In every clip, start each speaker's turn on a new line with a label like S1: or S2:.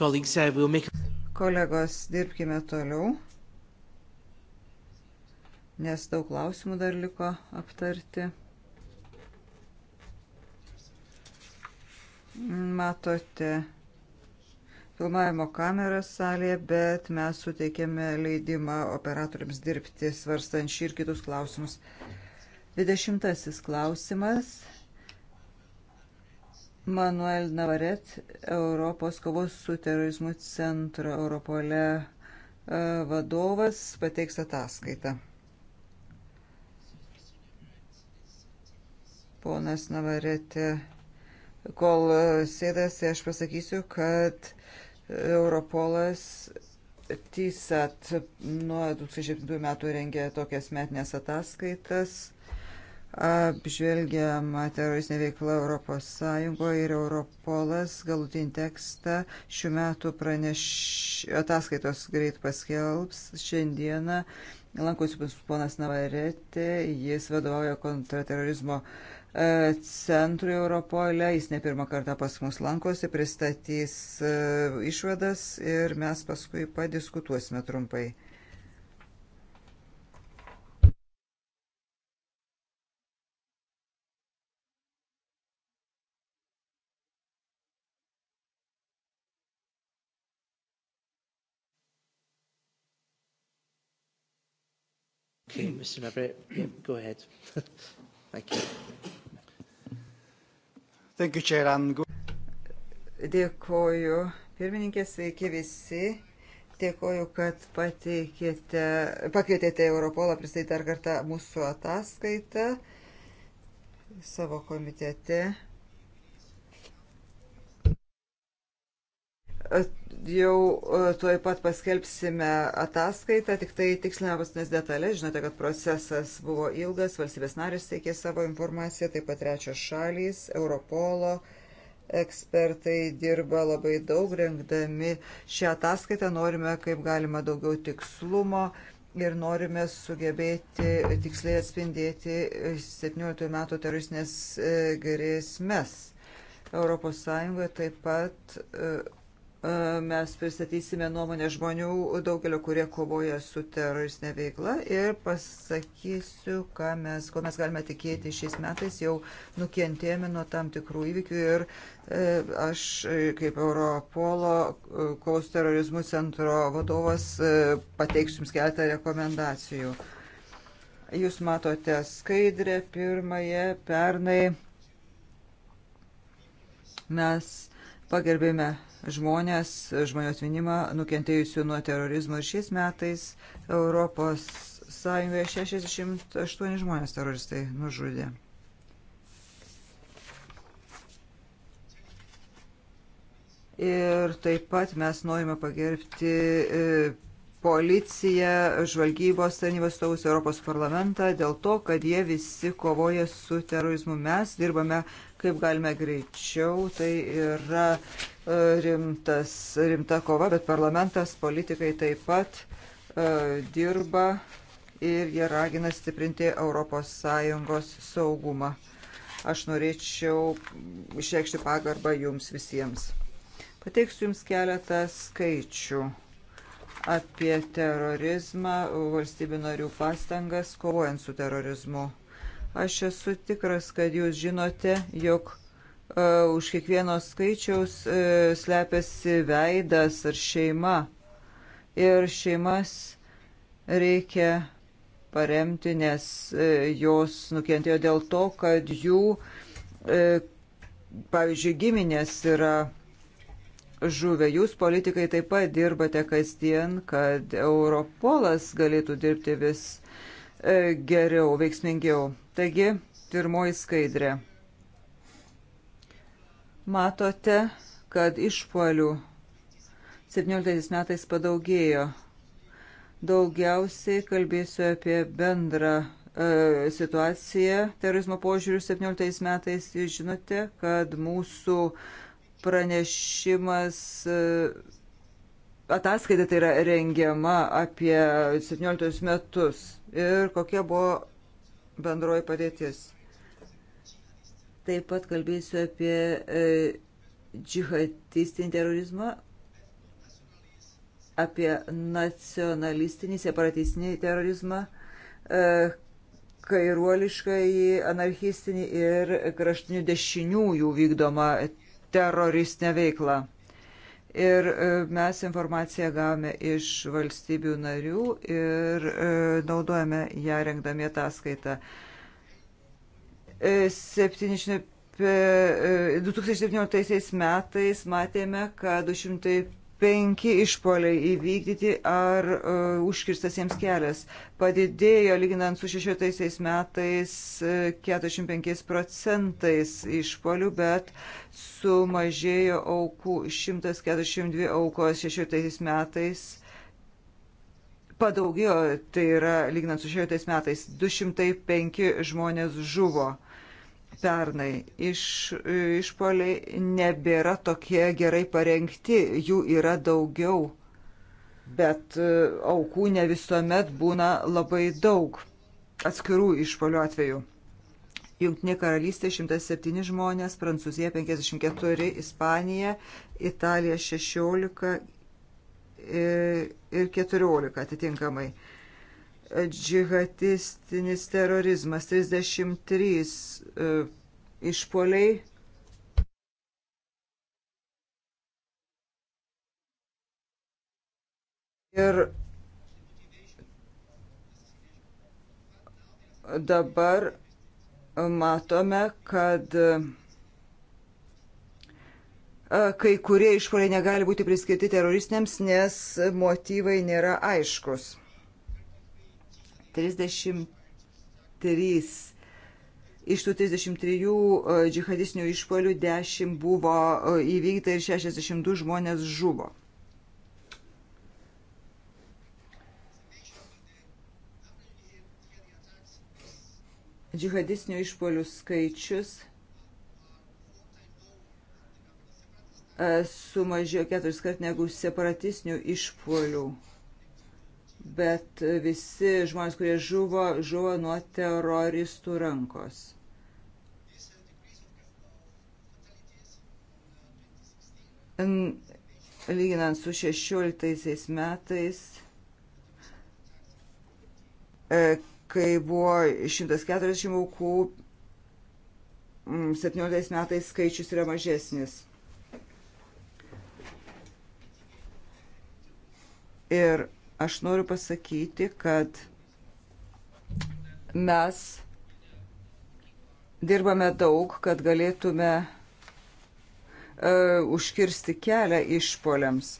S1: Uh, Kolegos, dirbkime toliau, nes daug klausimų dar liko aptarti. Matote filmavimo kamerą salėje, bet mes suteikėme leidimą operatoriams dirbti, svarstant šį ir kitus klausimus. Dvidešimtasis klausimas – Manuel Navaret, Europos kovos su terorizmu centro Europole e, vadovas, pateiks ataskaitą. Ponas Navarete, kol sėdasi, tai aš pasakysiu, kad Europolas TISAT nuo 2007 metų rengia tokias metinės ataskaitas apžvelgiama teroristinė veikla Europos Sąjungoje ir Europolas galutinį tekstą šių metų praneš... ataskaitos greit paskelbs. Šiandieną lankosi ponas Navaretė, jis vadovauja kontraterorizmo e, centrui Europolė, jis ne pirmą kartą pas mus lankosi, pristatys e, išvadas ir mes paskui padiskutuosime trumpai. Mr. Navarrete, yeah, go ahead. Thank you. Thank you, Chair. And good. Dėkoju. Pirmininkė, sveiki visi. Dėkoju, kad pateikėte, pakvietėte Europolą pristatyti dar kartą mūsų ataskaitą savo komitete jau e, tuoj pat paskelbsime ataskaitą, tik tai tikslinę paskutinės detalės. Žinote, kad procesas buvo ilgas, valstybės narės teikė savo informaciją, taip pat trečios šalys, Europolo ekspertai dirba labai daug, rengdami šią ataskaitą. Norime kaip galima daugiau tikslumo ir norime sugebėti tiksliai atspindėti 17 metų teroristinės e, grėsmes. Europos Sąjungoje taip pat e, E, mes pristatysime nuomonę žmonių, daugelio, kurie kovoja su teroristinė veikla ir pasakysiu, mes, ko mes galime tikėti šiais metais, jau nukentėjome nuo tam tikrų įvykių ir e, aš kaip Europolo e, kovos terorizmų centro vadovas pateiksiu jums keletą rekomendacijų. Jūs matote skaidrę pirmąją, pernai mes pagerbėme žmonės, žmonių atminimą nukentėjusių nuo terorizmo ir šiais metais Europos Sąjungoje 68 žmonės teroristai nužudė. Ir taip pat mes norime pagerbti e, policiją, žvalgybos tarnybos stovus Europos parlamentą dėl to, kad jie visi kovoja su terorizmu. Mes dirbame kaip galime greičiau, tai yra e, rimtas, rimta kova, bet parlamentas, politikai taip pat uh, dirba ir jie ragina stiprinti ES saugumą. Aš norėčiau išreikšti pagarbą jums visiems. Pateiksiu jums keletą skaičių apie terorizmą, valstybių narių pastangas kovojant su terorizmu. Aš esu tikras, kad jūs žinote, jog uh, už kiekvieno skaičiaus uh, slepiasi veidas ar šeima. Ir šeimas reikia paremti, nes uh, jos nukentėjo dėl to, kad jų, uh, pavyzdžiui, giminės yra žuvę. Jūs, politikai, taip pat dirbate kasdien, kad Europolas galėtų dirbti vis e, geriau, veiksmingiau. Taigi, pirmoji skaidrė. Matote, kad išpolių 17 metais padaugėjo. Daugiausiai kalbėsiu apie bendrą e, situaciją terorizmo požiūrių 17 metais. Jūs žinote, kad mūsų e, pranešimas e, ataskaita tai yra rengiama apie 17 metus ir kokia buvo bendroji padėtis. Taip pat kalbėsiu apie e, džihadistinį terorizmą, apie nacionalistinį, separatistinį terorizmą, e, kairuolišką į anarchistinį ir kraštinių dešiniųjų vykdomą teroristinę veiklą. Ir e, mes informaciją gavome iš valstybių narių ir e, naudojame ją rengdami ataskaitą. 2017 e, metais matėme, kad 250 penki išpoliai įvykdyti ar uh, užkirstas jiems kelias. Padidėjo lyginant su 16 metais 45 e, procentais išpolių, bet sumažėjo aukų 142 aukos 16 metais. Padaugėjo, tai yra lyginant su 16 metais 205 žmonės žuvo. Uh, pernai. Iš, išpoliai nebėra tokie gerai parengti, jų yra daugiau, bet e, aukų ne visuomet būna labai daug atskirų išpolių atveju. Junktinė karalystė 107 žmonės, Prancūzija 54, Ispanija, Italija 16 e, ir 14 atitinkamai džihadistinis terorizmas, 33 e, išpoliai. Ir dabar matome, kad e, kai kurie išpoliai negali būti priskirti teroristiniams, nes motyvai nėra aiškus. 33. Iš tų 33 e, džihadistinių išpolių 10 buvo e, įvykta ir 62 žmonės žuvo. Džihadistinių išpolių skaičius e, sumažėjo keturis kart negu separatistinių išpolių bet visi žmonės, kurie žuvo, žuvo nuo teroristų rankos. Lyginant su 16 metais, e, kai buvo 140 aukų, 17 metais skaičius yra mažesnis. Ir Aš noriu pasakyti, kad mes dirbame daug, kad galėtume uh, užkirsti kelią išpoliams.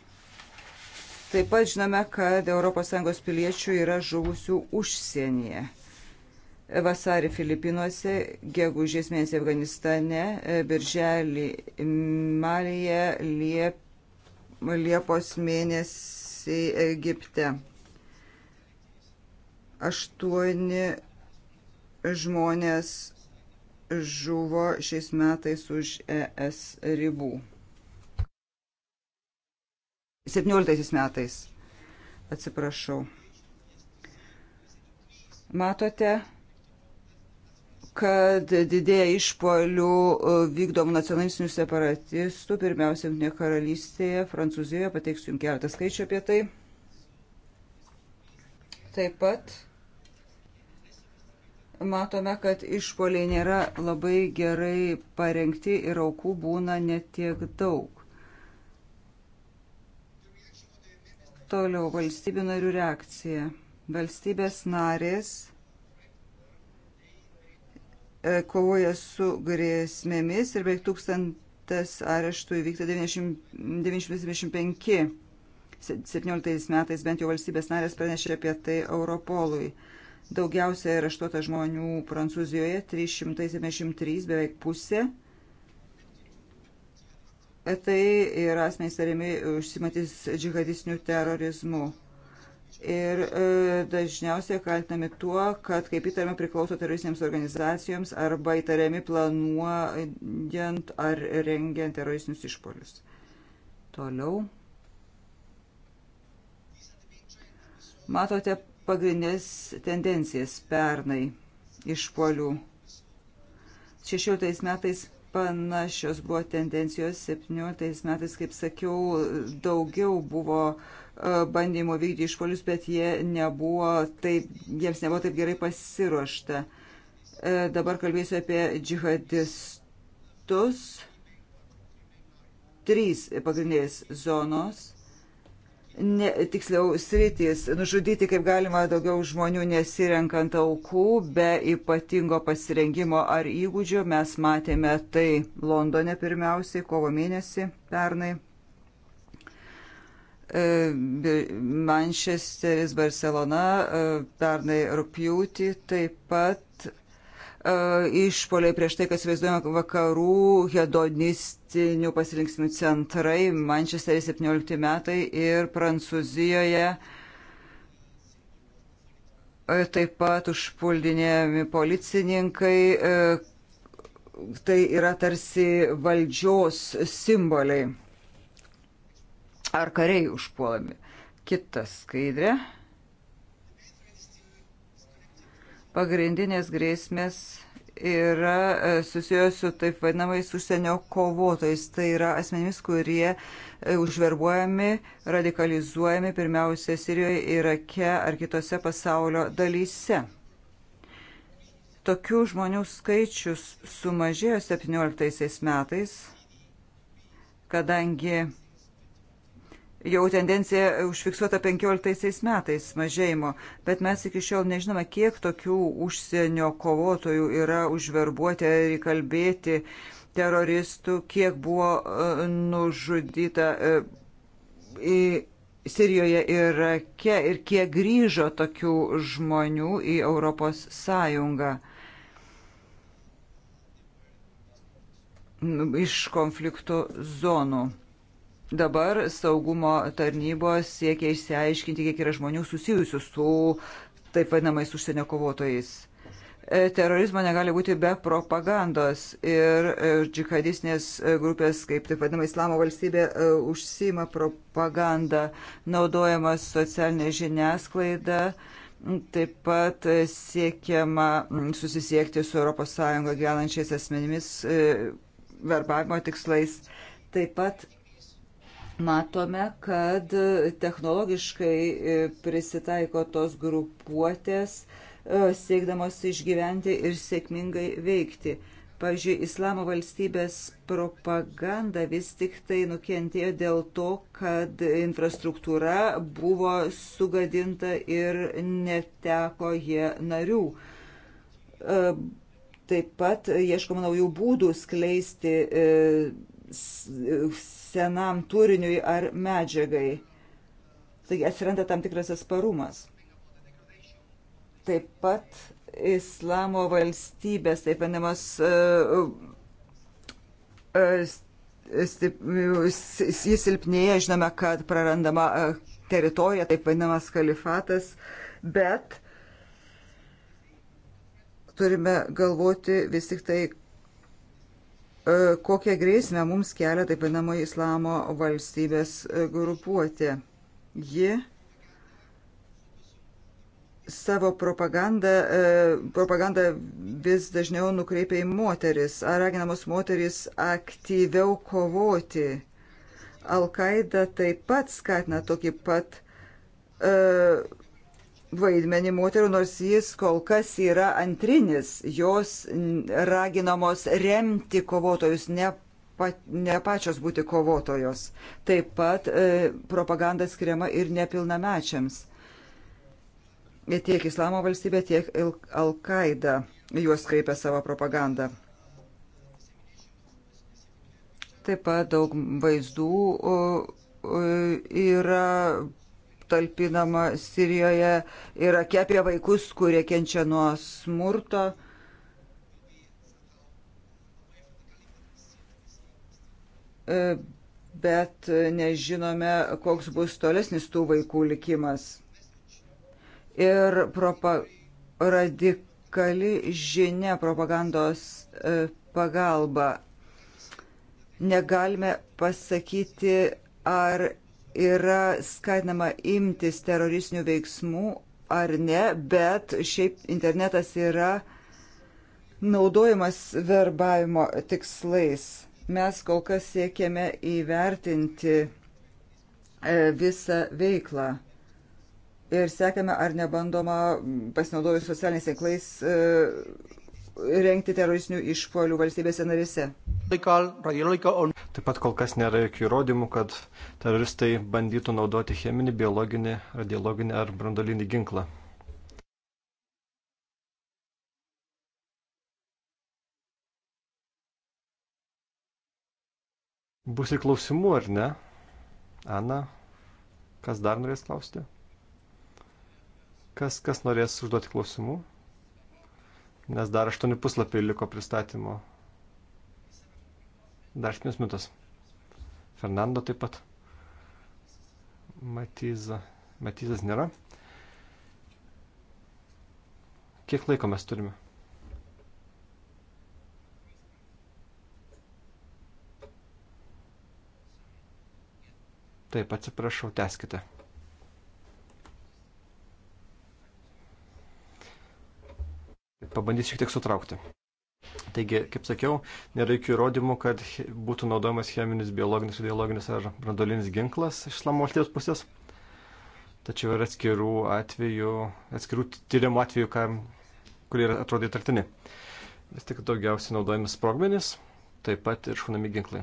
S1: Taip pat žinome, kad ES piliečių yra žuvusių užsienyje. Vasarį Filipinuose, gegužės mėnesį Afganistane, e, birželį Malyje, liep, Liepos mėnesį migracijai Egipte. Aštuoni žmonės žuvo šiais metais už ES ribų. 17 metais. Atsiprašau. Matote, kad didėja išpolių e, vykdomų nacionalistinių separatistų, pirmiausia, Junktinėje karalystėje, Prancūzijoje, pateiksiu jums keletą skaičių apie tai. Taip pat matome, kad išpoliai nėra labai gerai parengti ir aukų būna netiek daug. Toliau valstybių narių reakcija. Valstybės narės E, kovoja su grėsmėmis ir beveik tūkstantas areštų įvykta 975. 17 metais bent jau valstybės narės pranešė apie tai Europolui. Daugiausia areštuota žmonių Prancūzijoje - 373, beveik pusė. E, tai yra asmenys tariami užsimatys džihadistiniu terorizmu ir e, dažniausiai kaltinami tuo, kad kaip įtariami priklauso teroristinėms organizacijoms arba įtariami planuojant ar rengiant teroristinius išpolius. Toliau. Matote pagrindinės tendencijas pernai išpolių. 16 metais panašios buvo tendencijos, 17 metais, kaip sakiau, daugiau buvo uh, E, bandymo vykdyti išpolius, bet jie nebuvo taip, jiems nebuvo taip gerai pasiruošta. E, dabar kalbėsiu apie džihadistus. Trys pagrindinės zonos ne, tiksliau sritys, nužudyti kaip galima daugiau žmonių nesirenkant aukų, be ypatingo pasirengimo ar įgūdžio. Mes matėme tai Londone pirmiausiai, kovo mėnesį pernai. E, Manchesteris, Barcelona e, pernai rūpjūtį, taip pat e, išpoliai prieš tai, kas vaizduojama vakarų hedonistinių pasirinksmų centrai, Manchesteris 17 metai ir Prancūzijoje taip pat užpuldinėjami policininkai, tai yra tarsi valdžios simboliai ar kariai užpuolami. Kita skaidrė. Pagrindinės grėsmės yra e, susijęs su taip vadinamais užsienio kovotojais. Tai yra asmenys, kurie e, užverbuojami, radikalizuojami pirmiausia Sirijoje, Irake ar kitose pasaulio dalyse. Tokių žmonių skaičius sumažėjo 17 metais, kadangi jau tendencija užfiksuota 15 metais mažėjimo, bet mes iki šiol nežinome, kiek tokių užsienio kovotojų yra užverbuoti ar įkalbėti teroristų, kiek buvo e, nužudyta e, į Sirijoje ir Irake ir kiek grįžo tokių žmonių į Europos Sąjungą. iš konflikto zonų. Dabar saugumo tarnybos siekia išsiaiškinti, kiek yra žmonių susijusių su taip vadinamais užsienio kovotojais. E, terorizmo negali būti be propagandos ir e, džihadistinės e, grupės, kaip taip vadinama Islamo valstybė, užsima propagandą, naudojamas socialinė žiniasklaida. Taip pat siekiama susisiekti su ES gyvenančiais asmenimis verbavimo tikslais. Taip pat matome, kad technologiškai e, prisitaiko tos grupuotės, e, siekdamos išgyventi ir sėkmingai veikti. Pavyzdžiui, Islamo valstybės propaganda vis tik tai nukentėjo dėl to, kad infrastruktūra buvo sugadinta ir neteko jie narių. E, taip pat ieškoma naujų būdų skleisti senam turiniui ar medžiagai. Taigi atsiranda tam tikras atsparumas. Taip pat islamo valstybės, taip vadinamos e, e, jis silpnėja, žinome, kad prarandama e, teritorija, taip vadinamas kalifatas, bet turime galvoti vis tik tai, E, kokią grėsmę mums kelia taip vadinamoji islamo valstybės e, grupuotė. Ji savo propagandą, e, propagandą vis dažniau nukreipia į moteris, ar raginamos moteris aktyviau kovoti. Al-Qaeda taip pat skatina tokį pat uh, vaidmenį moterų, nors jis kol kas yra antrinis. Jos raginamos remti kovotojus, ne, pa, ne pačios būti kovotojos. Taip pat e, propaganda skiriama ir nepilnamečiams. Tiek Islamo valstybė, tiek Al-Qaida juos kreipia savo propagandą. Taip pat daug vaizdų yra talpinama Sirijoje, Irake apie vaikus, kurie kenčia nuo smurto. E, bet nežinome, koks bus tolesnis tų vaikų likimas. Ir propa radikali žinia propagandos e, pagalba. Negalime pasakyti, ar yra skatinama imtis teroristinių veiksmų ar ne, bet šiaip internetas yra naudojamas verbavimo tikslais. Mes kol kas siekiame įvertinti e, visą veiklą ir sekame, ar nebandoma pasinaudojus socialiniais tinklais e, rengti teroristinių išpolių valstybėse narise.
S2: Taip pat kol kas nėra jokių įrodymų, kad teroristai bandytų naudoti cheminį, biologinį, radiologinį ar brandolinį ginklą. Bus ir klausimų, ar ne? Ana, kas dar norės klausti? Kas, kas norės užduoti klausimų? nes dar aštuoni puslapiai liko pristatymo. Dar aštuonios minutės. Fernando taip pat. Matyza. Matyzas nėra. Kiek laiko mes turime? Taip, atsiprašau, teskite. Pabandysiu šiek tiek sutraukti. Taigi, kaip sakiau, nėra jokių įrodymų, kad būtų naudojamas cheminis, biologinis, radiologinis ar brandolinis ginklas iš islamo valstybės pusės. Tačiau yra atskirų atvejų, atskirų tyrimų atvejų, ką, kurie atrodo įtartini. Vis tik daugiausiai naudojamas sprogmenis, taip pat ir šunami ginklai.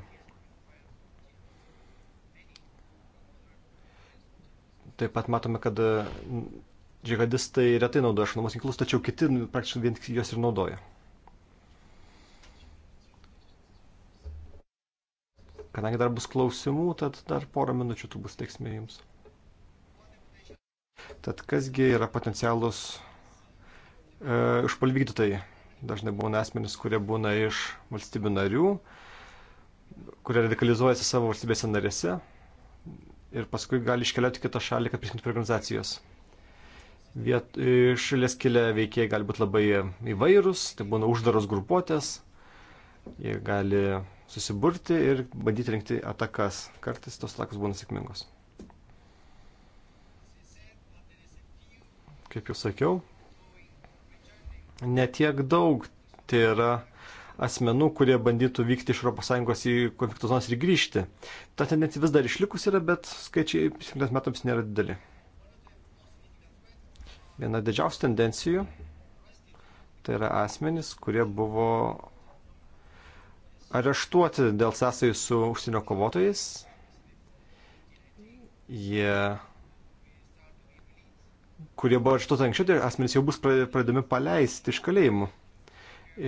S2: Taip pat matome, kad džihadistai retai naudoja šaunamos ginklus, tačiau kiti nu, praktiškai vien tik juos ir naudoja. Kadangi dar bus klausimų, tad dar porą minučių tu bus teiksime jums. Tad kasgi yra potencialus e, išpalvykdytojai? Dažnai būna asmenys, kurie būna iš valstybių narių, kurie radikalizuojasi savo valstybėse narėse ir paskui gali iškeliauti kitą šalį, kad prisijungtų prie organizacijos. Viet, iš e, šalies kilę veikėjai gali būti labai įvairūs, tai būna uždaros grupuotės, jie gali susiburti ir bandyti rinkti atakas. Kartais tos atakos būna sėkmingos. Kaip jau sakiau, netiek daug tai yra asmenų, kurie bandytų vykti iš ES į konflikto zonas ir grįžti. Ta tendencija vis dar išlikus yra, bet skaičiai 100 metams nėra dideli. Viena didžiausių tendencijų tai yra asmenys, kurie buvo areštuoti dėl sąsajų su užsienio kovotojais. Jie, kurie buvo areštuoti anksčiau, tai asmenys jau bus pradedami paleisti iš kalėjimų.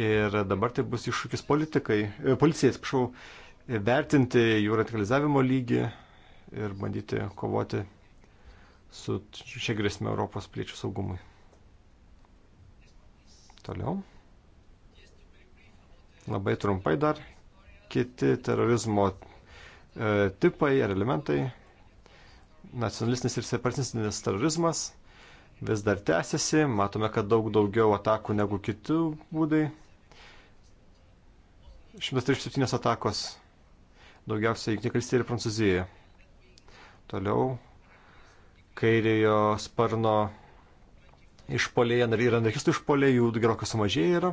S2: Ir dabar tai bus iššūkis politikai, e, policijai, atsiprašau, e, vertinti jų radikalizavimo lygį ir bandyti kovoti su šia grėsme Europos piliečių saugumui. Toliau. Labai trumpai dar kiti terorizmo e, tipai ir elementai. Nacionalistinis ir separatistinis terorizmas vis dar tęsiasi, matome, kad daug daugiau atakų negu kitų būdai. 137 atakos, daugiausiai Junktinė karalystė ir Prancūzija. Toliau kairiojo sparno išpoliai ir anarchistų išpoliai jų gerokai sumažėję yra.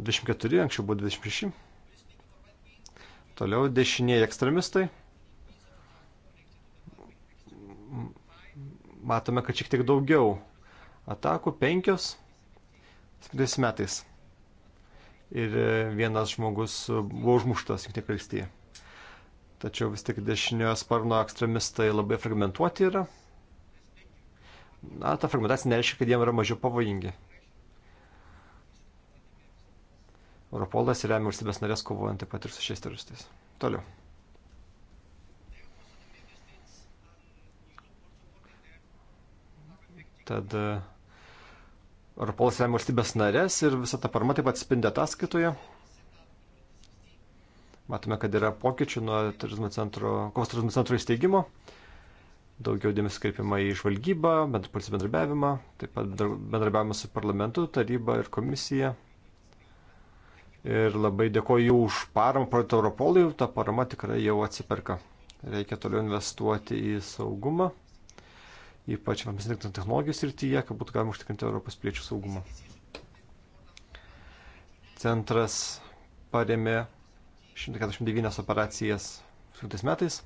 S2: 24, anksčiau buvo 26. Toliau dešinieji ekstremistai. Matome, kad šiek tiek daugiau atakų, penkios, 7 metais. Ir vienas žmogus buvo užmuštas Junktinė karalystėje. Tačiau vis tik dešiniojo sparno ekstremistai labai fragmentuoti yra. Na, ta fragmentacija nereiškia, kad jiem yra mažiau pavojingi. Europolas remia valstybės narės kovojant taip pat ir su šiais teroristais. Toliau. Tad e, Europolas remia valstybės narės ir visą tą paramą taip pat spindi ataskaitoje. Matome, kad yra pokyčių nuo kovos terorizmo centro įsteigimo. Daugiau dėmesio kreipiama į žvalgybą, bendra policijos bendrabiavimą, taip pat bendrabiavimą su parlamentu, taryba ir komisija. Ir labai dėkoju už paramą projektą Europolui, ta parama tikrai jau atsiperka. Reikia toliau investuoti į saugumą, ypač informacinės technologijos srityje, kad būtų galima užtikrinti Europos piliečių saugumą. Centras paremė 149 operacijas suktais metais.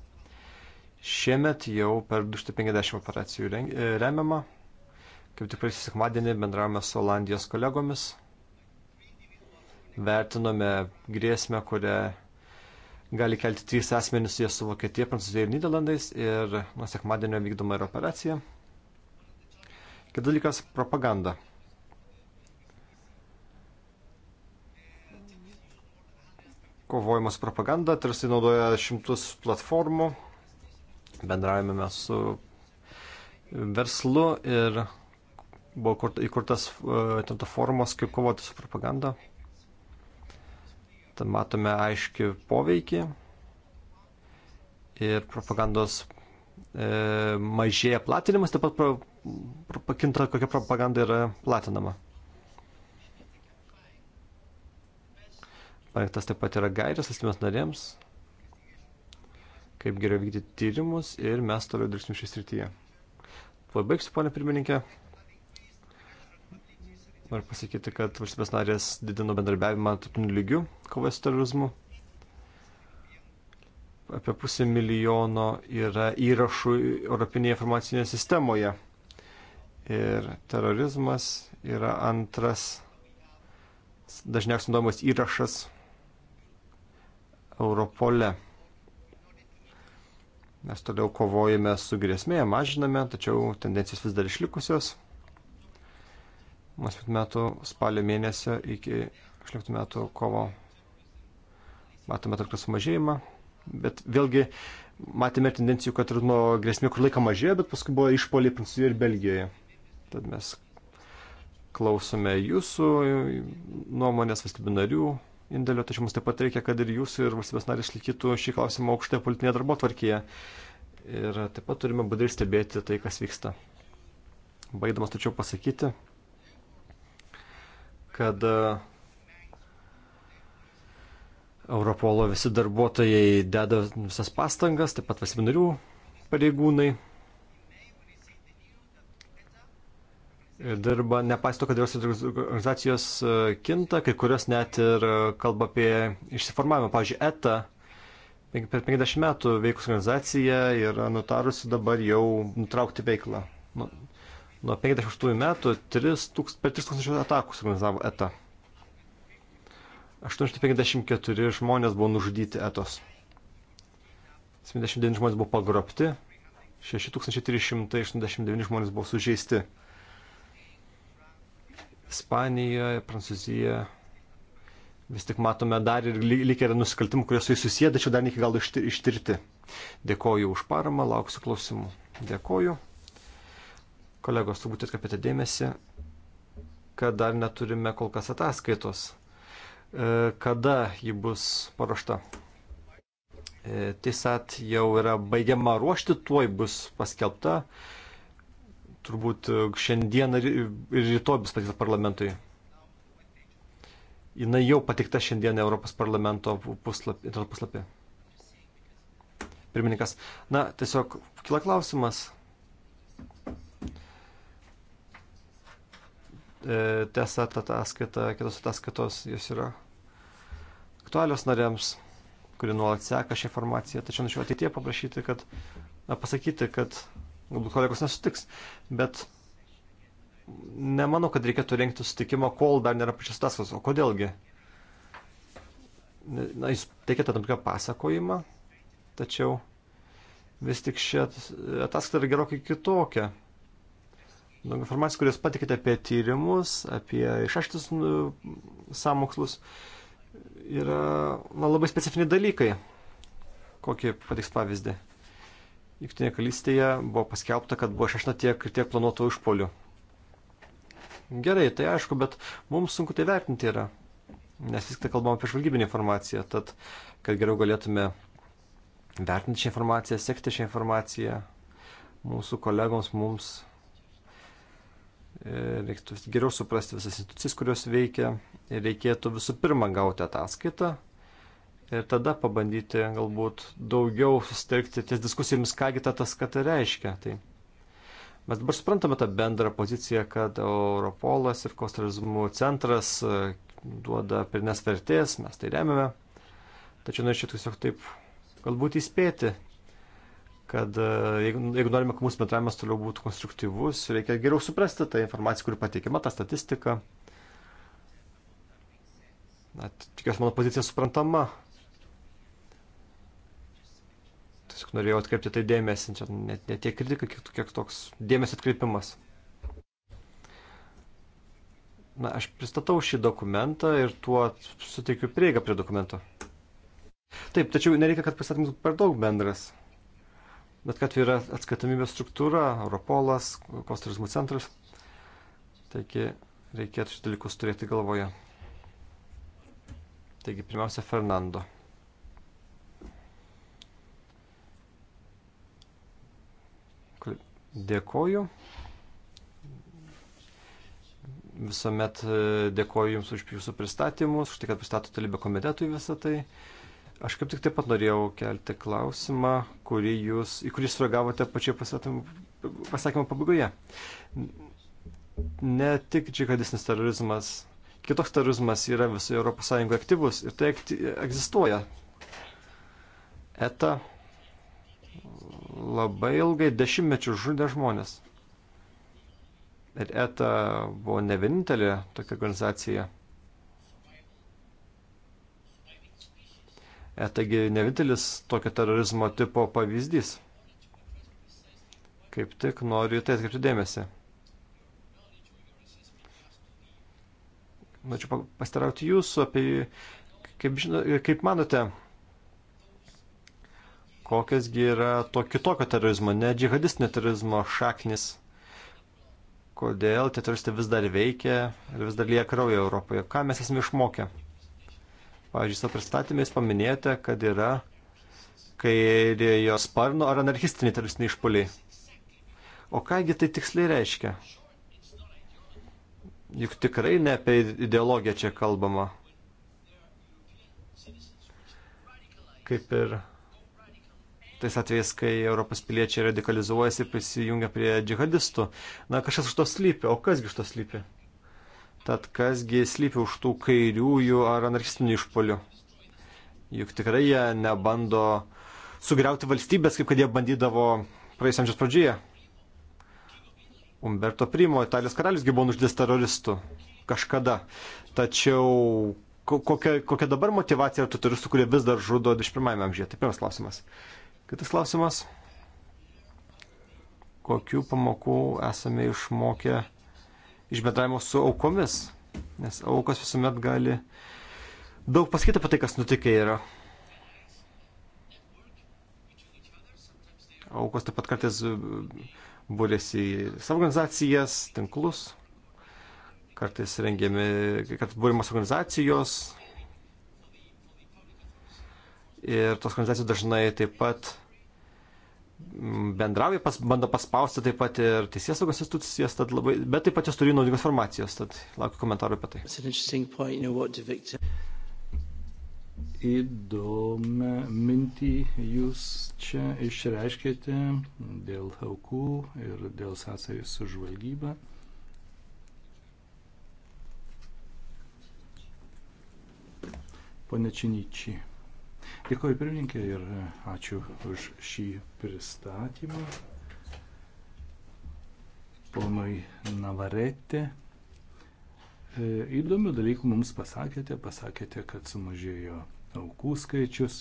S2: Šiemet jau per 250 operacijų e, remiama. Kaip tik praeisį sekmadienį bendravome su Olandijos kolegomis. Vertinome grėsmę, kurią gali kelti trys asmenys jie su Vokietija, Prancūzija ir Niderlandais. Ir nuo sekmadienio vykdoma ir operacija. Kitas dalykas - propaganda. kovojimas propaganda, tarsi naudoja šimtus platformų, bendravime mes su e, verslu ir buvo kurt, įkurtas e, tento formos, kaip kovoti su propaganda. Tad matome aiški poveikį ir propagandos e, mažėja platinimas, taip pat pro, pro, pakinta, kokia propaganda yra platinama. Parengtas taip pat yra gairės valstybės narėms, kaip geriau vykdyti tyrimus ir mes toliau dirbsim šį srityje. Pabaigsiu, ponė pirmininkė. Noriu pasakyti, kad valstybės narės didino bendarbiavimą tarptautiniu lygiu kovoje su terorizmu. Apie pusę milijono yra įrašų Europinėje informacinėje sistemoje. Ir terorizmas yra antras dažniausiai naudojamas įrašas Europole. Mes toliau kovojame su grėsmėje, mažiname, tačiau tendencijos vis dar išlikusios. Nuo 7 metų spalio mėnesio iki 18 metų kovo matome tam tikrą sumažėjimą, bet vėlgi matėme tendencijų, kad ir nuo grėsmė kur laiką mažėjo, bet paskui buvo išpoliai Prancūzijoje ir Belgijoje. Tad mes klausome jūsų nuomonės valstybių narių, indėlio, tačiau mums taip pat reikia, kad ir jūs, ir valstybės narės laikytų šį klausimą aukštoje politinėje darbo tvarkyje. Ir taip pat turime budriai stebėti tai, kas vyksta. Baigdamas tačiau pasakyti, kad e, Europolo visi darbuotojai deda visas pastangas, taip pat valstybių narių pareigūnai dirba, nepaisto, kad vyriausybės organizacijos e, kinta, kai kurios net ir e, kalba apie išsiformavimą. Pavyzdžiui, ETA per 50 metų veikus organizacija yra nutarusi dabar jau nutraukti veiklą. Nu, nuo 58 metų 3 tūks, per 3000 atakų suorganizavo ETA. 854 žmonės buvo nužudyti etos. 79 žmonės buvo pagrobti, 6389 žmonės buvo sužeisti. Ispanijoje, Prancūzijoje. Vis tik matome dar ir lyg yra nusikaltimų, kurie su jais susiję, tačiau dar iki galo ištirti. Dėkoju už paramą, lauksiu klausimų. Dėkoju. Kolegos, turbūt atkapėte dėmesį, kad dar neturime kol kas ataskaitos. E, kada ji bus paruošta? E, Tiesat jau yra baigiama ruošti, tuoj bus paskelbta turbūt e, šiandien ir rytoj bus pateikta parlamentui. Jis jau pateikta šiandien Europos parlamento puslapį, puslapį. Pirmininkas. Na, tiesiog kila klausimas. E, tiesa, ta ataskaita, kitos ataskaitos, jos yra aktualios nariams, kurie nuolat seka šią informaciją. Tačiau norėčiau ateitie paprašyti, kad na, pasakyti, kad galbūt kolegos nesutiks, bet nemanau, kad reikėtų rengti sutikimą, kol dar nėra pačias taskas. O kodėlgi? Na, jūs teikėte tam tikrą pasakojimą, tačiau vis tik ši ataskaita yra gerokai kitokia. Daug informacijos, kurias patikite apie tyrimus, apie išaštus nu, samokslus, yra na, labai specifiniai dalykai. Kokį patiks pavyzdį? Junktinėje karalystėje buvo paskelbta, kad buvo šešta tiek ir tiek planuotų išpolių. Gerai, tai aišku, bet mums sunku tai vertinti yra, nes vis tik tai kalbam apie žvalgybinį informaciją, tad kad geriau galėtume vertinti šią informaciją, sekti šią informaciją mūsų kolegoms, mums e, reiktų geriau suprasti visas institucijas, kurios veikia ir reikėtų visų pirma gauti ataskaitą ir tada pabandyti galbūt daugiau susitelkti ties diskusijomis, kągi ta tas, kad tai reiškia. Tai mes dabar suprantame tą bendrą poziciją, kad Europolas ir Kostarizmų centras e, duoda pirnes vertės, mes tai remiame. Tačiau norėčiau tiesiog taip galbūt įspėti, kad e, jeigu, jeigu norime, kad mūsų bendravimas toliau būtų konstruktyvus, reikia geriau suprasti tą informaciją, kuri pateikiama, tą statistiką. Tikiuosi, mano pozicija suprantama Tiesiog norėjau atkreipti tai dėmesį, čia net ne tiek kritika, kiek, kiek toks dėmesio atkreipimas. Na, aš pristatau šį dokumentą ir tuo suteikiu prieigą prie dokumento. Taip, tačiau nereikia, kad pristatymas būtų per daug bendras. Bet kad yra atskaitomybės struktūra, Europolas, Kostarizmų centras. Taigi reikėtų šių dalykus turėti galvoje. Taigi pirmiausia, Fernando. Dėkoju. Visuomet e, dėkoju Jums už Jūsų pristatymus, už tai, kad pristatote Libė komitetui visą tai. Aš kaip tik taip pat norėjau kelti klausimą, kurį jūs, į kurį sureagavote pačioje pasakymo pabaigoje. Ne tik džihadistinis terorizmas, kitoks terorizmas yra visoje ES aktyvus ir tai akti, egzistuoja. ETA labai ilgai dešimtmečių žudė žmonės. Ir ETA buvo ne vienintelė tokia organizacija. ETAgi ne vienintelis tokio terorizmo tipo pavyzdys. Kaip tik noriu į tai atkreipti dėmesį. Norėčiau pasitarauti jūsų apie, kaip, žino, kaip manote, kokiasgi yra to kitokio terorizmo, ne džihadistinio terorizmo šaknis, kodėl tie teroristai vis dar veikia ir vis dar lieka kraujo Europoje, ką mes esame išmokę. Pavyzdžiui, savo pristatymės paminėjote, kad yra kairėjo sparno ar anarchistiniai teroristiniai išpoliai. O kągi tai tiksliai reiškia? Juk tikrai ne apie ideologiją čia kalbama. Kaip ir tais atvejais, kai Europos piliečiai radikalizuojasi ir prisijungia prie džihadistų. Na, kažkas už to slypi, o kasgi už to slypi? Tad kasgi slypi už tų kairiųjų ar anarchistinių išpolių? Juk tikrai jie nebando sugriauti valstybės, kaip kad jie bandydavo praeis amžiaus pradžioje. Umberto Primo, Italijos karalisgi buvo nužudytas teroristų kažkada. Tačiau kokia, kokia dabar motivacija yra tų turistų, kurie vis dar žudo 21 amžiuje? Tai pirmas klausimas. Kitas klausimas. Kokių pamokų esame išmokę iš bendravimo su aukomis? Nes aukos visuomet gali daug pasakyti apie tai, kas nutikę yra. Aukos taip pat kartais būrėsi į savo organizacijas, tinklus, kartais rengiami, kad būrimas organizacijos, Ir tos organizacijos dažnai taip pat bendrauja, pas, bando paspausti taip pat ir teisės saugos institucijas, labai, bet taip pat jos turi naudingos informacijos, tad laukiu komentarų apie
S1: tai.
S3: Įdomią mintį jūs čia išreiškėte dėl aukų ir dėl sąsajų su žvalgyba. Pone Činyčiai. Dėkoju pirmininkė ir e, ačiū už šį pristatymą. Ponui Navarete. E, įdomių dalykų mums pasakėte. Pasakėte, kad sumažėjo aukų skaičius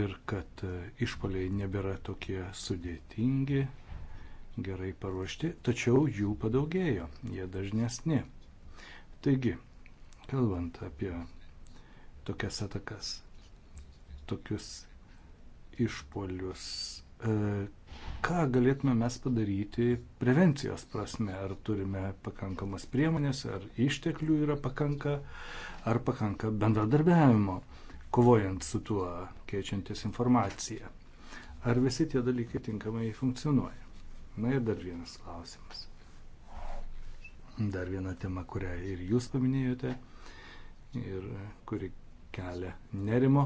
S3: ir kad e, išpoliai nebėra tokie sudėtingi, gerai paruošti, tačiau jų padaugėjo, jie dažnesni. Taigi, kalbant apie tokias atakas, tokius išpolius. E, ką galėtume mes padaryti prevencijos prasme? Ar turime pakankamas priemonės, ar išteklių yra pakanka, ar pakanka bendradarbiavimo, kovojant su tuo, keičiantis informaciją? Ar visi tie dalykai tinkamai funkcionuoja? Na ir dar vienas klausimas. Dar viena tema, kurią ir jūs paminėjote ir kuri kelia nerimo,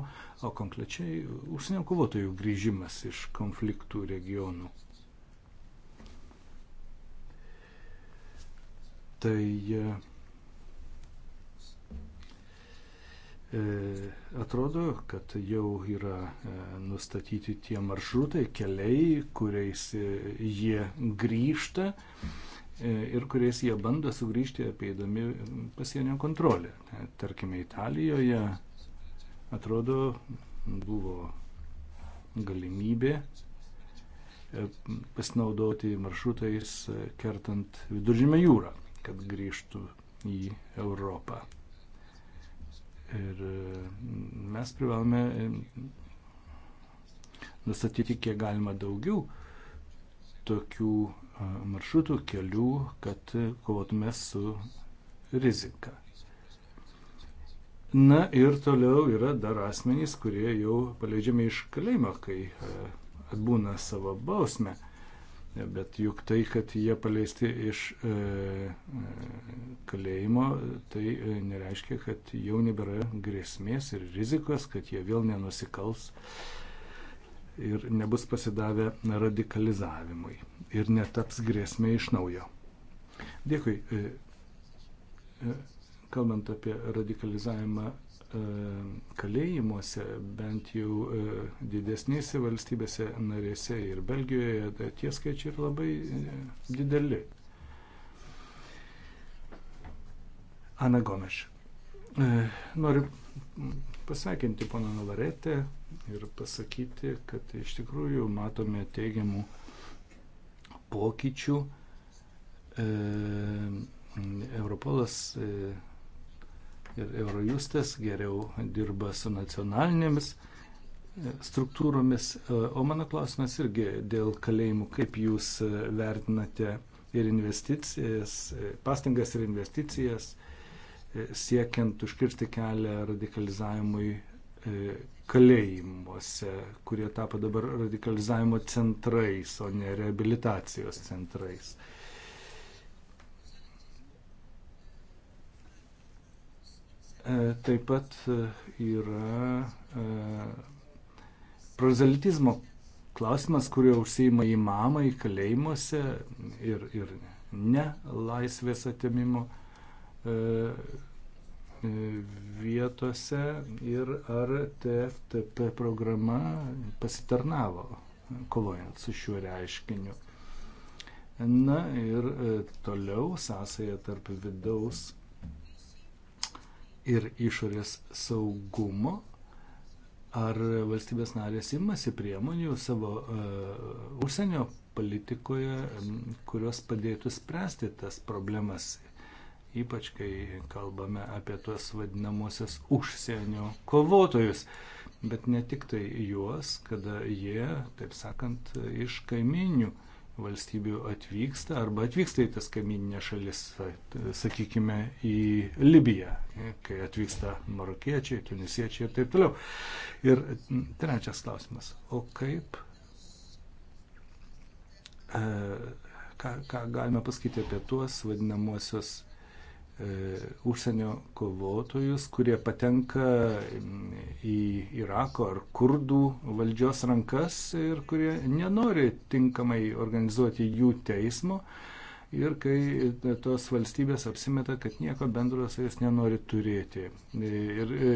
S3: o konkrečiai užsienio kovotojų grįžimas iš konfliktų regionų. Tai e, e, atrodo, kad jau yra e, nustatyti tie maršrutai, keliai, kuriais e, jie grįžta. E, ir kuriais jie bando sugrįžti apeidami pasienio kontrolę. Tarkime, Italijoje Atrodo, buvo galimybė e, pasinaudoti maršrutais e, kertant viduržymę jūrą, kad grįžtų į Europą. Ir e, mes privalome nustatyti kiek galima daugiau tokių maršrutų, kelių, kad kovotume su rizika. Na ir toliau yra dar asmenys, kurie jau paleidžiami iš kalėjimo, kai e, atbūna savo bausmę. Bet juk tai, kad jie paleisti iš e, e, kalėjimo, tai nereiškia, kad jau nebėra grėsmės ir rizikos, kad jie vėl nenusikals ir nebus pasidavę radikalizavimui ir netaps grėsmė iš naujo. Dėkui kalbant apie radikalizavimą e, kalėjimuose, bent jau e, didesnėse valstybėse narėse ir Belgijoje, tai tie skaičiai yra labai e, dideli. Ana Gomeš. Noriu pasveikinti poną Navaretę ir pasakyti, kad iš tikrųjų matome teigiamų pokyčių. Europolas ir Eurojustas geriau dirba su nacionalinėmis e, struktūromis. E, o mano klausimas irgi dėl kalėjimų, kaip jūs e, vertinate ir investicijas, pastangas ir investicijas, siekiant užkirsti kelią radikalizavimui kalėjimuose, kurie tapo dabar radikalizavimo centrais, o ne reabilitacijos centrais. Uh, E, taip pat e, yra e, prozelitizmo klausimas, kurio užsieima įmamai kalėjimuose ir, ir ne laisvės atimimo vietose ir ar TFTP programa pasitarnavo kovojant su šiuo reiškiniu. Na ir toliau sąsaja tarp vidaus ir išorės saugumo, ar valstybės narės imasi priemonių savo uh, užsienio politikoje, kurios padėtų spręsti tas problemas, ypač kai kalbame apie tuos vadinamosios užsienio kovotojus, bet ne tik tai juos, kada jie, taip sakant, iš kaiminių uh, valstybių atvyksta arba atvyksta į tas kamininės šalis, sakykime, į Libiją, kai atvyksta marokiečiai, tunisiečiai ir taip toliau. Ir trečias klausimas, o kaip, e, ką, ką galime pasakyti apie tuos vadinamosios E, užsienio kovotojus, kurie patenka į Irako ar kurdų valdžios rankas ir kurie nenori tinkamai organizuoti jų teismo. Ir kai tos valstybės apsimeta, kad nieko bendro su jais nenori turėti. Ir, e,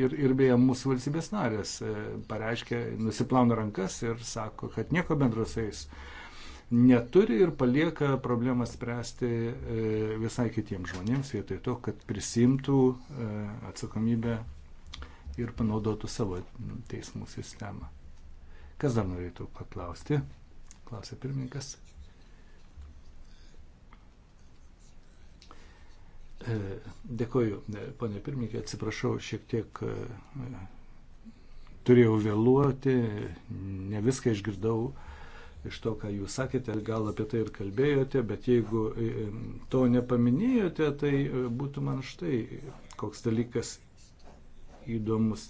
S3: ir, ir beje, mūsų valstybės narės e, pareiškia, nusiplauna rankas ir sako, kad nieko bendro su jais nenori neturi ir palieka problemą spręsti e, visai kitiems žmonėms, vietoj to, kad prisimtų e, atsakomybę ir panaudotų savo teismų sistemą. Kas dar norėtų paklausti? Klausė pirmininkas. E, dėkoju, ponė pirmininkė, atsiprašau, šiek tiek turėjau vėluoti, ne viską išgirdau iš to, ką jūs sakėte, gal apie tai ir kalbėjote, bet jeigu e, e, to nepaminėjote, tai e, būtų man štai koks dalykas įdomus.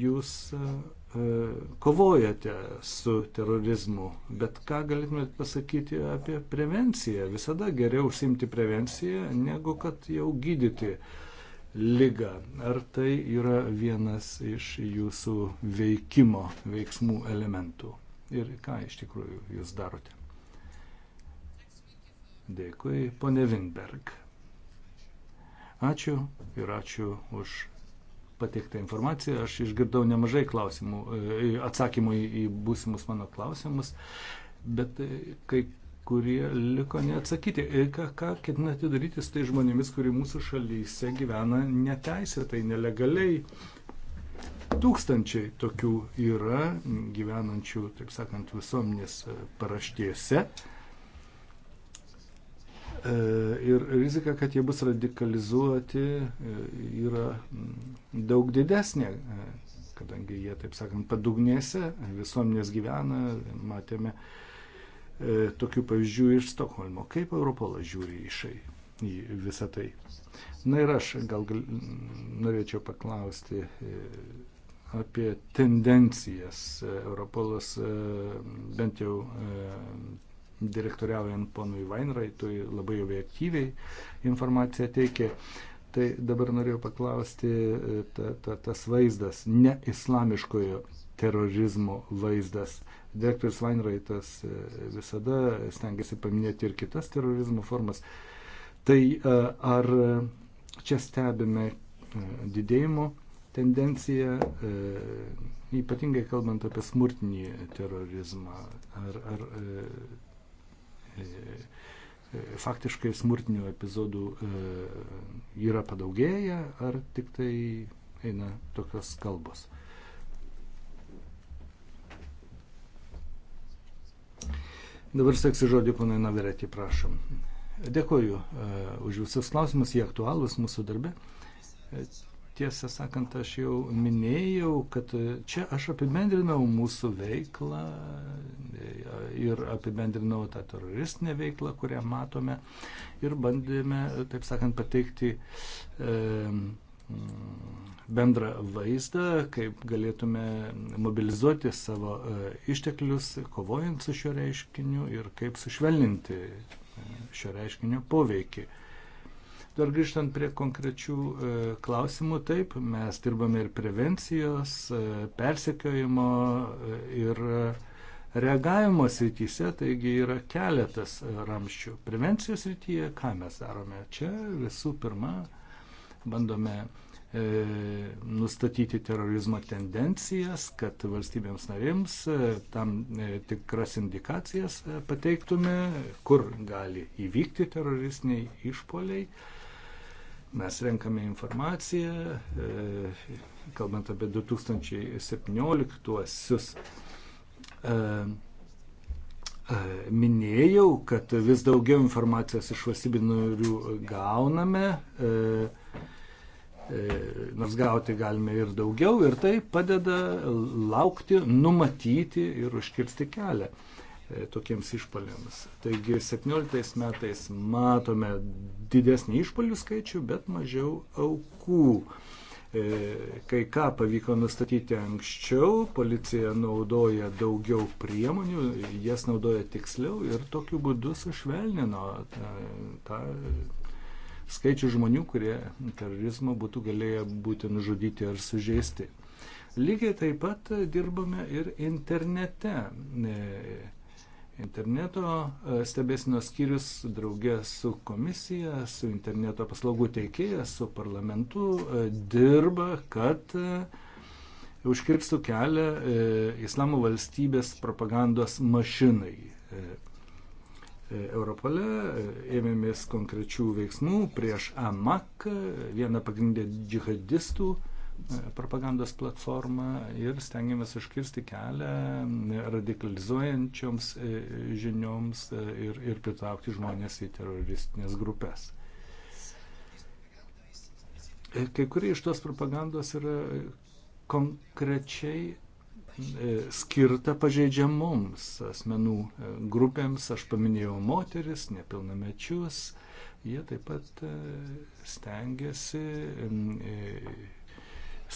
S3: Jūs kovojate su terorizmu, bet ką galėtumėt pasakyti apie prevenciją? Visada geriau užsimti prevenciją, negu kad jau gydyti lygą. Ar tai yra vienas iš jūsų veikimo veiksmų elementų? ir ką iš tikrųjų jūs darote. Dėkui, ponė Vinberg. Ačiū ir ačiū už pateiktą informaciją. Aš išgirdau nemažai klausimų, e, atsakymų į būsimus mano klausimus, bet e, kai kurie liko neatsakyti. E, ką, ką ketinate daryti su tai žmonėmis, kurie mūsų šalyse gyvena neteisėtai, nelegaliai? Uh, Tūkstančiai tokių yra gyvenančių, taip sakant, visuomenės paraštėse. E, ir rizika, kad jie bus radikalizuoti, e, yra mm, daug didesnė, e, kadangi jie, taip sakant, padugnėse visuomenės gyvena, matėme tokių pavyzdžių iš Stokholmo. Kaip Europolas žiūri į šai, į visą tai? Na ir aš gal, gal mm, norėčiau paklausti e, apie tendencijas. E, Europolas e, bent jau direktoriaujant ponui Vainraitui labai jau aktyviai informaciją teikė. Tai dabar norėjau paklausti, ta, ta, tas vaizdas, ne islamiškojo terorizmo vaizdas. Direktorius Vainraitas visada stengiasi paminėti ir kitas terorizmo formas. Tai ar Čia stebime e, didėjimo tendenciją, e, ypatingai kalbant apie smurtinį terorizmą ar, ar e, faktiškai smurtinių epizodų yra padaugėję ar tik tai eina tokios kalbos. Dabar seksi žodį ponai Naveretį, prašom. Dėkuoju e, už visus klausimus, jie aktualūs mūsų darbe. E, tiesą sakant, aš jau minėjau, kad čia aš apibendrinau mūsų veiklą e, ir apibendrinau tą teroristinę veiklą, kurią matome ir bandėme, taip sakant, pateikti bendrą vaizdą, kaip galėtume mobilizuoti savo išteklius, kovojant su šiuo reiškiniu ir kaip sušvelninti šio reiškinio poveikį. Dar grįžtant prie konkrečių e, klausimų, taip, mes dirbame ir prevencijos, e, persekiojimo e, ir reagavimo srityse, taigi yra keletas ramščių. Prevencijos srityje ką mes darome? Čia visų pirma bandome E, nustatyti terorizmo tendencijas, kad valstybėms narėms e, tam e, tikras indikacijas pateiktume, kur gali įvykti teroristiniai išpoliai. Mes renkame informaciją, kalbant apie 2017-uosius. Minėjau, kad vis daugiau informacijos iš valstybių narių gauname. E, E, nors gauti galime ir daugiau, ir tai padeda laukti, numatyti ir užkirsti kelią e, tokiems išpaliams. Taigi 17 metais matome didesnį išpalių skaičių, bet mažiau aukų. E, kai ką pavyko nustatyti anksčiau, policija naudoja daugiau priemonių, jas naudoja tiksliau ir tokiu būdu sušvelnino tą, tą skaičių žmonių, kurie terorizmo būtų galėję būti nužudyti ar sužeisti. Lygiai taip pat dirbame ir internete. E, interneto e, stebėsino skyrius draugė su komisija, su interneto paslaugų teikėja, su parlamentu e, dirba, kad užkirstų kelią islamo valstybės propagandos mašinai. Europole e, ėmėmės konkrečių veiksmų prieš AMAK, e, vieną pagrindę džihadistų e, propagandos platformą ir stengiamės užkirsti kelią radikalizuojančioms žinioms ir, ir pritraukti žmonės į teroristinės grupės. Kai kurie iš tos propagandos yra konkrečiai E, skirta pažeidžiamoms asmenų e, grupėms. Aš paminėjau moteris, nepilnamečius. Jie taip pat e, stengiasi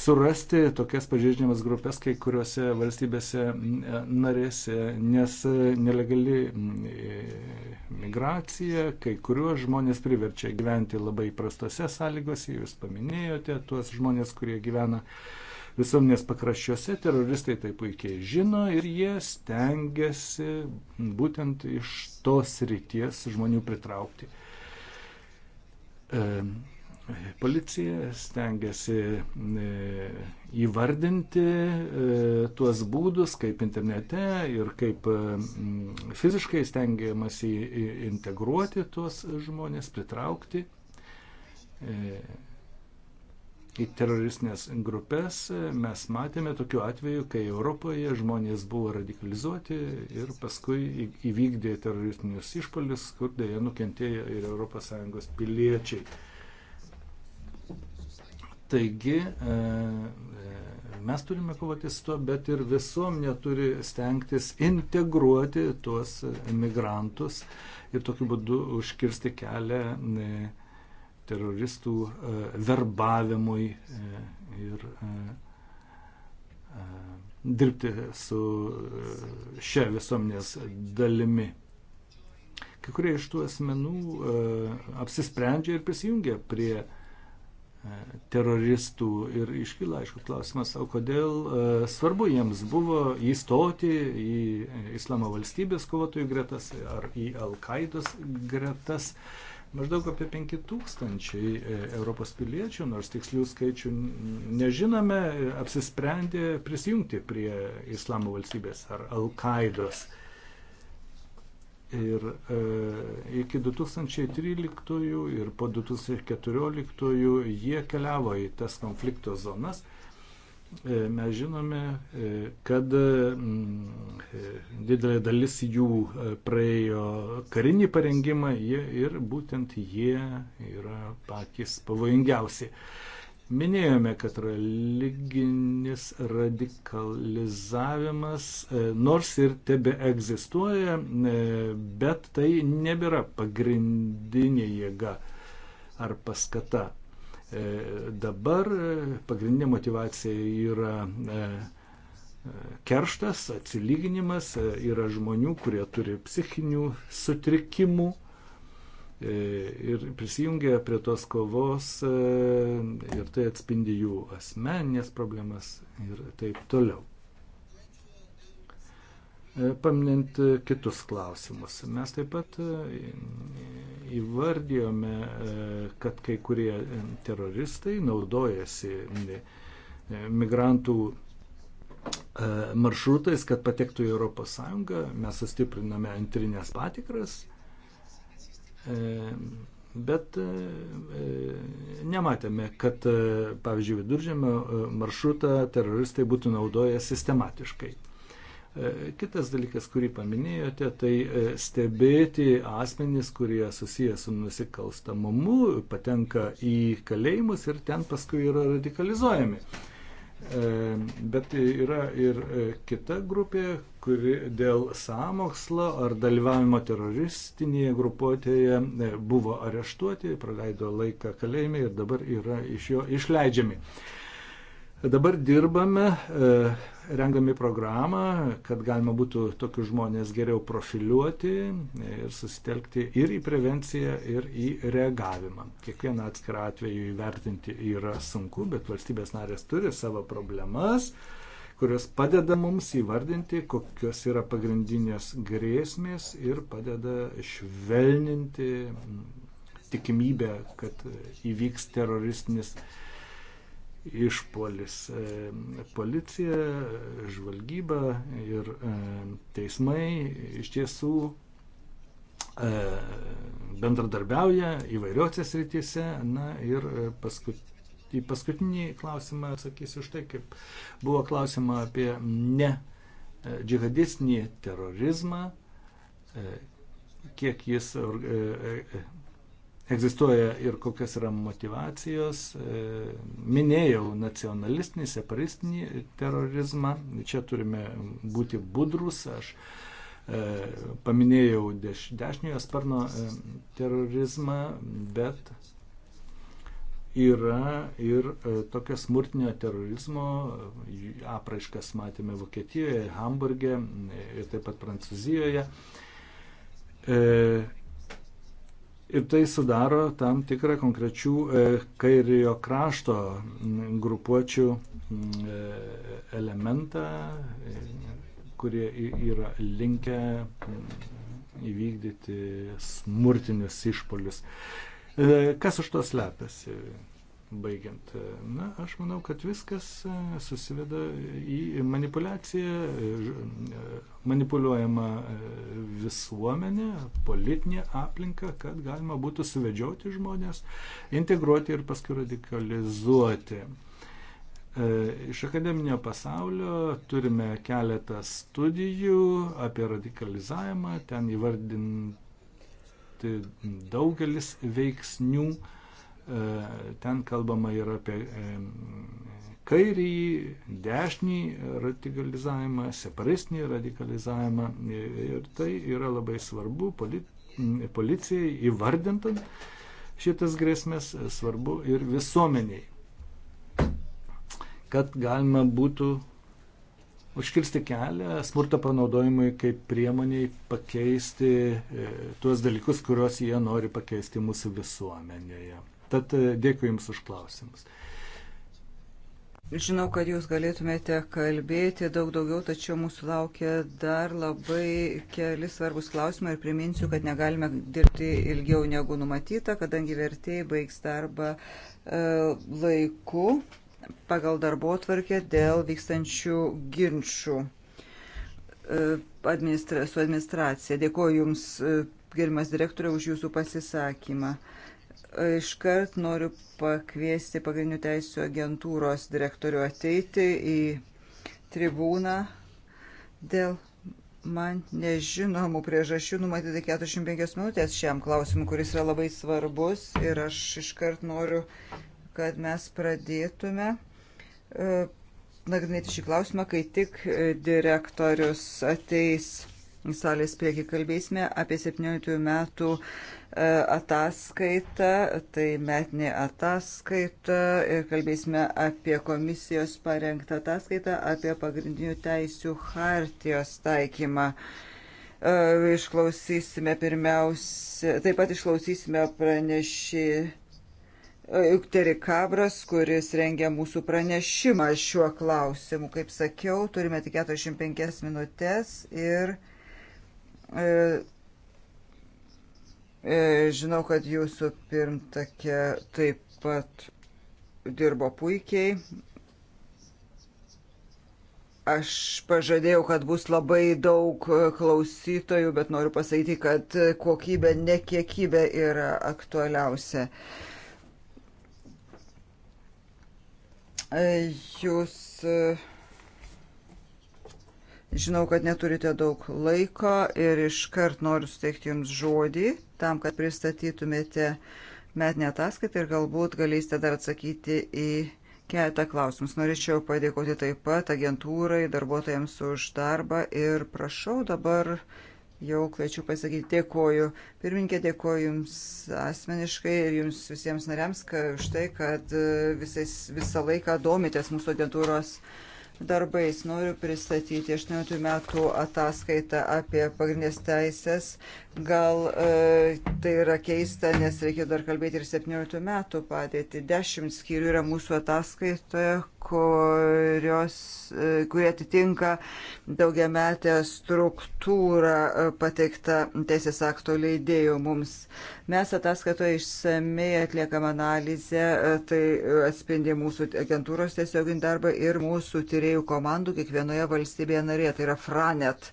S3: surasti tokias pažeidžiamas grupės kai kuriuose valstybėse narėse, nes nelegali migracija kai kuriuos žmonės priverčia gyventi labai prastose sąlygose, jūs paminėjote tuos žmonės, kurie gyvena uh, visuomenės pakraščiuose, teroristai tai puikiai žino ir jie stengiasi būtent iš tos ryties žmonių pritraukti. E, policija stengiasi e, įvardinti e, tuos būdus, kaip internete ir kaip fiziškai stengiamasi integruoti tuos žmonės, pritraukti į teroristinės grupės. Mes matėme tokiu atveju, kai Europoje žmonės buvo radikalizuoti ir paskui įvykdė teroristinius išpolius, kur dėja nukentėjo ir ES piliečiai. Taigi e, e, mes turime kovoti su tuo, bet ir visuomenė turi stengtis integruoti tuos migrantus ir tokiu būdu užkirsti kelią e, teroristų e, verbavimui e, ir e, dirbti su šia visuomenės dalimi. Kai kurie iš tų asmenų apsisprendžia ir prisijungia prie teroristų ir iškyla, aišku, klausimas, o kodėl svarbu jiems buvo įstoti į Islamo valstybės kovotojų gretas ar į Al-Qaidos gretas. Uh, Maždaug apie 5000 e, Europos piliečių, nors tikslių skaičių nežinome, e, apsisprendė prisijungti prie Islamo valstybės ar Al-Qaidos. Ir e, iki 2013 ir po 2014 jie keliavo į tas konflikto zonas. E, E, mes žinome, e, kad mm, e, didelė dalis jų praėjo karinį parengimą ir būtent jie yra patys pavojingiausi. Minėjome, kad religinis radikalizavimas nors ir tebe egzistuoja, bet tai nebėra pagrindinė jėga ar paskata E, dabar e, pagrindinė motivacija yra e, kerštas, atsilyginimas, yra žmonių, kurie turi psichinių sutrikimų ir prisijungia prie tos kovos ir tai atspindi jų asmeninės problemas ir taip toliau. E, paminint kitus klausimus. Mes taip pat e, įvardijome, e, kad kai kurie teroristai naudojasi migrantų maršrutais, kad patektų į ES. Mes sustipriname antrinės patikras, bet nematėme, kad, pavyzdžiui, viduržėmio maršrutą teroristai būtų naudoję sistematiškai. E, kitas dalykas, kurį paminėjote, tai e, stebėti asmenys, kurie susijęs su nusikalstamumu, patenka į kalėjimus ir ten paskui yra radikalizuojami. E, bet yra ir kita grupė, kuri dėl sąmokslo ar dalyvavimo teroristinėje grupuotėje buvo areštuoti, praleido laiką kalėjime ir dabar yra iš jo išleidžiami. Dabar dirbame rengdami programą, kad galima būtų tokius žmonės geriau profiliuoti ir susitelkti ir į prevenciją, ir į reagavimą. Kiekvieną atskirą atvejį įvertinti yra sunku, bet valstybės narės turi savo problemas kurios padeda mums įvardinti, kokios yra pagrindinės grėsmės ir padeda švelninti tikimybę, kad įvyks teroristinis uh, išpolis. E, policija, žvalgyba ir e, teismai iš tiesų e, bendradarbiauja įvairiuose srityse. Na ir paskut, į paskutinį klausimą atsakysiu už tai, kaip buvo klausima apie ne džihadistinį terorizmą, kiek jis egzistuoja ir kokios yra motivacijos. E, minėjau nacionalistinį, separatistinį terorizmą, čia turime būti budrus. Aš e, paminėjau deš, dešiniojo sparno e, terorizmą, bet yra ir tokio smurtinio terorizmo apraiškas matėme Vokietijoje, Hamburge ir taip pat Prancūzijoje Ir tai sudaro tam tikrą konkrečių e, kairio krašto grupuočių e, elementą, e, kurie yra linkę įvykdyti smurtinius išpolius. Kas už to slepiasi? baigiant. Na, aš manau, kad viskas e, susiveda į manipulaciją, e, e, manipuliuojama visuomenė, politinė aplinka, kad galima būtų suvedžioti žmonės, integruoti ir paskui radikalizuoti. Iš akademinio pasaulio turime keletą studijų apie radikalizavimą, ten įvardinti daugelis veiksnių, E, ten kalbama ir apie e, kairįjį, dešinį radikalizavimą, separistinį radikalizavimą. E, ir tai yra labai svarbu policijai įvardintant šitas grėsmės, svarbu ir visuomeniai, kad galima būtų užkirsti kelią smurto panaudojimui kaip priemoniai pakeisti tuos dalykus, kuriuos jie nori pakeisti mūsų visuomenėje. Tad e, dėkui Jums už klausimus.
S1: Žinau, kad jūs galėtumėte kalbėti daug daugiau, tačiau mūsų laukia dar labai keli svarbus klausimai ir priminsiu, kad negalime dirbti ilgiau negu numatyta, kadangi vertėjai baigs darbą e, laiku pagal darbo tvarkę dėl vykstančių ginčių e, administra, su administracija. Dėkuoju Jums, e, gerimas direktorė, už Jūsų pasisakymą. Iškart noriu pakviesti pagrindinių teisų agentūros direktorių ateiti į tribūną dėl man nežinomų priežasčių numatyti 45 minutės šiam klausimui, kuris yra labai svarbus ir aš iškart noriu, kad mes pradėtume e, nagrinėti šį klausimą, kai tik e, direktorius ateis salės priekį kalbėsime apie 17 metų e, ataskaitą, tai metinė ataskaita ir kalbėsime apie komisijos parengtą ataskaitą apie pagrindinių teisių hartijos taikymą. E, išklausysime pirmiausia, taip pat išklausysime pranešį Jukteri e, Kabras, kuris rengia mūsų pranešimą šiuo klausimu. Kaip sakiau, turime tik 45 minutės ir E, e, žinau, kad jūsų pirmtakė taip pat dirbo puikiai. Aš pažadėjau, kad bus labai daug klausytojų, bet noriu pasakyti, kad kokybė, ne kiekybė yra aktualiausia. E, jūs uh, Žinau, kad neturite daug laiko ir iškart noriu suteikti Jums žodį tam, kad pristatytumėte metinę ataskaitą ir galbūt galėsite dar atsakyti į keletą klausimus. Norėčiau padėkoti taip pat agentūrai, darbuotojams už darbą ir prašau dabar jau kviečiu pasakyti dėkoju. Pirminkė, dėkoju Jums asmeniškai ir Jums visiems nariams už tai, kad e, visais, visą laiką domitės mūsų agentūros uh, darbais. Noriu pristatyti 18 metų ataskaitą apie pagrindinės teisės. Gal e, tai yra keista, nes reikia dar kalbėti ir 17 metų padėti. 10 skyrių yra mūsų ataskaitoje, kurios, e, kurie atitinka daugiametę struktūrą e, pateiktą teisės akto leidėjų mums. Mes ataskaitoje išsamei atliekam analizę, e, tai e, atspindi mūsų agentūros tiesioginį darbą ir mūsų tyrimą tyrėjų komandų kiekvienoje valstybėje narėje, tai yra FRANET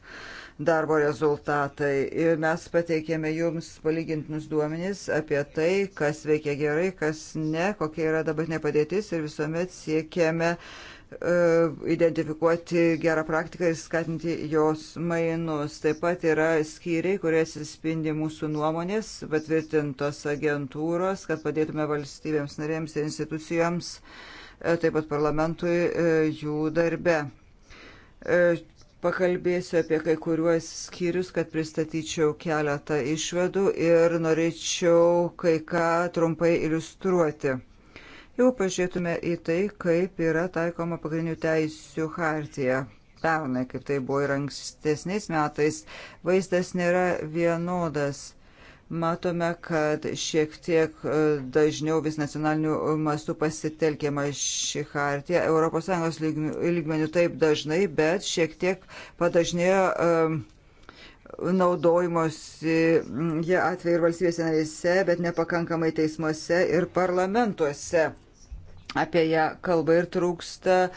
S1: darbo rezultatai. Ir mes pateikėme jums palygintinus duomenys apie tai, kas veikia gerai, kas ne, kokia yra dabartinė padėtis ir visuomet siekėme e, identifikuoti gerą praktiką ir skatinti jos mainus. Taip pat yra skyriai, kurie atsispindi mūsų nuomonės, patvirtintos agentūros, kad padėtume valstybėms narėms ir institucijoms uh, E, taip pat parlamentui e, jų darbe. E, pakalbėsiu apie kai kuriuos skyrius, kad pristatyčiau keletą išvadų ir norėčiau kai ką trumpai iliustruoti. Jau pažiūrėtume į tai, kaip yra taikoma pagrindinių teisių hartija. Pernai, kaip tai buvo ir ankstesniais metais, vaizdas nėra vienodas matome, kad šiek tiek e, dažniau vis nacionalinių mastų pasitelkiama ši chartija. ES lygmenių taip dažnai, bet šiek tiek padažnėjo e, naudojimosi jie atveju ir valstybėse narėse, bet nepakankamai teismuose ir parlamentuose. Apie ją kalba ir trūksta e,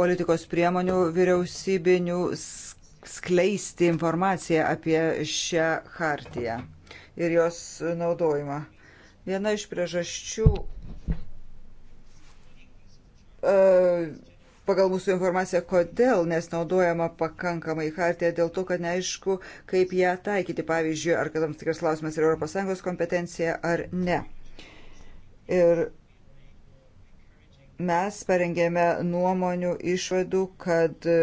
S1: politikos priemonių vyriausybinių skleisti informaciją apie šią chartiją ir jos naudojimą. Viena iš priežasčių e, pagal mūsų informaciją, kodėl nesnaudojama pakankamai hartija, dėl to, kad neaišku, kaip ją taikyti, pavyzdžiui, ar kad tam tikras klausimas yra ES kompetencija ar ne. Ir mes parengėme nuomonių išvadų, kad e,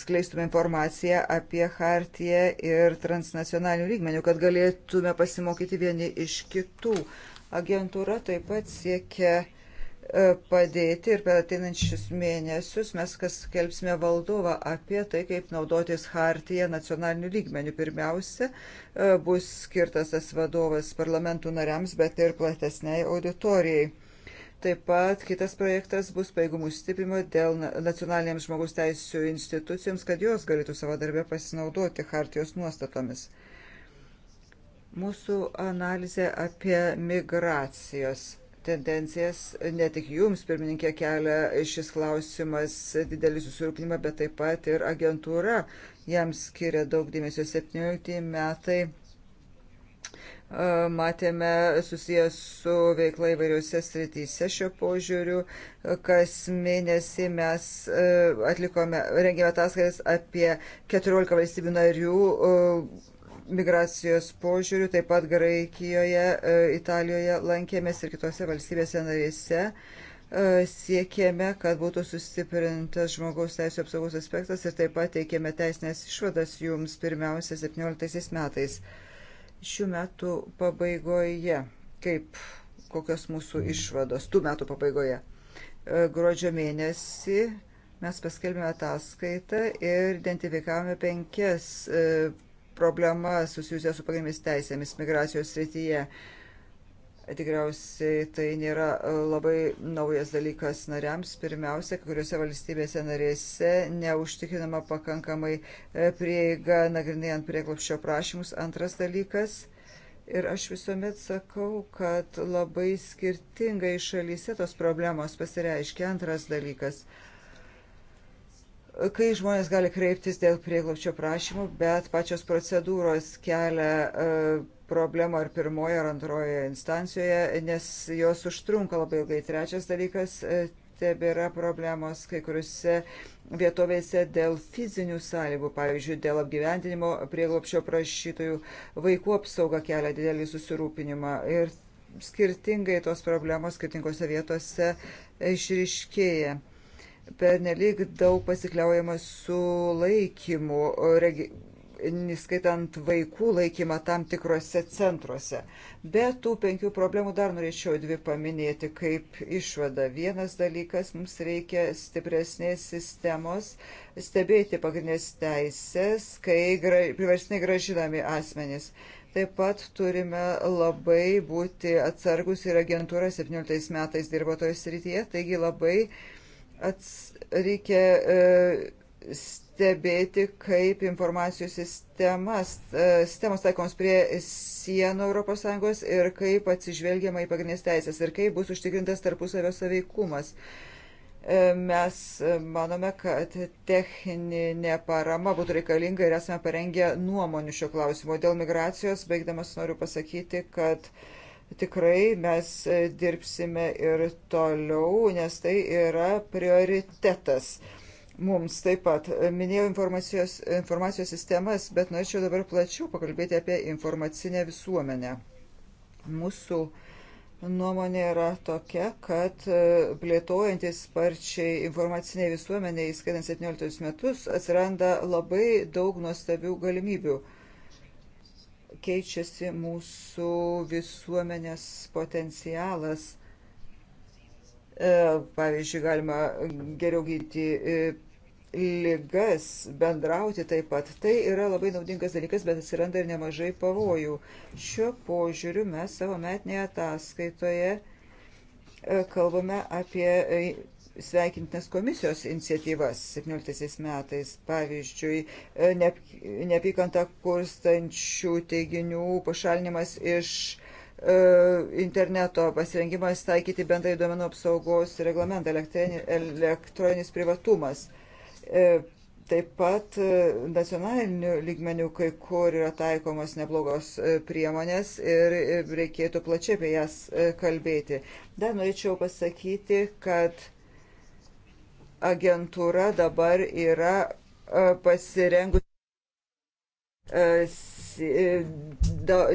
S1: skleistume informaciją apie Hartiją ir transnacionalinių lygmenių, kad galėtume pasimokyti vieni iš kitų. Agentūra taip pat siekia e, padėti ir per ateinančius mėnesius mes kas skelbsime valdovą apie tai, kaip naudotis Hartiją nacionaliniu lygmeniu. Pirmiausia, e, bus skirtas tas vadovas parlamentų nariams, bet ir platesniai auditorijai Taip pat kitas projektas bus paėgumų stiprimo dėl nacionalinėms žmogaus teisų institucijoms, kad jos galėtų savo darbę pasinaudoti hartijos nuostatomis. Mūsų analizė apie migracijos tendencijas, ne tik jums, pirmininkė, kelia šis klausimas didelį susirūpinimą, bet taip pat ir agentūra jam skiria daug dėmesio 17 metai matėme susijęs su veikla įvairiuose srityse šio požiūriu. Kas mėnesį mes e, atlikome, rengėme ataskaitas apie 14 valstybių narių e, migracijos požiūrių, taip pat Graikijoje, e, Italijoje lankėmės ir kitose valstybėse narėse siekėme, kad būtų sustiprintas žmogaus teisų apsaugos aspektas ir taip pat teikėme teisinės išvadas jums pirmiausia 17 metais šių metų pabaigoje, kaip kokios mūsų mhm. išvados tų metų pabaigoje. E, gruodžio mėnesį mes paskelbėme ataskaitą ir identifikavome penkias e, problemas susijusias su pagrindinėmis teisėmis migracijos srityje. Tikriausiai tai nėra e, labai naujas dalykas nariams. Pirmiausia, kai kuriuose valstybėse narėse neužtikrinama pakankamai e, prieiga nagrinėjant prieglopščio prašymus. Antras dalykas. Ir aš visuomet sakau, kad labai skirtingai šalyse tos problemos pasireiškia. Antras dalykas. E, kai žmonės gali kreiptis dėl prieglopčio prašymų, bet pačios procedūros kelia. Uh, problemų ar pirmoje, ar antroje instancijoje, nes jos užtrunka labai ilgai. Trečias dalykas e, tebėra problemos kai kuriuose vietovėse dėl fizinių sąlygų, pavyzdžiui, dėl apgyvendinimo prieglopšio prašytojų, vaikų apsauga kelia didelį susirūpinimą ir skirtingai tos problemos skirtingose vietose išriškėja. Per nelik daug pasikliaujama su laikymu, regi skaitant vaikų laikymą tam tikrose centruose. Be tų penkių problemų dar norėčiau dvi paminėti kaip išvada. Vienas dalykas, mums reikia stipresnės sistemos stebėti pagrindinės teisės, kai gra, priverstinai gražinami asmenys. Taip pat turime labai būti atsargus ir agentūra 17 metais dirbo toje srityje, taigi labai ats, reikia e, stebėti, kaip informacijų sistemas, e, sistemos taikoms prie sienų ES ir kaip atsižvelgiama į pagrindinės teisės ir kaip bus užtikrintas tarpusavio saveikumas. E, mes manome, kad techninė parama būtų reikalinga ir esame parengę nuomonių šio klausimo. Dėl migracijos, baigdamas, noriu pasakyti, kad tikrai mes dirbsime ir toliau, nes tai yra prioritetas mums taip pat. E, minėjau informacijos, informacijos sistemas, bet norėčiau dabar plačiau pakalbėti apie informacinę visuomenę. Mūsų nuomonė yra tokia, kad e, plėtojantis sparčiai informaciniai visuomeniai, įskaitant 17 metus, atsiranda labai daug nuostabių galimybių. Keičiasi mūsų visuomenės potencialas. E, pavyzdžiui, galima geriau gydyti lygas, bendrauti taip pat. Tai yra labai naudingas dalykas, bet atsiranda ir nemažai pavojų. Šiuo požiūriu mes savo metinėje ataskaitoje e, kalbame apie e, sveikintinas komisijos iniciatyvas 17 metais, pavyzdžiui, e, neapykantą kurstančių teiginių pašalinimas iš interneto pasirengimas taikyti bendrai duomenų apsaugos reglamentą, elektroninis privatumas. E, taip pat e, nacionaliniu lygmeniu kai kur yra taikomos neblogos e, priemonės ir reikėtų plačiai apie jas kalbėti. Dar norėčiau pasakyti, kad agentūra dabar yra pasirengusi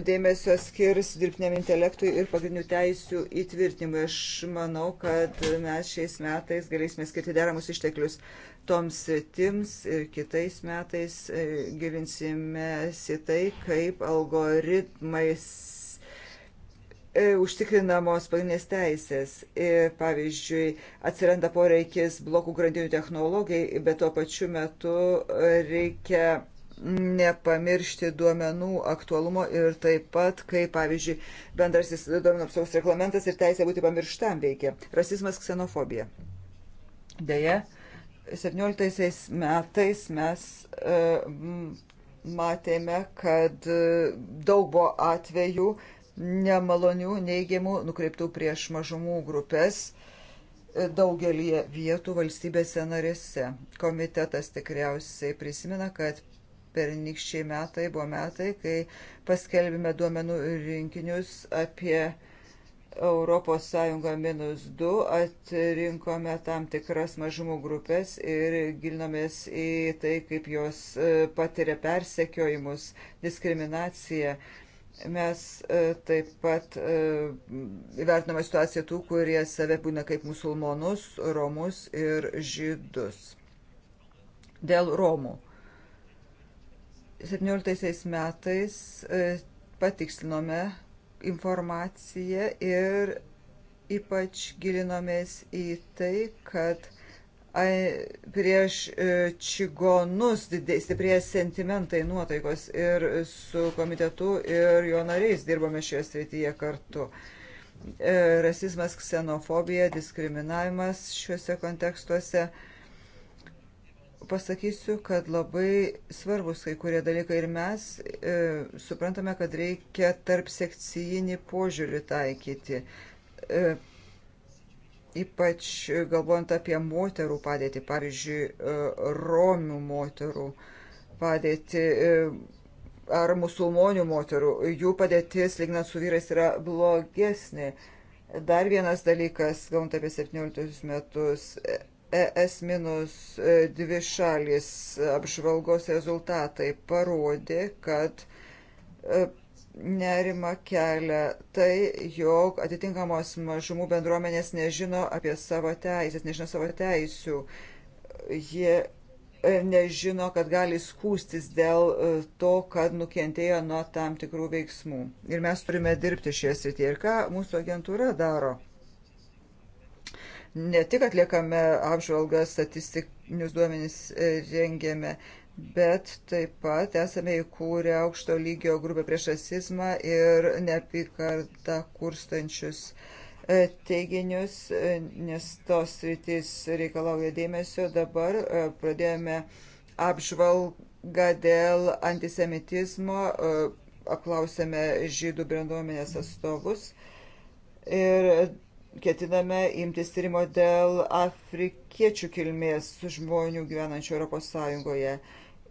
S1: dėmesio skirs dirbtiniam intelektui ir pagrindinių teisių įtvirtinimui. Aš manau, kad mes šiais metais galėsime skirti deramus išteklius toms sritims ir kitais metais e, gilinsimės į tai, kaip algoritmais e, užtikrinamos pagrindinės teisės. Ir, pavyzdžiui, atsiranda poreikis blokų grandinių technologijai, bet tuo pačiu metu reikia nepamiršti duomenų aktualumo ir taip pat, kaip pavyzdžiui, bendrasis duomenų apsaugos reglamentas ir teisė būti pamirštam veikia. Rasizmas, ksenofobija. Deja, uh, 17 metais mes e, matėme, kad e, daug buvo atvejų nemalonių, neigiamų, nukreiptų prieš mažumų grupės e, daugelį vietų valstybėse narėse. Komitetas tikriausiai prisimena, kad pernikščiai metai buvo metai, kai paskelbėme duomenų rinkinius apie Europos Sąjunga minus 2 atrinkome tam tikras mažumų grupės ir gilinomės į tai, kaip jos e, patiria persekiojimus, diskriminaciją. Mes e, taip pat įvertiname e, situaciją tų, kurie save būna kaip musulmonus, romus ir žydus. Dėl romų. 17 metais patikslinome informaciją ir ypač gilinomės į tai, kad prieš e, čigonus stiprėja sentimentai nuotaikos ir su komitetu ir jo nariais dirbome šioje srityje kartu. E, rasizmas, ksenofobija, diskriminavimas šiuose kontekstuose pasakysiu, kad labai svarbus kai kurie dalykai ir mes e, suprantame, kad reikia tarp sekcijinį požiūrį taikyti. E, ypač galvojant apie moterų padėtį, pavyzdžiui, e, romių moterų padėtį. E, ar musulmonių moterų, jų padėtis, lygnant su vyrais, yra blogesnė. Dar vienas dalykas, galvant apie 17 metus, e, ES minus e, dvi šalis apžvalgos rezultatai parodė, kad e, nerima kelia tai, jog atitinkamos mažumų bendruomenės nežino apie savo teisės, nežino savo teisių. Jie e, nežino, kad gali skūstis dėl to, kad nukentėjo nuo tam tikrų veiksmų. Ir mes turime dirbti šioje srityje. Ir ką mūsų agentūra daro? ne tik atliekame apžvalgą, statistinius duomenys e, rengėme, bet taip pat esame įkūrę aukšto lygio grupę prieš rasizmą ir neapykartą kurstančius e, teiginius, e, nes tos rytis reikalauja dėmesio. Dabar pradėjome apžvalgą dėl antisemitizmo, aplausėme žydų bendruomenės atstovus. Ir ketiname imtis tyrimo dėl afrikiečių kilmės žmonių gyvenančių Europos Sąjungoje.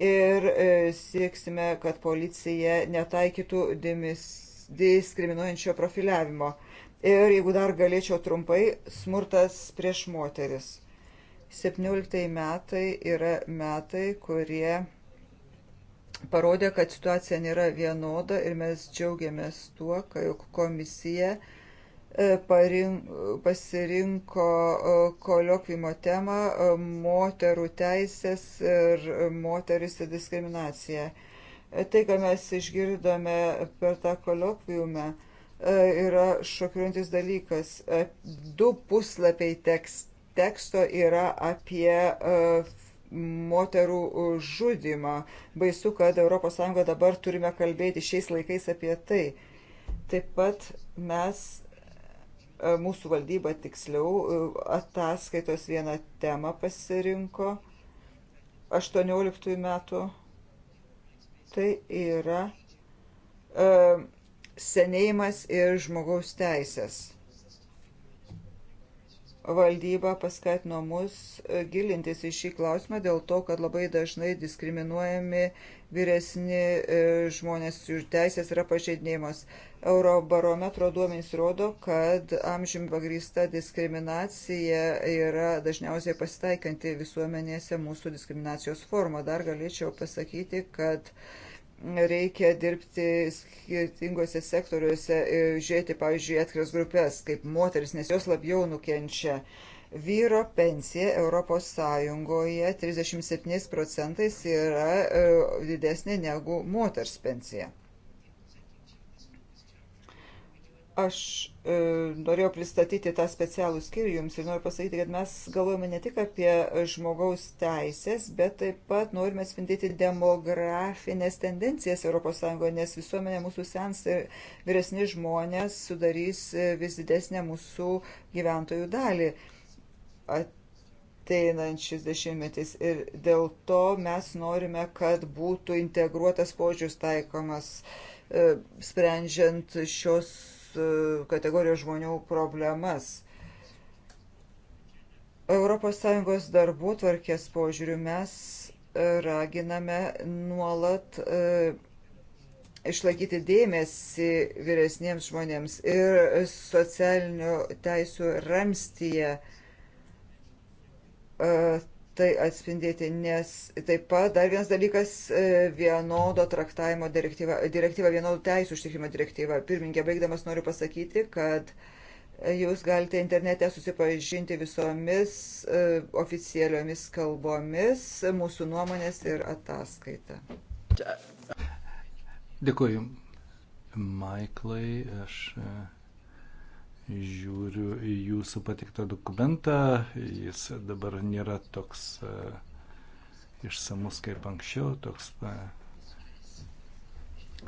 S1: Ir e, sieksime, kad policija netaikytų dimis, diskriminuojančio profiliavimo. Ir jeigu dar galėčiau trumpai, smurtas prieš moteris. 17 metai yra metai, kurie parodė, kad situacija nėra vienoda ir mes džiaugiamės tuo, kad komisija uh, E, pasirinko e, koliokvimo temą e, moterų teisės ir moteris ir diskriminacija. Tai, ką mes išgirdome per tą koliokviumą, yra šokiruojantis dalykas. Du puslapiai tekst, teksto yra apie moterų žudimą. Baisu, kad ES dabar turime kalbėti šiais laikais apie tai. Taip pat mes E, mūsų valdyba tiksliau e, ataskaitos vieną temą pasirinko 18 metų. Tai yra e, senėjimas ir žmogaus teisės. Valdyba paskatino mus gilintis į šį klausimą dėl to, kad labai dažnai diskriminuojami vyresni e, žmonės jų teisės yra pažeidinėjimos. Eurobarometro duomenys rodo, kad amžiumi pagrįsta diskriminacija yra dažniausiai pasitaikanti visuomenėse mūsų diskriminacijos forma. Dar galėčiau pasakyti, kad reikia dirbti skirtingose sektoriuose, žiūrėti, pavyzdžiui, atskiras grupės, kaip moteris, nes jos labiau nukenčia. Uh, Vyro pensija Europos Sąjungoje 37 procentais yra e, didesnė negu moters pensija. Aš e, norėjau pristatyti tą specialų skyrių jums ir noriu pasakyti, kad mes galvojame ne tik apie žmogaus teisės, bet taip pat norime spindėti demografinės tendencijas ES, nes visuomenė mūsų sens ir vyresni žmonės sudarys e, vis didesnę mūsų gyventojų dalį. E, ateinančius dešimtmetis. Ir dėl to mes norime, kad būtų integruotas požiūris taikomas, e, sprendžiant šios e, kategorijos žmonių problemas. ES darbų tvarkės požiūrių mes raginame nuolat e, išlaikyti dėmesį vyresniems žmonėms ir socialinių teisų ramstyje E, tai atspindėti, nes taip pat dar vienas dalykas e, vienodo traktavimo direktyva, direktyva vienodo teisų užtikrimo direktyva. Pirmininkė, baigdamas noriu pasakyti, kad jūs galite internete susipažinti visomis e, oficialiomis kalbomis mūsų nuomonės ir ataskaitą.
S3: Dėkuoju. Maiklai, aš žiūriu į jūsų patiktą dokumentą, jis dabar nėra toks e, išsamus kaip anksčiau, toks e,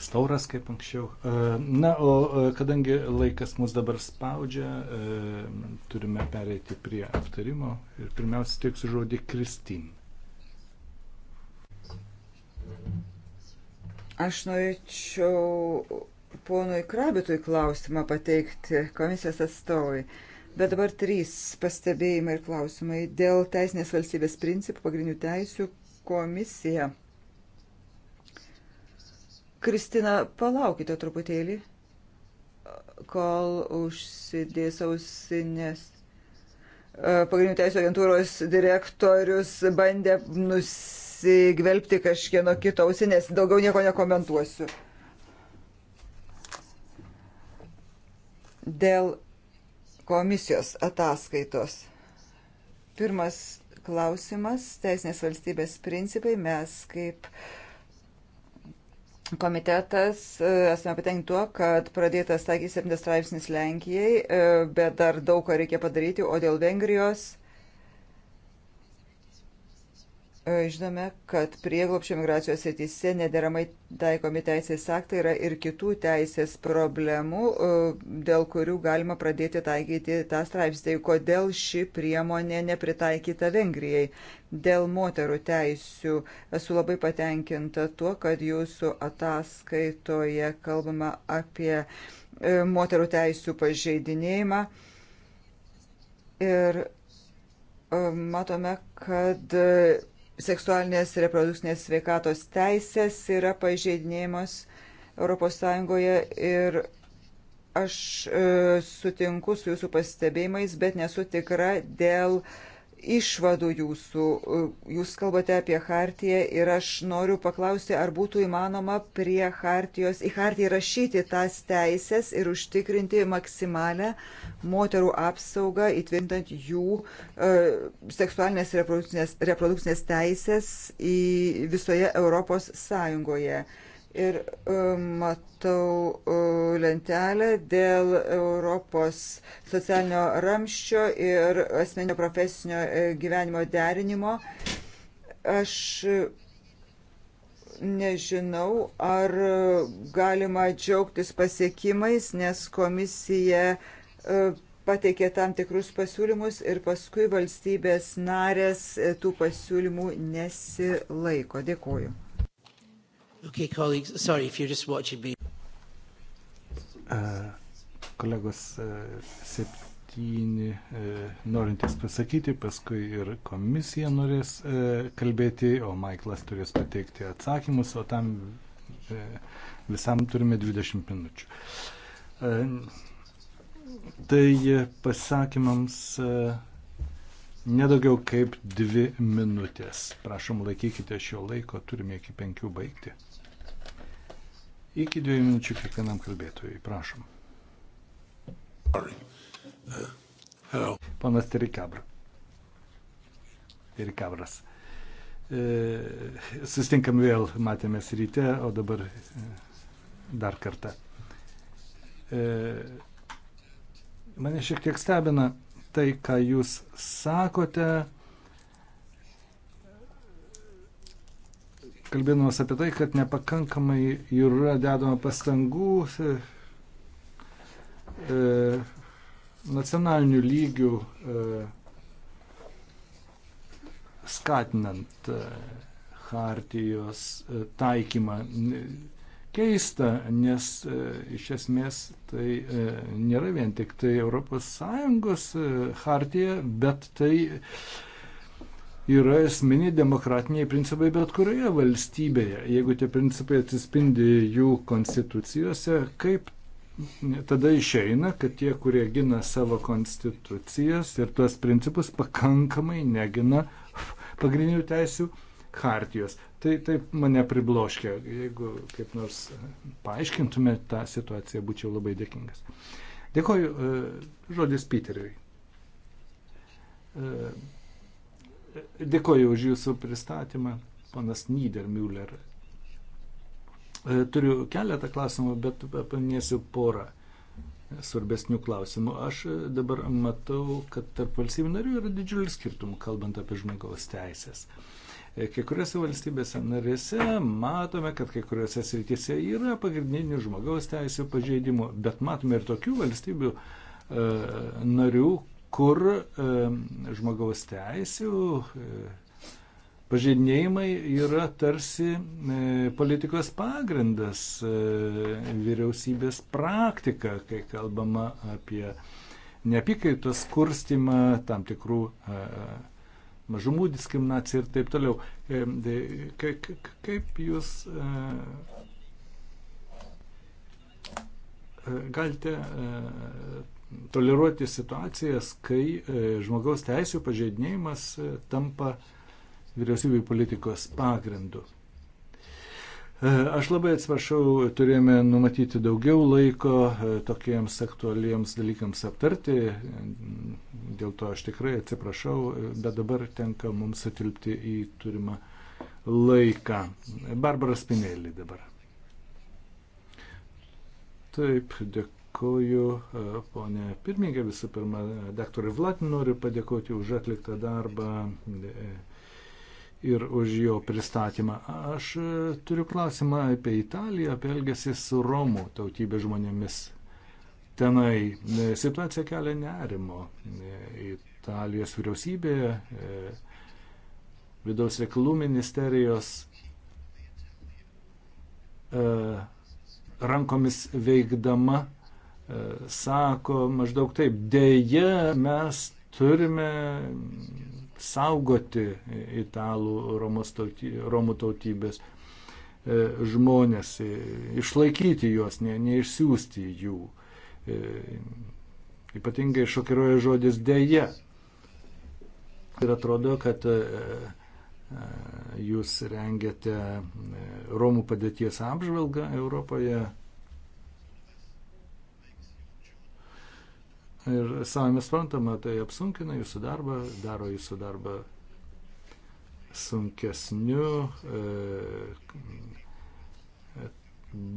S3: stauras kaip anksčiau. E, na, o kadangi laikas mus dabar spaudžia, turime pereiti prie aptarimo ir pirmiausia teiksiu žodį Kristin.
S1: Aš norėčiau ponui Krabitui klausimą pateikti komisijos atstovui. Bet dabar trys pastebėjimai ir klausimai dėl teisinės valstybės principų pagrindinių teisių komisija. Kristina, palaukite truputėlį, kol užsidės ausinės e, pagrindinių teisų agentūros direktorius bandė nusigvelbti kažkieno kito ausinės. Daugiau nieko nekomentuosiu. dėl komisijos ataskaitos. Pirmas klausimas - teisinės valstybės principai. Mes kaip komitetas e, esame patenkinti tuo, kad pradėtas taikyti 7 straipsnis Lenkijai, e, bet dar daug ką reikia padaryti, o dėl Vengrijos E, žinome, kad prieglopščio migracijos srityse nederamai taikomi teisės aktai yra ir kitų teisės problemų, e, dėl kurių galima pradėti taikyti tą straipsnį. Kodėl ši priemonė nepritaikyta Vengrijai? Dėl moterų teisių esu labai patenkinta tuo, kad jūsų ataskaitoje kalbama apie e, moterų teisių pažeidinėjimą. Ir matome, kad seksualinės reprodukcinės sveikatos teisės yra pažeidinėjimos ES ir aš e, sutinku su jūsų pastebėjimais, bet nesu tikra dėl e, išvadų jūsų. Jūs kalbate apie Hartiją ir aš noriu paklausti, ar būtų įmanoma prie Hartijos, į Hartiją rašyti tas teisės ir užtikrinti maksimalę moterų apsaugą, įtvirtinant jų e, seksualinės reprodukcinės, reprodukcinės teisės į visoje Europos Sąjungoje ir e, matau e, lentelę dėl Europos socialinio ramščio ir asmeninio profesinio e, gyvenimo derinimo. Aš nežinau, ar galima džiaugtis pasiekimais, nes komisija pateikė tam tikrus pasiūlymus ir paskui valstybės narės tų pasiūlymų nesilaiko. Dėkuoju. Okay, colleagues, sorry if you're just watching me.
S3: Uh, kolegos, uh, septyni uh, norintys pasakyti, paskui ir komisija norės uh, kalbėti, o Maiklas turės pateikti atsakymus, o tam uh, visam turime 20 minučių. Uh, tai pasakymams uh, nedaugiau kaip dvi minutės. Prašom, laikykite šio laiko, turime iki penkių baigti. Iki dviejų minučių kiekvienam kalbėtojui. Prašom. Uh, Panas Terikabra. Terikabras. Uh, sustinkam vėl, matėmės ryte, o dabar uh, dar kartą. Mane šiek tiek stebina tai, ką jūs sakote kalbėdamas apie tai, kad nepakankamai yra dedama pastangų e, nacionalinių lygių e, skatinant e, hartijos e, taikymą. Keista, nes e, iš esmės tai e, nėra vien tik tai ES e, hartija, bet tai e, yra esminiai demokratiniai principai bet kurioje valstybėje. Jeigu tie principai atsispindi jų konstitucijose, kaip tada išeina, kad tie, kurie gina savo konstitucijas ir tuos principus pakankamai negina pagrindinių teisių hartijos. Tai taip mane pribloškia. Jeigu kaip nors paaiškintumėte tą situaciją, būčiau labai dėkingas. Dėkoju. E, žodis Piteriui. E, Dėkoju už Jūsų pristatymą, panas Niedermüller. E, turiu keletą klausimų, bet paminėsiu porą svarbesnių klausimų. Aš e, dabar matau, kad tarp valstybių narių yra didžiulis skirtumų, kalbant apie žmogaus teisės. E, kai kuriuose valstybėse narėse matome, kad kai kuriuose srityse yra pagrindinių žmogaus teisų pažeidimų, bet matome ir tokių valstybių e, narių, kur e, žmogaus teisių e, pažeidinėjimai yra tarsi e, politikos pagrindas, vyriausybės praktika, kai kalbama apie neapykaitos kurstimą, tam tikrų mažumų diskriminaciją ir taip toliau. Kaip jūs galite toleruoti situacijas, kai e, žmogaus teisų pažeidinėjimas e, tampa vyriausybių politikos pagrindu. E, aš labai atsiprašau, turėjome numatyti daugiau laiko tokiems aktualiems dalykams aptarti, dėl to aš tikrai atsiprašau, bet dabar tenka mums sutilpti į turimą laiką. Barbara Spinelli dabar. Taip, dėkui. Dėkuoju, e, ponė pirmininkė, visų pirma, daktarui Vlatin noriu padėkoti už atliktą darbą e, ir už jo pristatymą. Aš e, turiu klausimą apie Italiją, apie elgesį su Romų tautybės žmonėmis. Tenai situacija kelia nerimo. Italijos vyriausybė, vidaus reikalų ministerijos rankomis veikdama E, sako maždaug taip, dėje mes turime saugoti italų romų tautybės e, žmonės, e, išlaikyti juos, ne, neišsiųsti jų. Ypatingai šokiruoja žodis dėje. Ir atrodo, kad jūs rengiate Romų padėties apžvalgą Europoje, Ir savame suprantama, tai apsunkina jūsų darbą, daro jūsų darbą sunkesniu, e,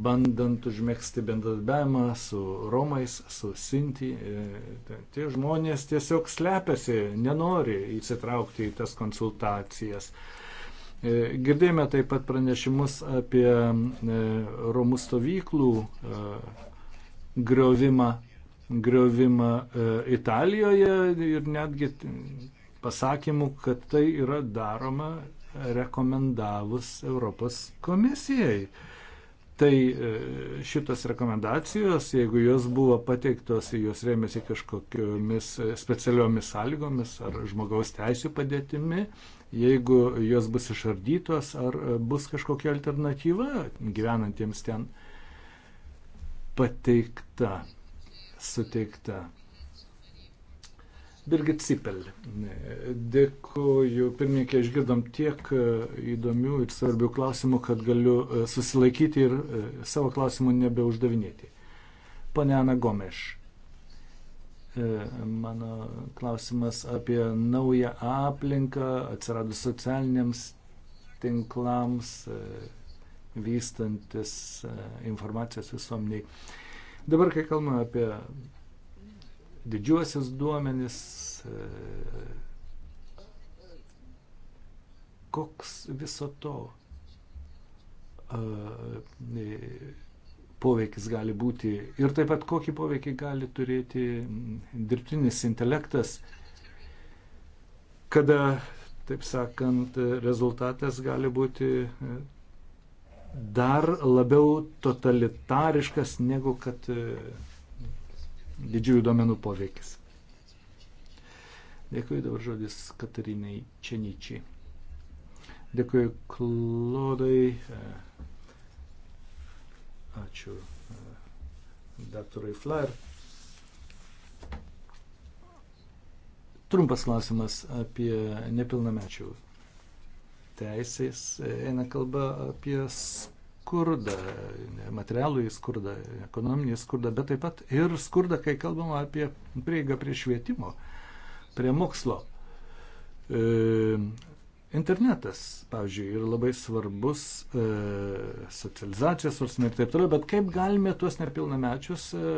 S3: bandant užmėgsti bendradarbiavimą su Romais, su Sinti. E, tai tie žmonės tiesiog slepiasi, nenori įsitraukti į tas konsultacijas. E, girdėjome taip pat pranešimus apie e, Romų stovyklų e, griovimą griovimą e, Italijoje ir netgi pasakymų, kad tai yra daroma rekomendavus Europos komisijai. Tai e, šitos rekomendacijos, jeigu jos buvo pateiktos, jos rėmėsi kažkokiamis e, specialiomis sąlygomis ar žmogaus teisų padėtimi, jeigu jos bus išardytos, ar bus kažkokia alternatyva gyvenantiems ten pateikta suteikta. Birgit Cipel. Dėkuoju, pirmininkė, išgirdom tiek e, įdomių ir svarbių klausimų, kad galiu e, susilaikyti ir e, savo klausimų nebeuždavinėti. Pane Ana Gomeš, mano klausimas apie naują aplinką atsiradus socialiniams tinklams, vystantis informacijos visuomeniai. Dabar, kai kalbame apie didžiuosius duomenis, e, koks viso to e, e, poveikis gali būti ir taip pat kokį poveikį gali turėti dirbtinis intelektas, kada, taip sakant, rezultatas gali būti dar labiau totalitariškas negu kad e, didžiųjų duomenų poveikis. Dėkui dabar žodis Katarinai Čenyčiai. Dėkui Klodai. E, ačiū e, daktarui Flair. Trumpas klausimas apie nepilnamečių teisės e, eina kalba apie skurdą, materialų į skurdą, ekonominį skurdą, bet taip pat ir skurdą, kai kalbama apie prieigą prie švietimo, prie mokslo. E, internetas, pavyzdžiui, yra labai svarbus e, socializacijos svarstymai ir taip toliau, bet kaip galime tuos nepilnamečius e,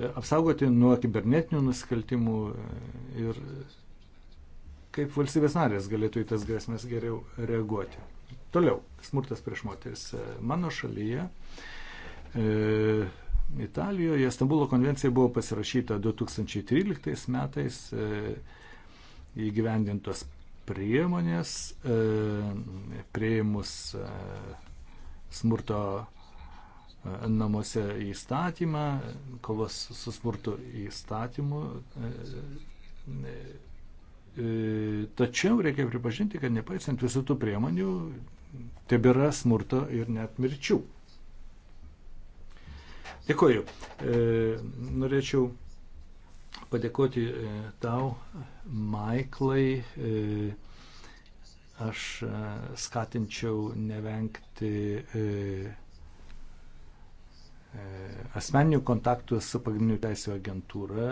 S3: e apsaugoti nuo kibernetinių nusikaltimų e, ir kaip valstybės narės galėtų į tas grėsmės geriau reaguoti. Toliau, smurtas prieš moteris. Mano šalyje, e, Italijoje, Stambulo konvencija buvo pasirašyta 2013 metais, e, įgyvendintos priemonės, e, prieimus e, smurto e, namuose įstatymą, kovos su smurtu įstatymu. E, e, E, tačiau reikia pripažinti, kad nepaisant visų tų priemonių, tebėra smurto ir net mirčių. Dėkoju. E, norėčiau padėkoti e, tau, Maiklai. Aš skatinčiau nevengti asmeninių kontaktų su pagrindinių teisų agentūra,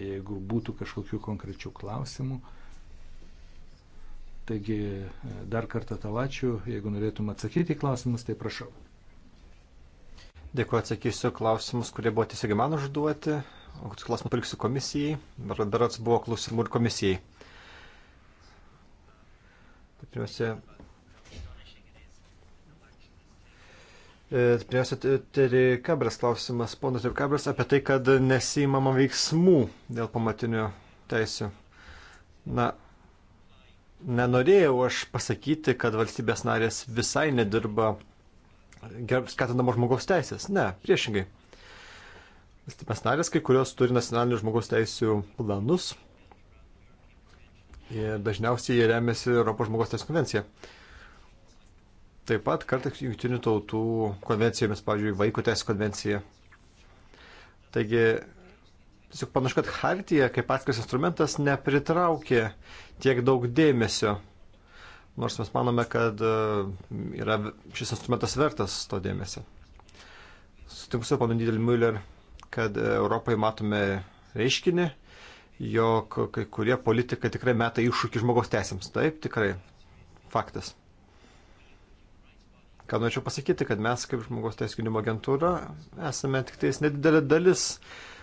S3: jeigu būtų kažkokių konkrečių klausimų. Taigi e, dar kartą talačių, jeigu norėtum atsakyti į klausimus, tai prašau.
S2: Dėkuoju, atsakysiu klausimus, kurie buvo tiesiog man užduoti, o kokius klausimus paliksiu komisijai, dar darats buvo klausimų ir komisijai. Tai pirmiausia, e, Pirmiausia, Terry Kabras klausimas, ponas Terry Kabras, apie tai, kad nesimama veiksmų dėl pamatinių teisių. Na, nenorėjau aš pasakyti, kad valstybės narės visai nedirba skatinamo žmogaus teisės. Ne, priešingai. Valstybės narės, kai kurios turi nacionalinių žmogaus teisų planus ir dažniausiai jie remiasi Europos žmogaus teisų konvencija. Taip pat kartais jungtinių tautų konvencijomis, pavyzdžiui, vaiko teisų konvencija. Taigi Tiesiog panašu, kad Hartija kaip atskiras instrumentas nepritraukė tiek daug dėmesio. Nors mes manome, kad e, yra šis instrumentas vertas to dėmesio. Sutinku su panu Didel Müller, kad e, Europai matome reiškinį, jog kai kurie politikai tikrai meta iššūkį žmogaus teisėms. Taip, tikrai. Faktas. Ką norėčiau pasakyti, kad mes kaip žmogaus teisų gynimo agentūra esame tik tais nedidelė dalis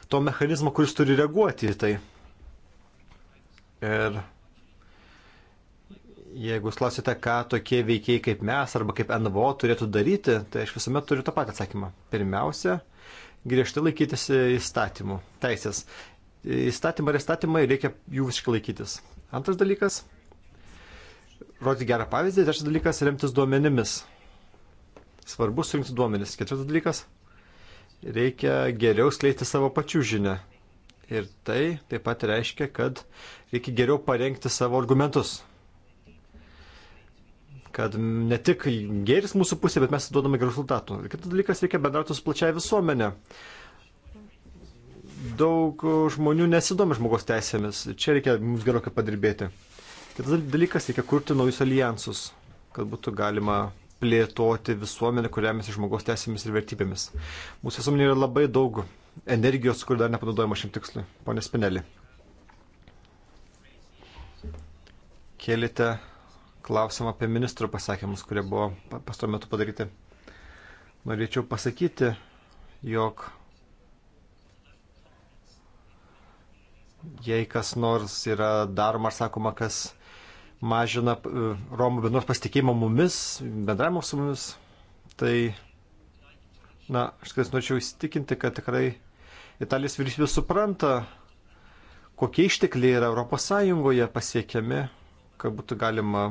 S2: to mechanizmo, kuris turi reaguoti į tai. Ir jeigu jūs klausite, ką tokie veikiai kaip mes arba kaip NVO turėtų daryti, tai aš visuomet turiu tą patį atsakymą. Pirmiausia, griežtai laikytis įstatymų, teisės. Įstatymą ir įstatymai reikia jų visiškai laikytis. Antras dalykas - rodyti gerą pavyzdį. Trečias dalykas - remtis duomenimis. Svarbu surinkti duomenis. Ketvirtas dalykas reikia geriau skleisti savo pačių žinę. Ir tai taip pat reiškia, kad reikia geriau parengti savo argumentus. Kad ne tik gėris mūsų pusė, bet mes duodame gerų rezultatų. Ir kitas dalykas, reikia bendrauti su plačiai visuomenė. Daug žmonių nesidomi žmogaus teisėmis. Čia reikia mums gerokai padirbėti. Kitas dalykas, reikia kurti naujus alijansus, kad būtų galima plėtoti visuomenę, kurią mes žmogaus teisėmis ir vertybėmis. Mūsų visuomenė yra labai daug energijos, kur dar nepanaudojama šiam tikslui. Pone Spinelį. Kėlėte klausimą apie ministro pasakymus, kurie buvo pasto metu padaryti. Norėčiau pasakyti, jog jei kas nors yra daroma ar sakoma, kas mažina e, Romų bendros pasitikėjimą mumis, bendravimo su mumis. Tai, na, aš tikrai norėčiau įsitikinti, kad tikrai Italijos vyriausybė supranta, kokie ištekliai yra ES pasiekiami, kad būtų galima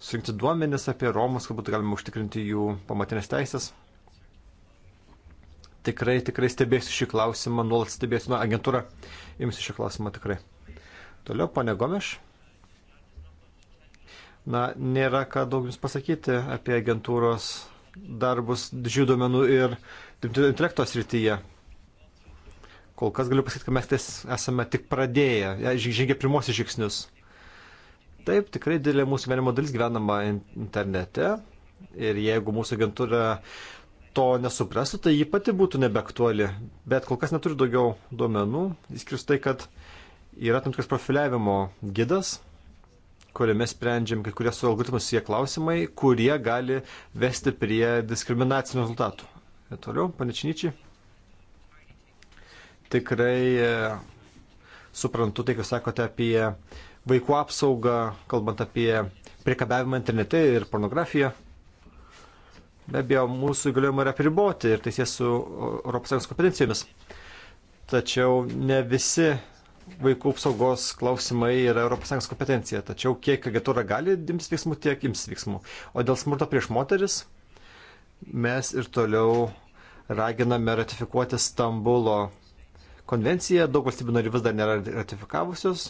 S2: surinkti duomenis apie Romus, kad būtų galima užtikrinti jų pamatinės teisės. Tikrai, tikrai stebėsiu šį klausimą, nuolat stebėsiu, na, agentūra imsiu šį klausimą tikrai. Toliau, ponė Gomeš. Na, nėra ką daug jums pasakyti apie agentūros darbus didžiųjų duomenų ir dirbtinio intelekto srityje. Kol kas galiu pasakyti, kad mes ties esame tik pradėję, e, žengė pirmosius žingsnius. Taip, tikrai didelė mūsų gyvenimo dalis gyvenama internete ir jeigu mūsų agentūra to nesuprastų, tai ji pati būtų nebeaktuali. Bet kol kas neturi daugiau duomenų, išskyrus tai, kad yra tam tikras profiliavimo gidas, kuriame sprendžiam kai kurie su algoritmus jie klausimai, kurie gali vesti prie diskriminacinių rezultatų. Ir toliau, panečinyčiai. Tikrai e, suprantu tai, ką sakote apie vaikų apsaugą, kalbant apie priekabiavimą internete ir pornografiją. Be abejo, mūsų įgaliojimai yra priboti ir tai sės su ES kompetencijomis. Tačiau ne visi vaikų apsaugos klausimai yra ES kompetencija, tačiau kiek agentūra gali imtis veiksmų, tiek imtis veiksmų. O dėl smurto prieš moteris mes ir toliau raginame ratifikuoti Stambulo konvenciją, daug valstybių narių vis dar nėra ratifikavusios.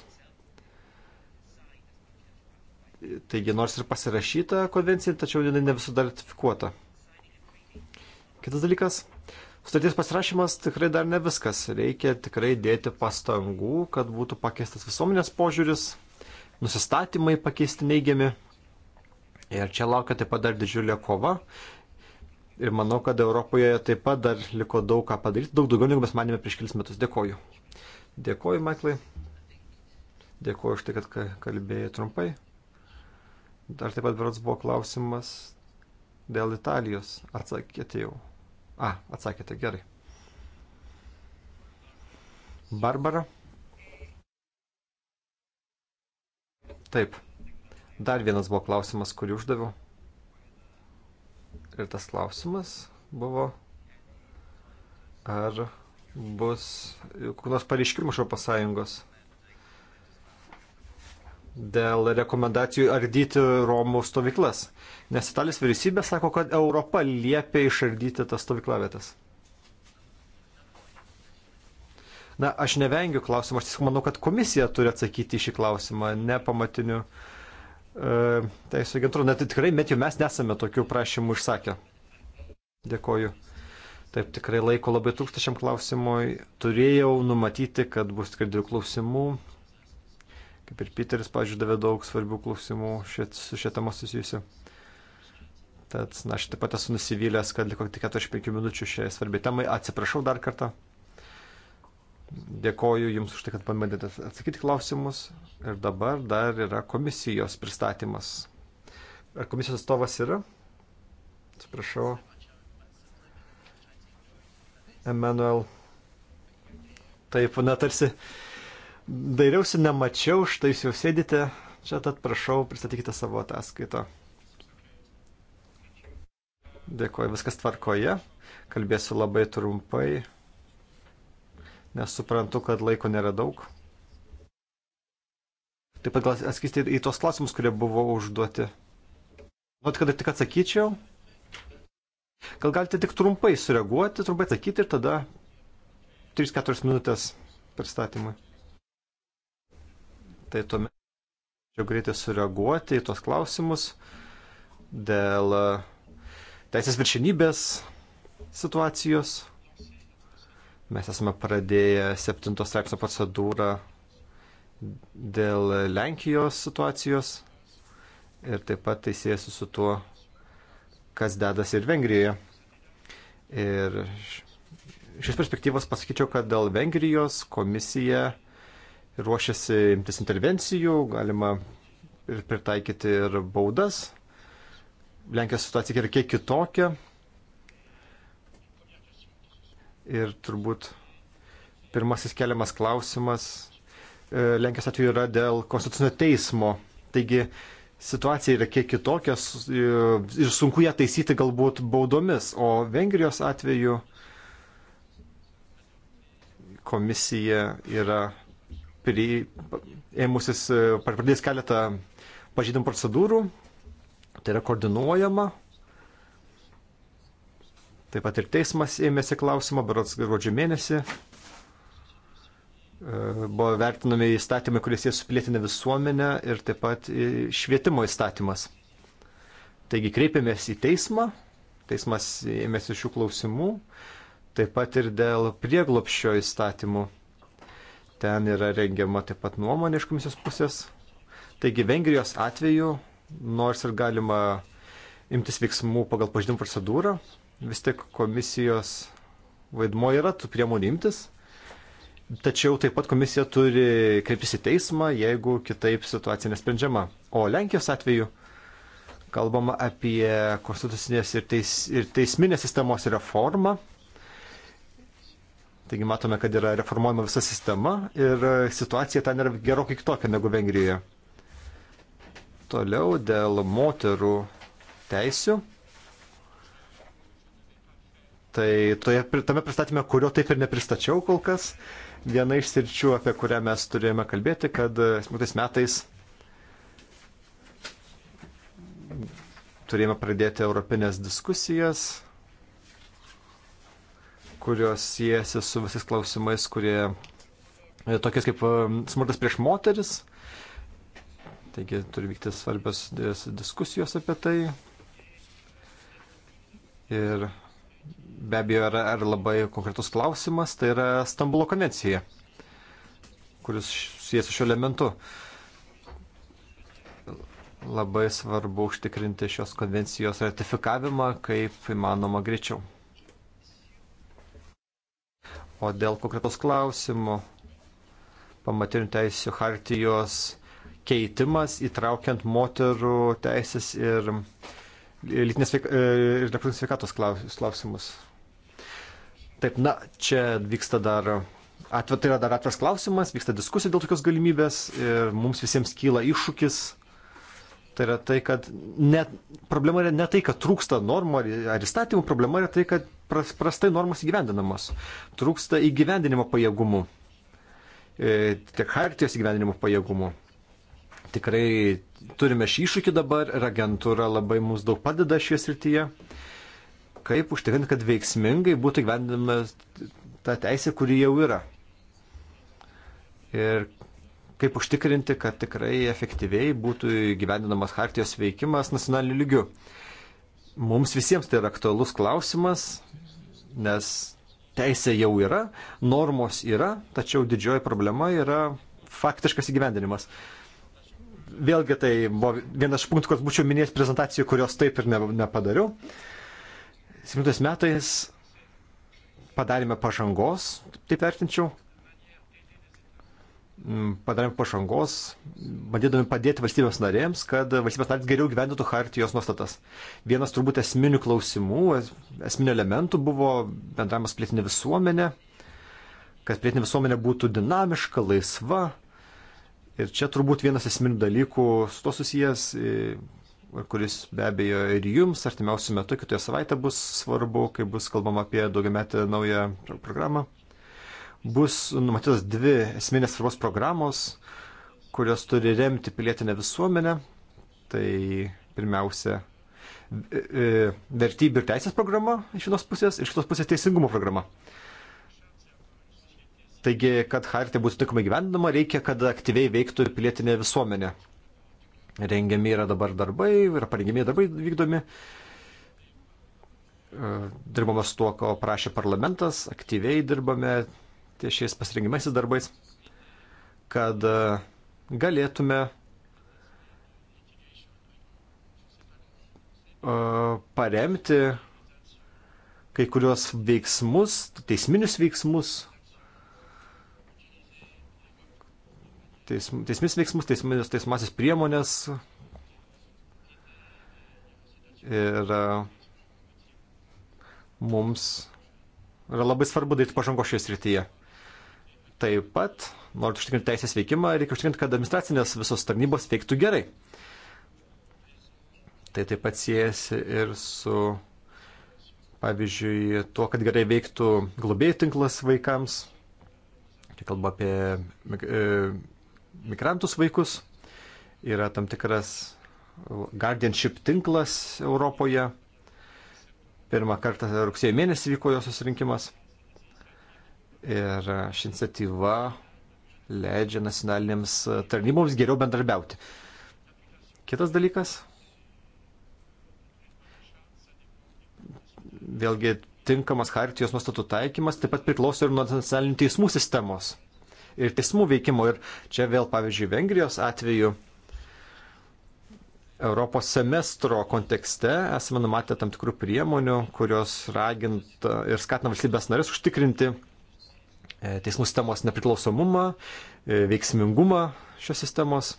S2: Taigi nors ir pasirašyta konvencija, tačiau jinai ne visų dar ratifikuota. Kitas dalykas Sutarties pasirašymas tikrai dar ne viskas. Reikia tikrai dėti pastangų, kad būtų pakeistas visuomenės požiūris, nusistatymai pakeisti neigiami. Ir čia laukia taip pat dar didžiulė kova. Ir manau, kad Europoje taip pat dar liko daug ką padaryti, daug daugiau negu mes manėme prieš kelis metus. Dėkoju. Dėkoju, Maiklai. Dėkoju už tai, kad kalbėjai trumpai. Dar taip pat berods buvo klausimas dėl Italijos. Atsakėte jau. A, atsakėte gerai. Barbara. Taip. Dar vienas buvo klausimas, kurį uždaviau. Ir tas klausimas buvo, ar bus kokios pareiškimų iš Europos Sąjungos dėl rekomendacijų ardyti Romų stovyklas. Nes Italijos vyriausybė sako, kad Europa liepia išardyti tas stovyklavietas. Na, aš nevengiu klausimą, aš tiesiog manau, kad komisija turi atsakyti į šį klausimą, ne pamatiniu e, teisų agentūru. Net tikrai, bet jau mes nesame tokių prašymų išsakę. Dėkoju. Taip, tikrai laiko labai trūksta šiam klausimui. Turėjau numatyti, kad bus tikrai dėl klausimų. Kaip ir Piteris, pažiūrėjau, daug svarbių klausimų šit, su šia tema susijusiu. Tad, na, aš taip pat esu nusivylęs, kad liko tik 45 minučių šiai svarbiai temai. Atsiprašau dar kartą. Dėkoju Jums už tai, kad pamėdėte atsakyti klausimus. Ir dabar dar yra komisijos pristatymas. Ar komisijos atstovas yra? Atsiprašau. Emanuel. Taip, na, tarsi dairiausi, nemačiau, štai jūs jau sėdite. Čia tad prašau, pristatykite savo ataskaitą. Dėkuoju, viskas tvarkoje. Kalbėsiu labai trumpai, nes suprantu, kad laiko nėra daug. Taip pat gal atskisti į tos klausimus, kurie buvo užduoti. Nuot, kad tik atsakyčiau. Gal galite tik trumpai sureaguoti, trumpai atsakyti ir tada 3-4 minutės pristatymui tai tuomet čia greitai sureaguoti į tos klausimus dėl e, teisės viršinybės situacijos. Mes esame pradėję septintos straipsnio procedūrą dėl Lenkijos situacijos ir taip pat tai siejasi su tuo, kas dedasi ir Vengrijoje. Ir iš perspektyvos pasakyčiau, kad dėl Vengrijos komisija ruošiasi imtis intervencijų, galima ir pritaikyti ir baudas. Lenkijos situacija yra kiek kitokia. Ir turbūt pirmasis keliamas klausimas e, Lenkijos atveju yra dėl konstitucinio teismo. Taigi situacija yra kiek kitokia e, ir sunku ją taisyti galbūt baudomis. O Vengrijos atveju komisija yra priėmusis, e, pradės keletą pažydimų procedūrų, tai yra koordinuojama. Taip pat ir teismas ėmėsi klausimą, berats gruodžio mėnesį. E, buvo vertinami įstatymai, kurie sės su pilietinė visuomenė ir taip pat švietimo įstatymas. Taigi kreipėmės į teismą, teismas ėmėsi šių klausimų, taip pat ir dėl prieglopščio įstatymų ten yra rengiama taip pat nuomonė iš komisijos pusės. Taigi Vengrijos atveju, nors ir galima imtis veiksmų pagal pažydimų procedūrą, vis tik komisijos vaidmo yra tų priemonių imtis. Tačiau taip pat komisija turi kreiptis į teismą, jeigu kitaip situacija nesprendžiama. O Lenkijos atveju kalbama apie konstitucinės ir, teis, ir teisminės sistemos reformą Taigi matome, kad yra reformuojama visa sistema ir situacija ten yra gerokai kitokia negu Vengrijoje. Toliau dėl moterų teisių. Tai toje, tame pristatyme, kurio taip ir nepristačiau kol kas, viena iš sirčių, apie kurią mes turėjome kalbėti, kad smūtais metais turėjome pradėti europinės diskusijas kurios siejasi su visais klausimais, kurie e, tokiais kaip e, smurtas prieš moteris. Taigi turi vykti svarbios diskusijos apie tai. Ir be abejo yra ir labai konkretus klausimas, tai yra Stambulo konvencija, kuris siejasi su šiuo elementu. Labai svarbu užtikrinti šios konvencijos ratifikavimą kaip įmanoma greičiau. O dėl konkretos klausimų, pamatinių teisų hartijos keitimas, įtraukiant moterų teisės ir lytinės e, ir reprodukcinės sveikatos klausimus. Taip, na, čia vyksta dar. Atvet, tai yra dar atviras klausimas, vyksta diskusija dėl tokios galimybės ir mums visiems kyla iššūkis Tai yra tai, kad ne, problema yra ne tai, kad trūksta normų ar, ar įstatymų, problema yra tai, kad pras, prastai normos įgyvendinamos. Trūksta įgyvendinimo pajėgumų, e, tiek hartijos įgyvendinimo pajėgumų. Tikrai turime šį iššūkį dabar ir agentūra labai mums daug padeda šioje srityje. Kaip užtikrinti, kad veiksmingai būtų įgyvendinama ta teisė, kuri jau yra. Ir kaip užtikrinti, kad tikrai efektyviai būtų gyvendinamas hartijos veikimas nacionaliniu lygiu. Mums visiems tai yra aktualus klausimas, nes teisė jau yra, normos yra, tačiau didžioji problema yra faktiškas įgyvendinimas. Vėlgi tai buvo vienas iš punktų, kuriuos būčiau minėjęs prezentacijų, kurios taip ir ne, nepadariau. 7 metais padarėme pažangos, taip vertinčiau, padarėm pažangos, bandydami padėti valstybės narėms, kad valstybės narės geriau gyvendytų hartijos nuostatas. Vienas turbūt esminių klausimų, esminių elementų buvo bendravimas plėtinė visuomenė, kad plėtinė visuomenė būtų dinamiška, laisva. Ir čia turbūt vienas esminių dalykų su to susijęs, kuris be abejo ir jums artimiausių metų, kitoje savaitę bus svarbu, kai bus kalbama apie daugiametę naują programą bus numatytos dvi esminės svarbos programos, kurios turi remti pilietinę visuomenę. Tai pirmiausia, e, vertybių ir teisės programa iš vienos pusės, iš kitos pusės teisingumo programa. Taigi, kad Hartė būtų tinkamai gyvendama, reikia, kad aktyviai veiktų ir pilietinė visuomenė. Rengiami yra dabar darbai, yra parengiami darbai vykdomi. E, Dirbamas tuo, ko prašė parlamentas, aktyviai dirbame, ties šiais pasirinkimaisiais darbais, kad e, galėtume e, paremti kai kurios veiksmus, teisminius veiksmus, teism, teisminis veiksmus, teisminės teismasis priemonės. Ir e, mums yra labai svarbu daryti pažangos šioje srityje. Taip pat, norint užtikrinti teisės veikimą, reikia užtikrinti, kad administracinės visos tarnybos veiktų gerai. Tai taip pat siejasi ir su, pavyzdžiui, tuo, kad gerai veiktų globėjų tinklas vaikams. Čia kalba apie e, migrantus vaikus. Yra tam tikras guardianship tinklas Europoje. Pirmą kartą rugsėjo mėnesį vyko jo susirinkimas. Ir ši iniciatyva leidžia nacionalinėms tarnyboms geriau bendarbiauti. Kitas dalykas. Vėlgi tinkamas hartijos nuostatų taikymas taip pat priklauso ir nuo nacionalinių teismų sistemos ir teismų veikimo. Ir čia vėl, pavyzdžiui, Vengrijos atveju Europos semestro kontekste esame numatę tam tikrų priemonių, kurios ragint ir skatina valstybės narės užtikrinti E, teismų sistemos nepriklausomumą, e, veiksmingumą šios sistemos.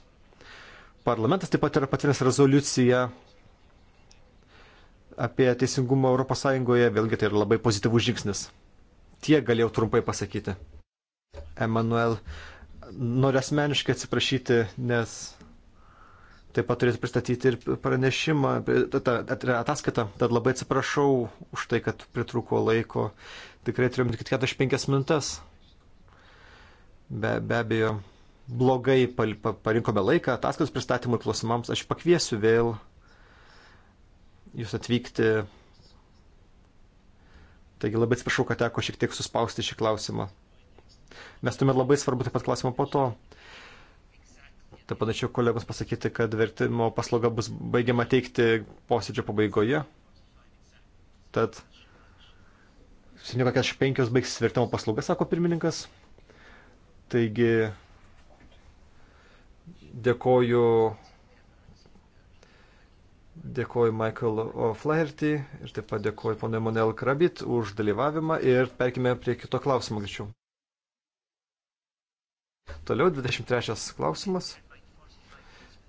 S2: Parlamentas taip pat yra patvirtinęs rezoliuciją apie teisingumą ES, vėlgi tai yra labai pozityvus žingsnis. Tiek galėjau trumpai pasakyti. Emanuel, noriu asmeniškai atsiprašyti, nes taip pat turėtų pristatyti ir pranešimą, ataskaitą, tad labai atsiprašau už tai, kad pritruko laiko tikrai turėjom tik 45 minutės. Be, be abejo, blogai pal, pa, parinkome laiką ataskaitos pristatymui ir klausimams. Aš pakviesiu vėl jūs atvykti. Taigi labai atsiprašau, kad teko šiek tiek suspausti šį klausimą. Mes tuomet labai svarbu taip pat klausimą po to. Taip panašiau kolegos pasakyti, kad vertimo paslauga bus baigiama teikti posėdžio pabaigoje. Tad 7.45 baigsis vertimo paslauga, sako pirmininkas. Taigi dėkoju, dėkoju Michael O'Flaherty ir taip pat dėkoju ponui Monel Krabit už dalyvavimą ir perkime prie kito klausimo greičiau. Toliau 23 klausimas.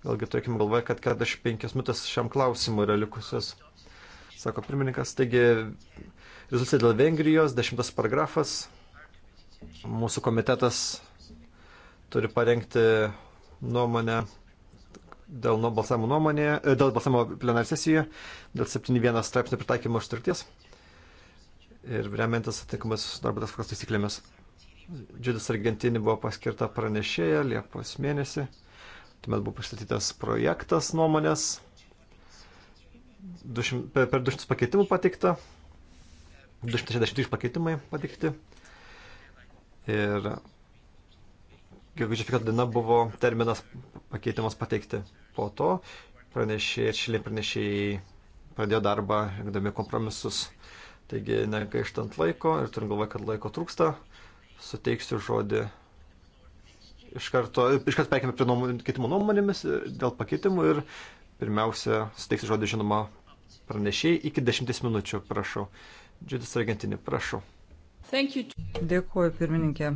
S2: Vėlgi turėkime galvoje, kad 45 minutės šiam klausimui yra likusios sako pirmininkas. Taigi, rezoliucija dėl Vengrijos, dešimtas paragrafas. Mūsų komitetas turi parengti nuomonę dėl balsavimo nuomonėje, dėl balsavimo plenar sesijoje, dėl 7.1 straipsnio pritaikymo užtarties ir remiantis atitinkamas darbo tvarkos taisyklėmis. Džudis Argentinį buvo paskirta pranešėja Liepos mėnesį, tuomet buvo pristatytas projektas nuomonės 200, per 200 pakeitimų pateikta, 263 pakeitimai pateikti. Ir gegužės 5 diena buvo terminas pakeitimas pateikti. Po to pranešėjai ir šilin pranešėjai pradėjo darbą rengdami kompromisus. Taigi, negaištant laiko ir turint galvoje, kad laiko trūksta, suteiksiu žodį iš karto, iš karto perkime prie nuomonė, keitimų nuomonėmis e, dėl pakeitimų ir Pirmiausia, suteiksiu žodį žinoma pranešėjai iki 10 minučių, prašau. Džiudis Argentinė, prašau.
S1: Dėkuoju, pirmininkė.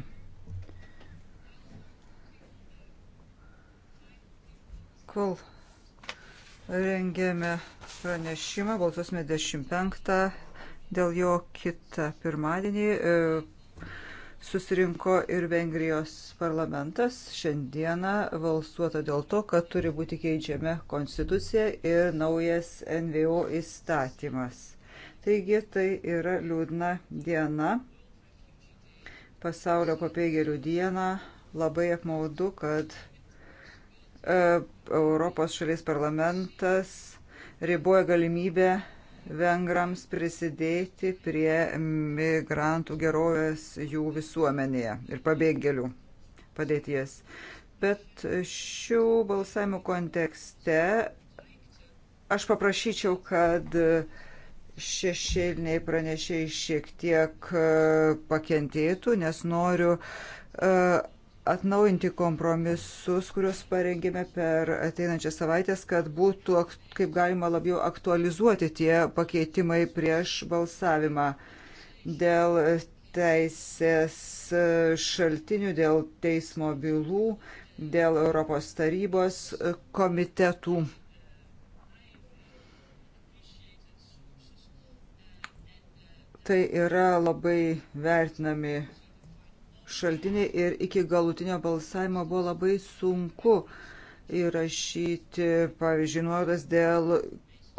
S1: Kol rengėme pranešimą, balsuosime 15 dėl jo kitą pirmadienį susirinko ir Vengrijos parlamentas. Šiandieną valsuota dėl to, kad turi būti keičiama konstitucija ir naujas NVO įstatymas. Taigi tai yra liūdna diena, pasaulio papėgėlių diena. Labai apmaudu, kad e, Europos šalies parlamentas riboja galimybę vengrams prisidėti prie migrantų gerovės jų visuomenėje ir pabėgėlių padėties. Bet šių balsavimų kontekste aš paprašyčiau, kad šešėliniai pranešėjai šiek tiek e, pakentėtų, nes noriu e, atnaujinti kompromisus, kuriuos parengėme per ateinančias savaitės, kad būtų kaip galima labiau aktualizuoti tie pakeitimai prieš balsavimą dėl teisės šaltinių, dėl teismo bylų, dėl Europos tarybos komitetų. Tai yra labai vertinami šaltiniai ir iki galutinio balsavimo buvo labai sunku įrašyti, pavyzdžiui, nuorodas dėl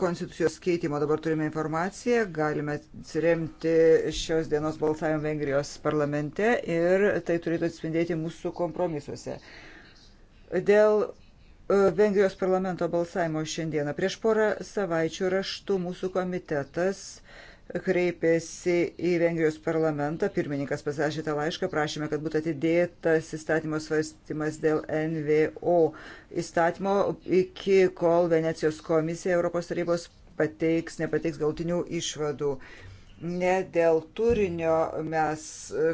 S1: konstitucijos keitimo. Dabar turime informaciją, galime atsiremti šios dienos balsavimą Vengrijos parlamente ir tai turėtų atspindėti mūsų kompromisuose. Dėl e, Vengrijos parlamento balsavimo šiandieną. Prieš porą savaičių raštu mūsų komitetas kreipėsi į Vengrijos parlamentą, pirmininkas pasirašė tą laišką, prašėme, kad būtų atidėtas įstatymo svarstymas dėl NVO įstatymo iki kol Venecijos komisija Europos tarybos pateiks, nepateiks galtinių išvadų. Ne dėl turinio mes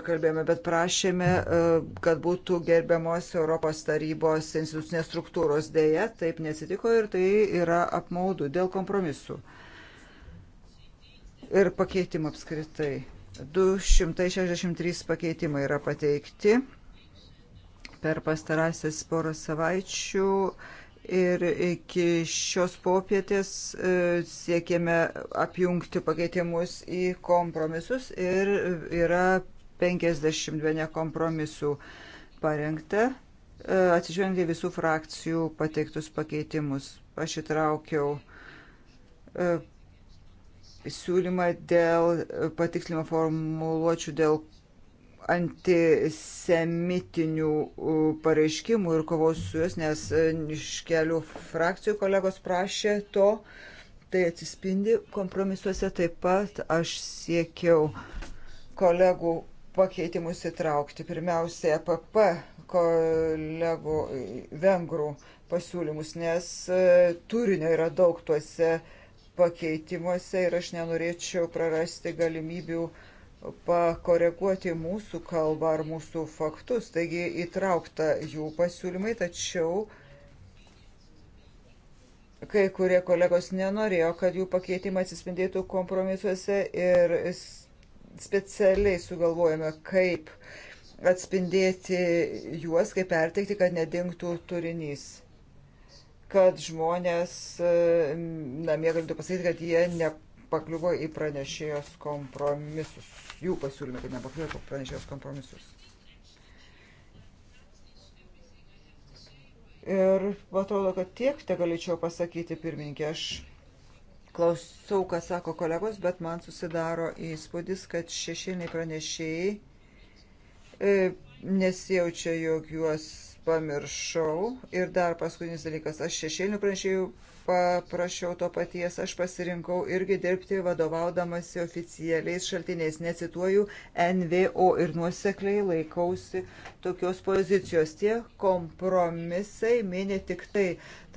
S1: kalbėjome, bet prašėme, e, kad būtų gerbiamos Europos tarybos institucinės struktūros dėja, taip nesitiko ir tai yra apmaudu dėl kompromisų ir pakeitimų apskritai. 263 pakeitimai yra pateikti per pastarąsias porą savaičių ir iki šios popietės e, siekėme apjungti pakeitimus į kompromisus ir yra 52 kompromisų parengta, e, atsižvelgiant į visų frakcijų pateiktus pakeitimus. Aš įtraukiau e, siūlymą dėl patikslimą formuluočių dėl antisemitinių pareiškimų ir kovos su juos, nes e, iš kelių frakcijų kolegos prašė to, tai atsispindi kompromisuose taip pat aš siekiau kolegų pakeitimus įtraukti. Pirmiausia, EPP kolegų e, vengrų pasiūlymus, nes e, turinio yra daug tuose uh, pakeitimuose ir aš nenorėčiau prarasti galimybių pakoreguoti mūsų kalbą ar mūsų faktus. Taigi įtraukta jų pasiūlymai, tačiau kai kurie kolegos nenorėjo, kad jų pakeitimai atsispindėtų kompromisuose ir specialiai sugalvojame, kaip atspindėti juos, kaip perteikti, kad nedingtų turinys kad žmonės e, namie galėtų pasakyti, kad jie nepakliuvo į pranešėjos kompromisus. Jų pasiūlymai, kad nepakliuvo į pranešėjos kompromisus. Ir atrodo, kad tiek te galėčiau pasakyti, pirmininkė, aš klausau, ką sako kolegos, bet man susidaro įspūdis, kad šešėliniai pranešėjai e, nesijaučia, jog juos pamiršau. Ir dar paskutinis dalykas, aš šešėlinių pranešėjų paprašiau to paties, aš pasirinkau irgi dirbti vadovaudamasi oficialiais šaltiniais, necituoju NVO ir nuosekliai laikausi tokios pozicijos. Tie kompromisai mini tik tai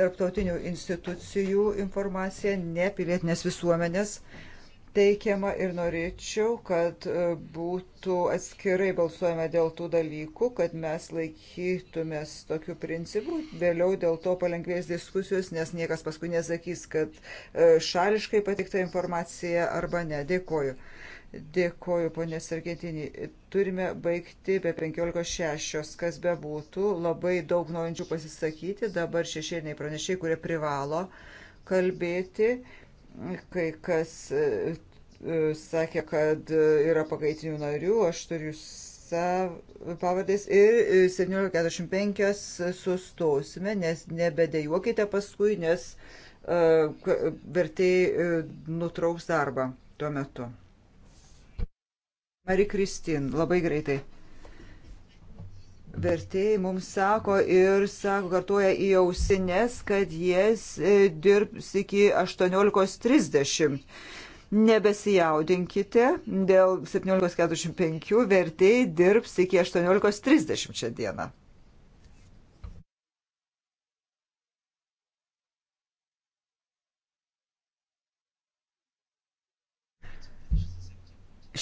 S1: tarptautinių institucijų informaciją, ne pilietinės visuomenės teikiama ir norėčiau, kad e, būtų atskirai balsuojama dėl tų dalykų, kad mes laikytumės tokių principų. Vėliau dėl to palengvės diskusijos, nes niekas paskui nesakys, kad e, šališkai patikta informacija arba ne. Dėkoju. Dėkoju, ponė Sargentinį. Turime baigti be 15.6, kas be būtų. Labai daug norinčių pasisakyti. Dabar šešėliniai pranešiai, kurie privalo kalbėti kai kas e, E, sakė, kad e, yra pakaitinių narių, aš turiu pavardės ir 17.45 e, sustosime, nes nebedėjuokite paskui, nes vertėjai nutrauks darbą tuo metu. Mari Kristin, labai greitai vertėjai mums sako ir sako, kartuoja į ausines, kad jis dirbs iki 18.30. Nebesijaudinkite, dėl 17.45 vertėjai dirbs iki 18.30 šią dieną.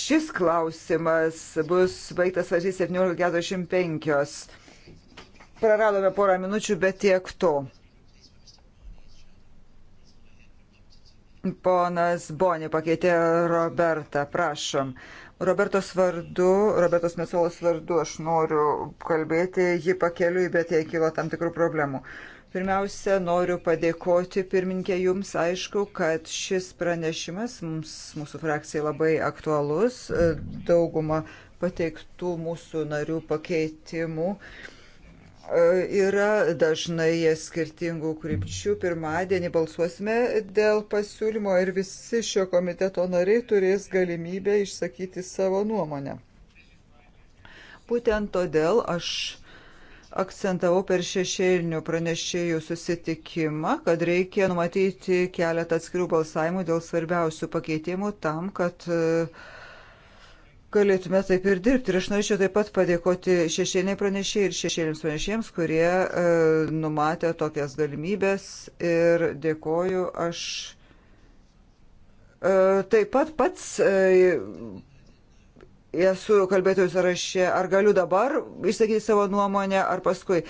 S1: Šis klausimas bus baigtas svarstyti 17.45. Praradome porą minučių, bet tiek to. Ponas Boni pakeitė Robertą, prašom. Robertos vardu, Robertos Mesolos vardu aš noriu kalbėti, ji pakeliui, bet jai kilo tam tikrų problemų. Pirmiausia, noriu padėkoti pirminkė Jums, aišku, kad šis pranešimas mums, mūsų frakcijai labai aktualus, dauguma pateiktų mūsų narių pakeitimų. Uh, E, yra dažnai jie skirtingų krypčių. Pirmadienį balsuosime dėl pasiūlymo ir visi šio komiteto nariai turės galimybę išsakyti savo nuomonę. Būtent todėl aš akcentavau per šešėlinių pranešėjų susitikimą, kad reikia numatyti keletą atskirų balsavimų dėl svarbiausių pakeitimų tam, kad uh, galėtume taip ir dirbti. Ir aš norėčiau taip pat padėkoti šešėliniai pranešėjai ir šešėliniams pranešėjams, kurie e, numatė tokias galimybės. Ir dėkoju, aš e, taip pat pats e, esu kalbėtojų sąraše. Ar galiu dabar išsakyti savo nuomonę, ar paskui?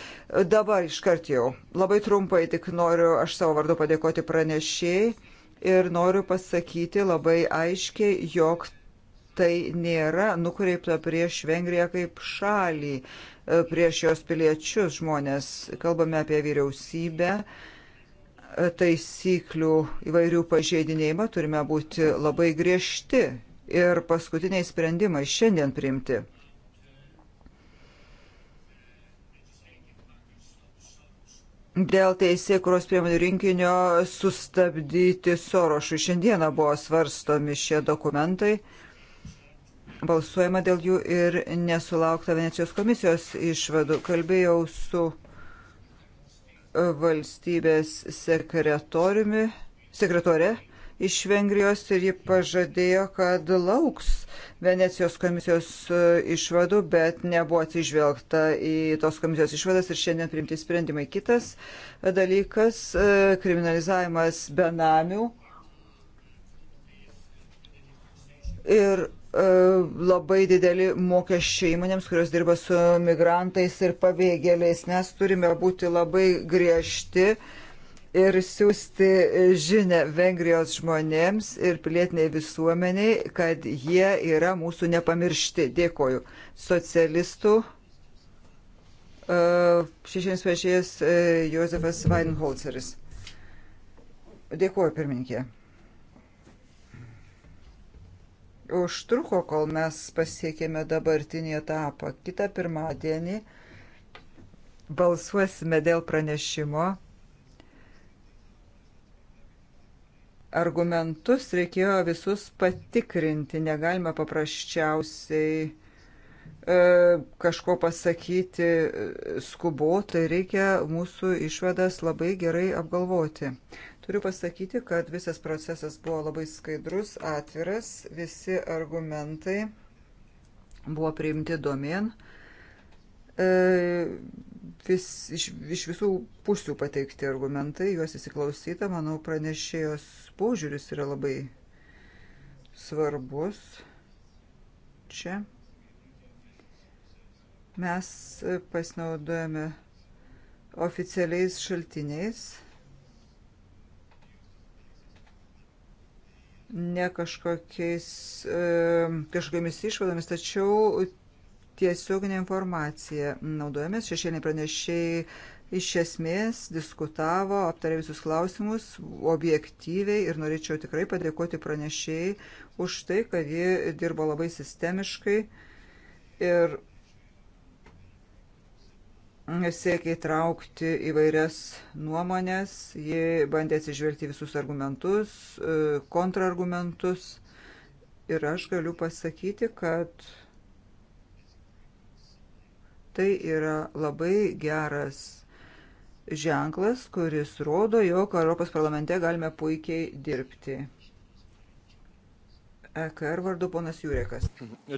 S1: Dabar iškart jau. Labai trumpai tik noriu aš savo vardu padėkoti pranešėjai. Ir noriu pasakyti labai aiškiai, jog tai nėra nukreipta prieš Vengriją kaip šalį, e, prieš jos piliečius žmonės. Kalbame apie vyriausybę, e, taisyklių įvairių pažeidinėjimą, turime būti labai griežti ir paskutiniai sprendimai šiandien priimti. Dėl teisėkuros priemonių rinkinio sustabdyti Sorošų šiandieną buvo svarstomi šie dokumentai. Uh, balsuojama dėl jų ir nesulaukta Venecijos komisijos išvadų. Kalbėjau su e, valstybės sekretoriumi, sekretorė iš Vengrijos ir ji pažadėjo, kad lauks Venecijos komisijos e, išvadų, bet nebuvo atsižvelgta į tos komisijos išvadas ir šiandien primti sprendimai. Kitas e, dalykas - kriminalizavimas benamių. Ir E, labai dideli mokesčiai įmonėms, kurios dirba su migrantais ir pabėgėliais. Mes turime būti labai griežti ir siūsti žinę Vengrijos žmonėms ir pilietiniai visuomeniai, kad jie yra mūsų nepamiršti. Dėkoju. Socialistų e, šešiems pašėjas e, Josefas Weinholzeris. Dėkoju, pirmininkė užtruko, kol mes pasiekėme dabartinį etapą. Kita pirmadienį balsuosime dėl pranešimo. Argumentus reikėjo visus patikrinti, negalima paprasčiausiai e, kažko pasakyti e, skubotai, reikia mūsų išvadas labai gerai apgalvoti. Turiu pasakyti, kad visas procesas buvo labai skaidrus, atviras, visi argumentai buvo priimti domen, e, vis, iš, iš visų pusių pateikti argumentai, juos įsiklausyta, manau, pranešėjos požiūris yra labai svarbus čia. Mes pasinaudojame oficialiais šaltiniais ne kažkokiais, e, kažkokiamis išvadomis, tačiau tiesioginė informacija naudojamės. Šešėliniai pranešiai iš esmės diskutavo, aptarė visus klausimus objektyviai ir norėčiau tikrai padėkoti pranešiai už tai, kad ji dirbo labai sistemiškai ir siekia įtraukti įvairias nuomonės, ji bandė atsižvelgti visus argumentus, e, kontrargumentus ir aš galiu pasakyti, kad tai yra labai geras ženklas, kuris rodo, jog Europos parlamente galime puikiai dirbti. EKR vardu ponas Jurekas.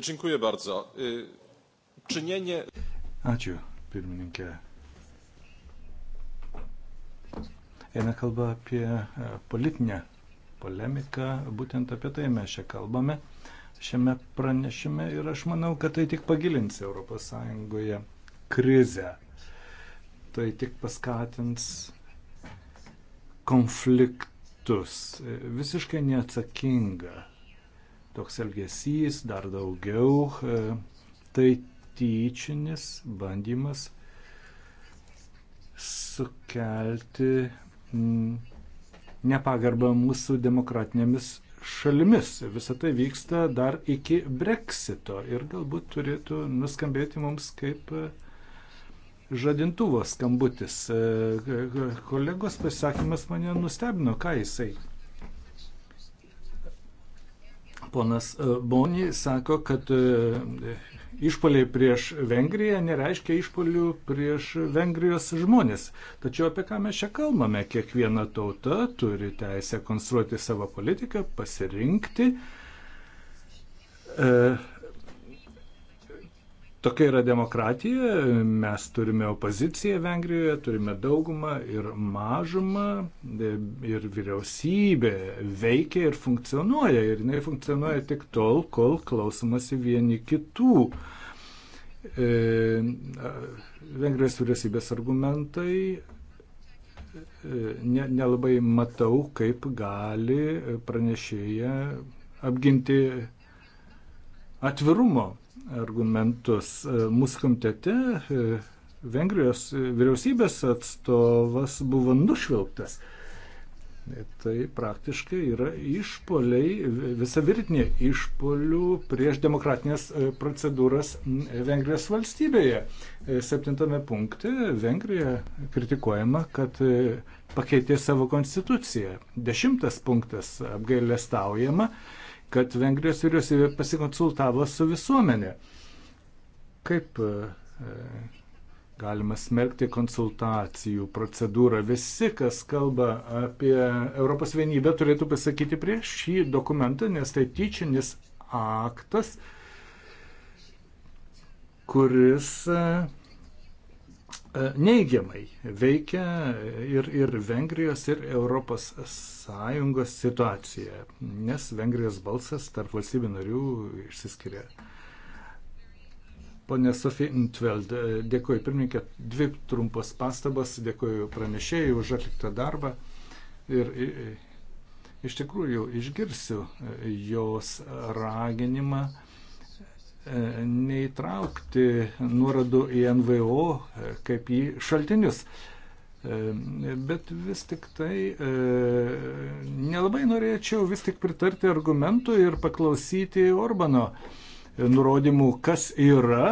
S3: Dziękuję bardzo. Czynienie... Ačiū pirmininkė. Eina kalba apie e, politinę polemiką, būtent apie tai mes čia kalbame šiame pranešime ir aš manau, kad tai tik pagilins ES krizę. Tai tik paskatins konfliktus. E, visiškai neatsakinga toks elgesys, dar daugiau. E, tai tyčinis bandymas sukelti mm, nepagarbą mūsų demokratinėmis šalimis. Visą tai vyksta dar iki breksito ir galbūt turėtų nuskambėti mums kaip e, žadintuvo skambutis. E, kolegos pasisakymas mane nustebino, ką jisai. Ponas e, Boni sako, kad išpoliai prieš Vengriją nereiškia išpolių prieš Vengrijos žmonės. Tačiau apie ką mes čia kalbame? Kiekviena tauta turi teisę konstruoti savo politiką, pasirinkti. E, Tokia yra demokratija, mes turime opoziciją Vengrijoje, turime daugumą ir mažumą, ir vyriausybė veikia ir funkcionuoja, ir jinai funkcionuoja tik tol, kol klausomasi vieni kitų. E, Vengrijos vyriausybės argumentai e, nelabai ne matau, kaip gali pranešėja apginti atvirumo argumentus. E, mūsų komitete e, Vengrijos e, vyriausybės atstovas buvo nušvilptas. Tai praktiškai yra išpoliai, visa virtinė išpolių prieš demokratinės procedūras Vengrijos valstybėje. Septintame punkte Vengrija kritikuojama, kad pakeitė savo konstituciją. Dešimtas punktas apgailestaujama, kad Vengrijos vyriausybė pasikonsultavo su visuomenė. Kaip e, galima smerkti konsultacijų procedūrą. Visi, kas kalba apie Europos vienybę, turėtų pasakyti prieš šį dokumentą, nes tai tyčinis aktas, kuris e, E, neigiamai veikia ir, ir Vengrijos, ir ES situacija, nes Vengrijos balsas tarp valstybių narių išsiskiria. Pone Sofija Intveld, e, dėkoju pirmininkė, dvi trumpos pastabas, dėkoju pranešėjai už atliktą darbą ir iš tikrųjų išgirsiu e, jos raginimą E, neįtraukti nuorodų į NVO e, kaip į šaltinius. E, bet vis tik tai nelabai norėčiau vis tik pritarti argumentų ir paklausyti Orbano nurodymų, kas yra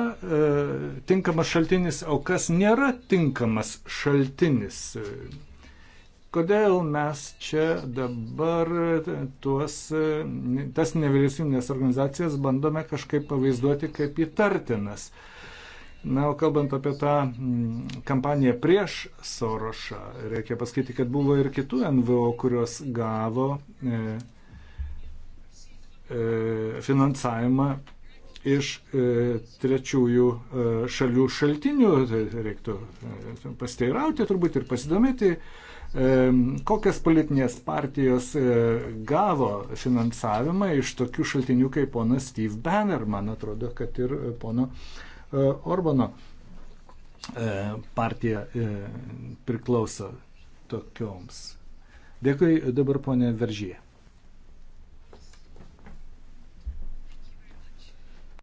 S3: tinkamas šaltinis, o kas nėra tinkamas šaltinis. Kodėl mes čia dabar tuos, tas nevyriausybinės organizacijas bandome kažkaip pavaizduoti kaip įtartinas? Na, o kalbant apie tą mm, kampaniją prieš Sorošą, reikia pasakyti, kad buvo ir kitų NVO, kurios gavo e, e finansavimą iš e, trečiųjų e, šalių šaltinių. Tai reiktų pasteirauti turbūt ir pasidomėti Kokias politinės partijos e, gavo finansavimą iš tokių šaltinių kaip ponas Steve Banner, man atrodo, kad ir e, pono e, Orbano partija priklauso tokioms. Dėkui dabar ponė Veržyje.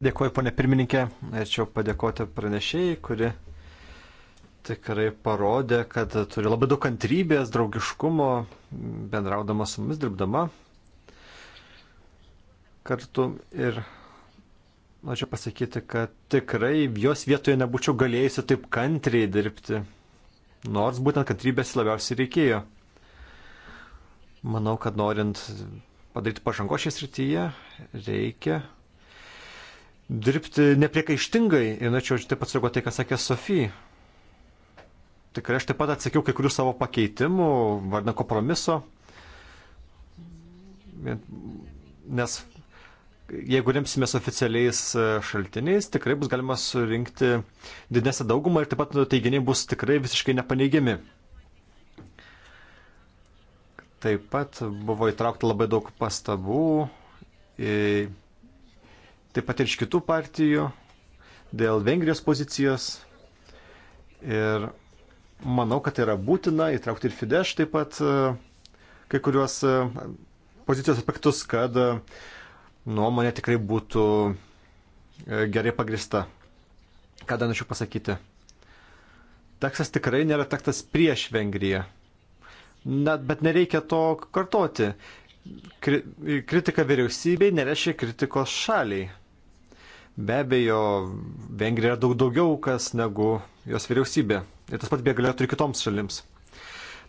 S2: Dėkuoju, ponė pirmininkė. Norėčiau padėkoti pranešėjai, kuri tikrai parodė, kad turi labai daug kantrybės, draugiškumo, bendraudama su mumis, dirbdama kartu. Ir noriu pasakyti, kad tikrai jos vietoje nebūčiau galėjusi taip kantriai dirbti, nors būtent kantrybės labiausiai reikėjo. Manau, kad norint padaryti pažango šią srityje, reikia dirbti nepriekaištingai. Ir norėčiau taip pat sureaguoti tai, ką sakė Sofija tikrai aš taip pat atsakiau kai kurių savo pakeitimų, vardan kompromiso. Nes jeigu remsimės oficialiais e, šaltiniais, tikrai bus galima surinkti didesnę daugumą ir taip pat nu, teiginiai bus tikrai visiškai nepaneigiami. Taip pat buvo įtraukta labai daug pastabų, taip pat ir iš kitų partijų, dėl Vengrijos pozicijos. Ir manau, kad tai yra būtina įtraukti ir Fidesz taip pat e, kai kuriuos e, pozicijos aspektus, kad e, nuomonė tikrai būtų gerai pagrista. Ką dar norėčiau pasakyti? Tekstas tikrai nėra tekstas prieš Vengriją. Net, bet nereikia to kartoti. Kri kritika vyriausybei nereiškia kritikos šaliai. Be abejo, Vengrija yra daug daugiau kas negu jos vyriausybė. Ir tas pats beje galėtų ir kitoms šalims.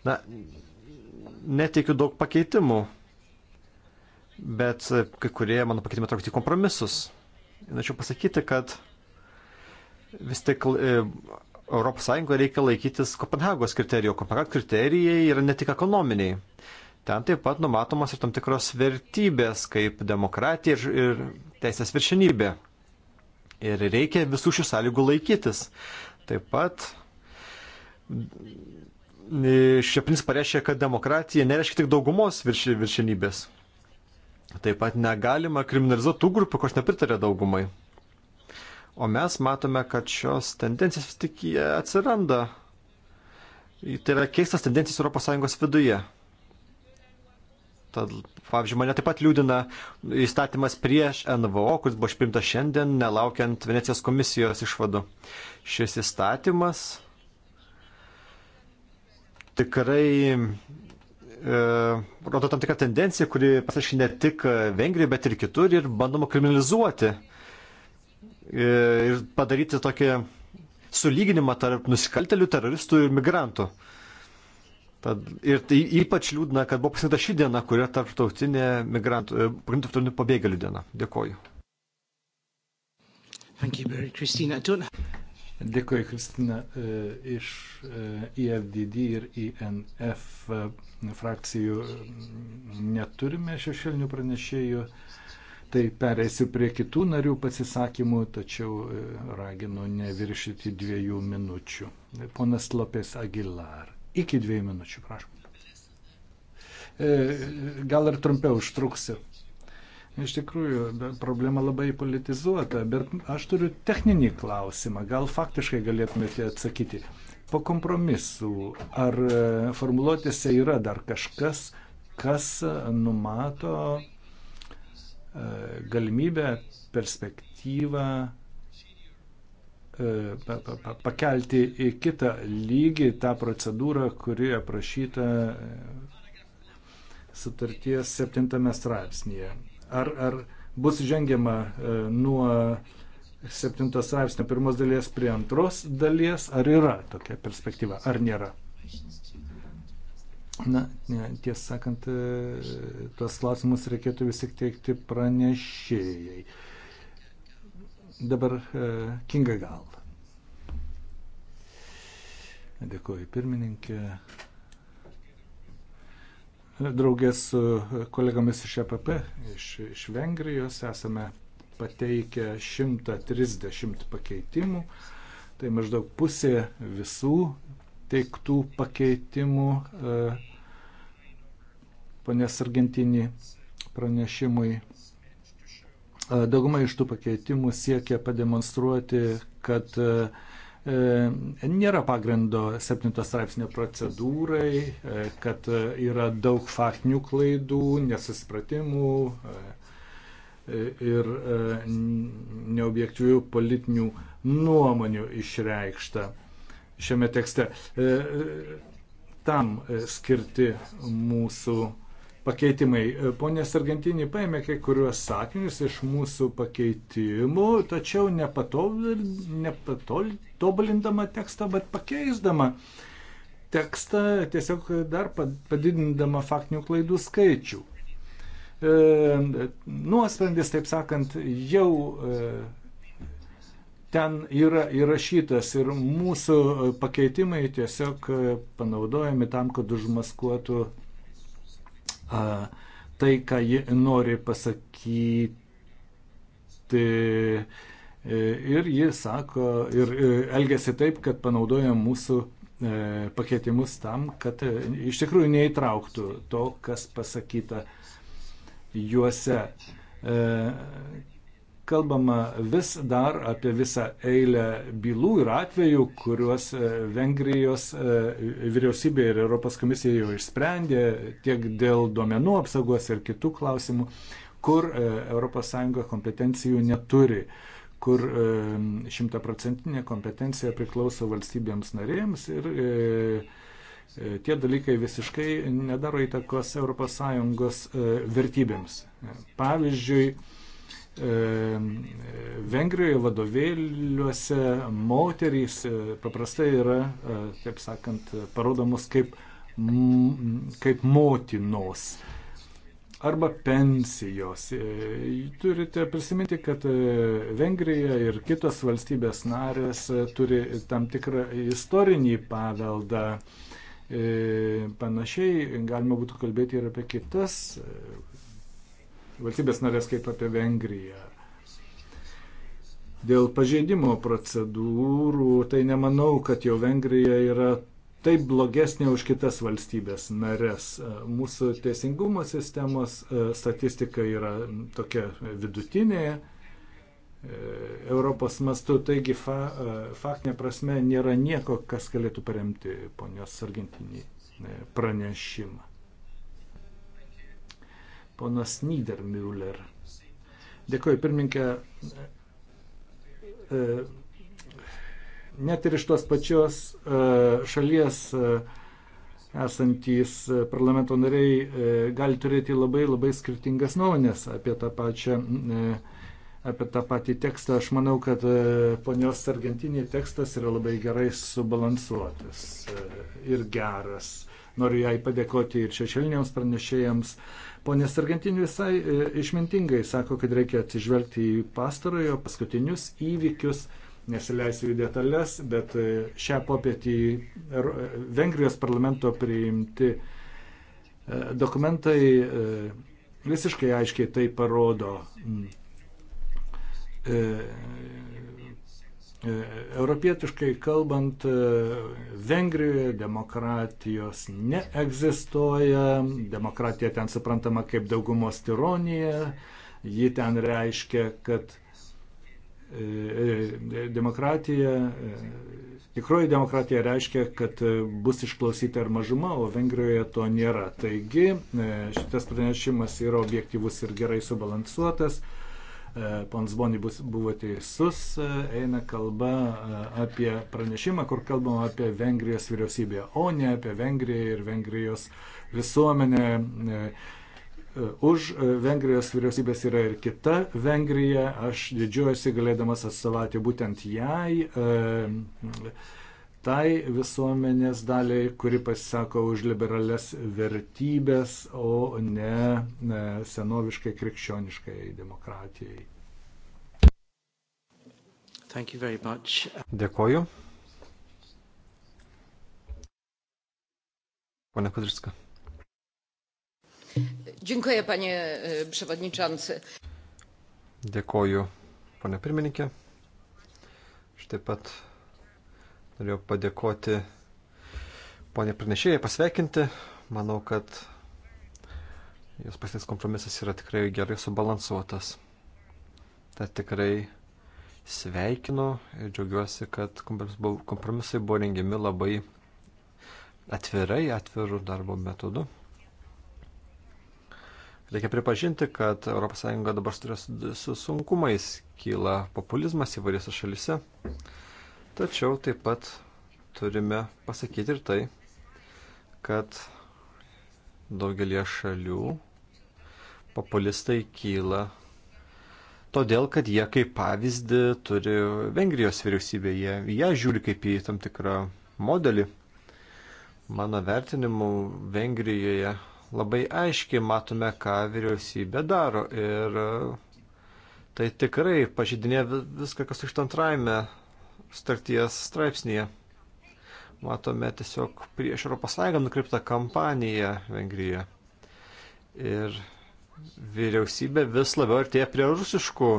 S2: Na, neteikiu daug pakeitimų, bet kai kurie mano pakeitimai traukti kompromisus. Norėčiau pasakyti, kad vis tik ES reikia laikytis Kopenhagos kriterijų. Kopenhagos kriterijai yra ne tik ekonominiai. Ten taip pat numatomos ir tam tikros vertybės, kaip demokratija ir, ir teisės viršenybė. Ir reikia visų šių sąlygų laikytis. Taip pat Šeplinis pareiškė, kad demokratija nereiškia tik daugumos virš, viršinybės. Taip pat negalima kriminalizuoti tų grupių, kurios nepritarė daugumai. O mes matome, kad šios tendencijos vis tik atsiranda. Tai yra keistas tendencijos ES viduje. Tad, pavyzdžiui, mane taip pat liūdina įstatymas prieš NVO, kuris buvo išprimtas šiandien, nelaukiant Venecijos komisijos išvadų. Šis įstatymas tikrai e, rodo tam tikrą tendenciją, kuri pasiaiškiai ne tik Vengrijoje, bet ir kitur ir bandoma kriminalizuoti e, ir padaryti tokį sulyginimą tarp nusikaltelių, teroristų ir migrantų. Tad, ir tai ypač liūdna, kad buvo pasirinkta ši diena, kur yra tarptautinė migrantų, e, tarptautinių pabėgėlių diena. Dėkoju.
S3: Dėkui, Kristina, e, iš IFDD e, e ir INF frakcijų neturime šešėlinių pranešėjų. Tai pereisiu prie kitų narių pasisakymų, tačiau raginu neviršyti dviejų minučių. Ponas Lopės Agilar. Iki dviejų minučių, prašom. Gal ir trumpiau užtruksiu. Iš tikrųjų, problema labai politizuota, bet aš turiu techninį klausimą, gal faktiškai galėtumėte atsakyti. Po kompromisų, ar e, formuluotėse yra dar kažkas, kas numato e, galimybę, perspektyvą e, pakelti į kitą lygį tą procedūrą, kuri aprašyta sutarties septintame straipsnėje ar, ar bus žengiama e, nuo 7 straipsnio pirmos dalies prie antros dalies, ar yra tokia perspektyva, ar nėra. Na, tiesą sakant, e, tuos klausimus reikėtų vis tik teikti pranešėjai. Dabar e, Kinga gal. Dėkuoju pirmininkė. Draugės su kolegomis iš EPP, iš, iš Vengrijos esame pateikę 130 pakeitimų. Tai maždaug pusė visų teiktų pakeitimų e, ponės Argentinį pranešimui. E, dauguma iš tų pakeitimų siekia pademonstruoti, kad uh, E, nėra pagrindo 7 straipsnio procedūrai, e, kad yra daug faktinių klaidų, nesusipratimų e, ir neobjektyvių politinių nuomonių išreikšta šiame tekste. Tam skirti mūsų pakeitimai. E, Pone Sargentinį paėmė kai kuriuos sakinius iš mūsų pakeitimų, tačiau nepatobulindama tekstą, bet pakeisdama tekstą, tiesiog dar padidindama faktinių klaidų skaičių. E, nuosprendis, taip sakant, jau e, ten yra įrašytas ir mūsų pakeitimai tiesiog e, panaudojami tam, kad užmaskuotų tai, ką ji nori pasakyti. E, ir ji sako, ir e, elgesi taip, kad panaudoja mūsų e, pakeitimus tam, kad iš tikrųjų neįtrauktų to, kas pasakyta juose Kalbama vis dar apie visą eilę bylų ir atvejų, kuriuos e, Vengrijos e, vyriausybė ir Europos komisija jau išsprendė tiek dėl duomenų apsaugos ir kitų klausimų, kur ES kompetencijų neturi kur e, šimtaprocentinė kompetencija priklauso valstybėms narėms ir e, tie dalykai visiškai nedaro įtakos ES vertybėms. Pavyzdžiui, E, Vengrijoje vadovėliuose moterys e, paprastai yra, e, taip sakant, parodomos kaip, kaip motinos arba pensijos. Turite prisiminti, kad Vengrija ir kitos valstybės narės turi tam tikrą istorinį paveldą. Panašiai galima būtų kalbėti ir apie kitas valstybės narės kaip apie Vengriją. Dėl pažeidimo procedūrų, tai nemanau, kad jau Vengrija yra taip blogesnė už kitas valstybės narės. Mūsų teisingumo sistemos e, statistika yra tokia vidutinė. E, Europos mastu, taigi fa, e, faktinė prasme nėra nieko, kas galėtų paremti ponios Argentinį pranešimą ponas Niedermüller. Dėkuoju, pirmininkė. E, net ir iš tos pačios e, šalies e, esantys parlamento nariai gali turėti labai labai skirtingas nuomonės apie tą pačią apie tą patį tekstą. Aš manau, kad ponios Argentinė tekstas yra labai gerai subalansuotas ir geras. Noriu jai padėkoti ir šešėliniams pranešėjams. Pone Sargantini visai e, išmintingai sako, kad reikia atsižvelgti į pastarojo paskutinius įvykius. Nesileisiu į detalės, bet e, šią popietį e, Vengrijos parlamento priimti dokumentai visiškai aiškiai tai parodo mm. Europietiškai kalbant, Vengrijoje demokratijos neegzistuoja, demokratija ten suprantama kaip daugumos tironija, ji ten reiškia, kad e, e, demokratija, e, tikroji demokratija reiškia, kad bus išklausyta ir mažuma, o Vengrijoje to nėra. Taigi šitas pranešimas yra objektivus ir gerai subalansuotas. E, Pons Boni bus, buvo teisus, e, eina kalba e, apie pranešimą, kur kalbama apie Vengrijos vyriausybę, o ne apie Vengriją ir Vengrijos visuomenę. Už Vengrijos vyriausybės yra ir kita Vengrija, aš didžiuojuosi galėdamas atstovauti būtent jai. E, tai visuomenės daliai, kuri pasisako už liberales vertybės, o ne, ne senoviškai krikščioniškai demokratijai. Dėkoju.
S2: Pone Kudryska.
S1: Dziękuję, panie e, przewodniczący.
S2: Dėkoju, pone pirmininkė. Štai pat Norėjau padėkoti ponė pranešėjai, pasveikinti. Manau, kad jos pasitės kompromisas yra tikrai gerai subalansuotas. Tad tikrai sveikinu ir džiaugiuosi, kad kompromisai buvo rengiami labai atvirai, atvirų darbo metodu. Reikia pripažinti, kad ES dabar turi su sunkumais, kyla populizmas įvairiose šalise. Tačiau taip pat turime pasakyti ir tai, kad daugelie šalių populistai kyla todėl, kad jie kaip pavyzdį turi Vengrijos vyriausybę, jie ją žiūri kaip į tam tikrą modelį. Mano vertinimu, Vengrijoje labai aiškiai matome, ką vyriausybė daro ir tai tikrai pažydinė viską, kas iš antrajame starties straipsnėje. Matome tiesiog prieš ES nukreiptą kampaniją Vengrijoje. Ir vyriausybė vis labiau artėja prie rusiškų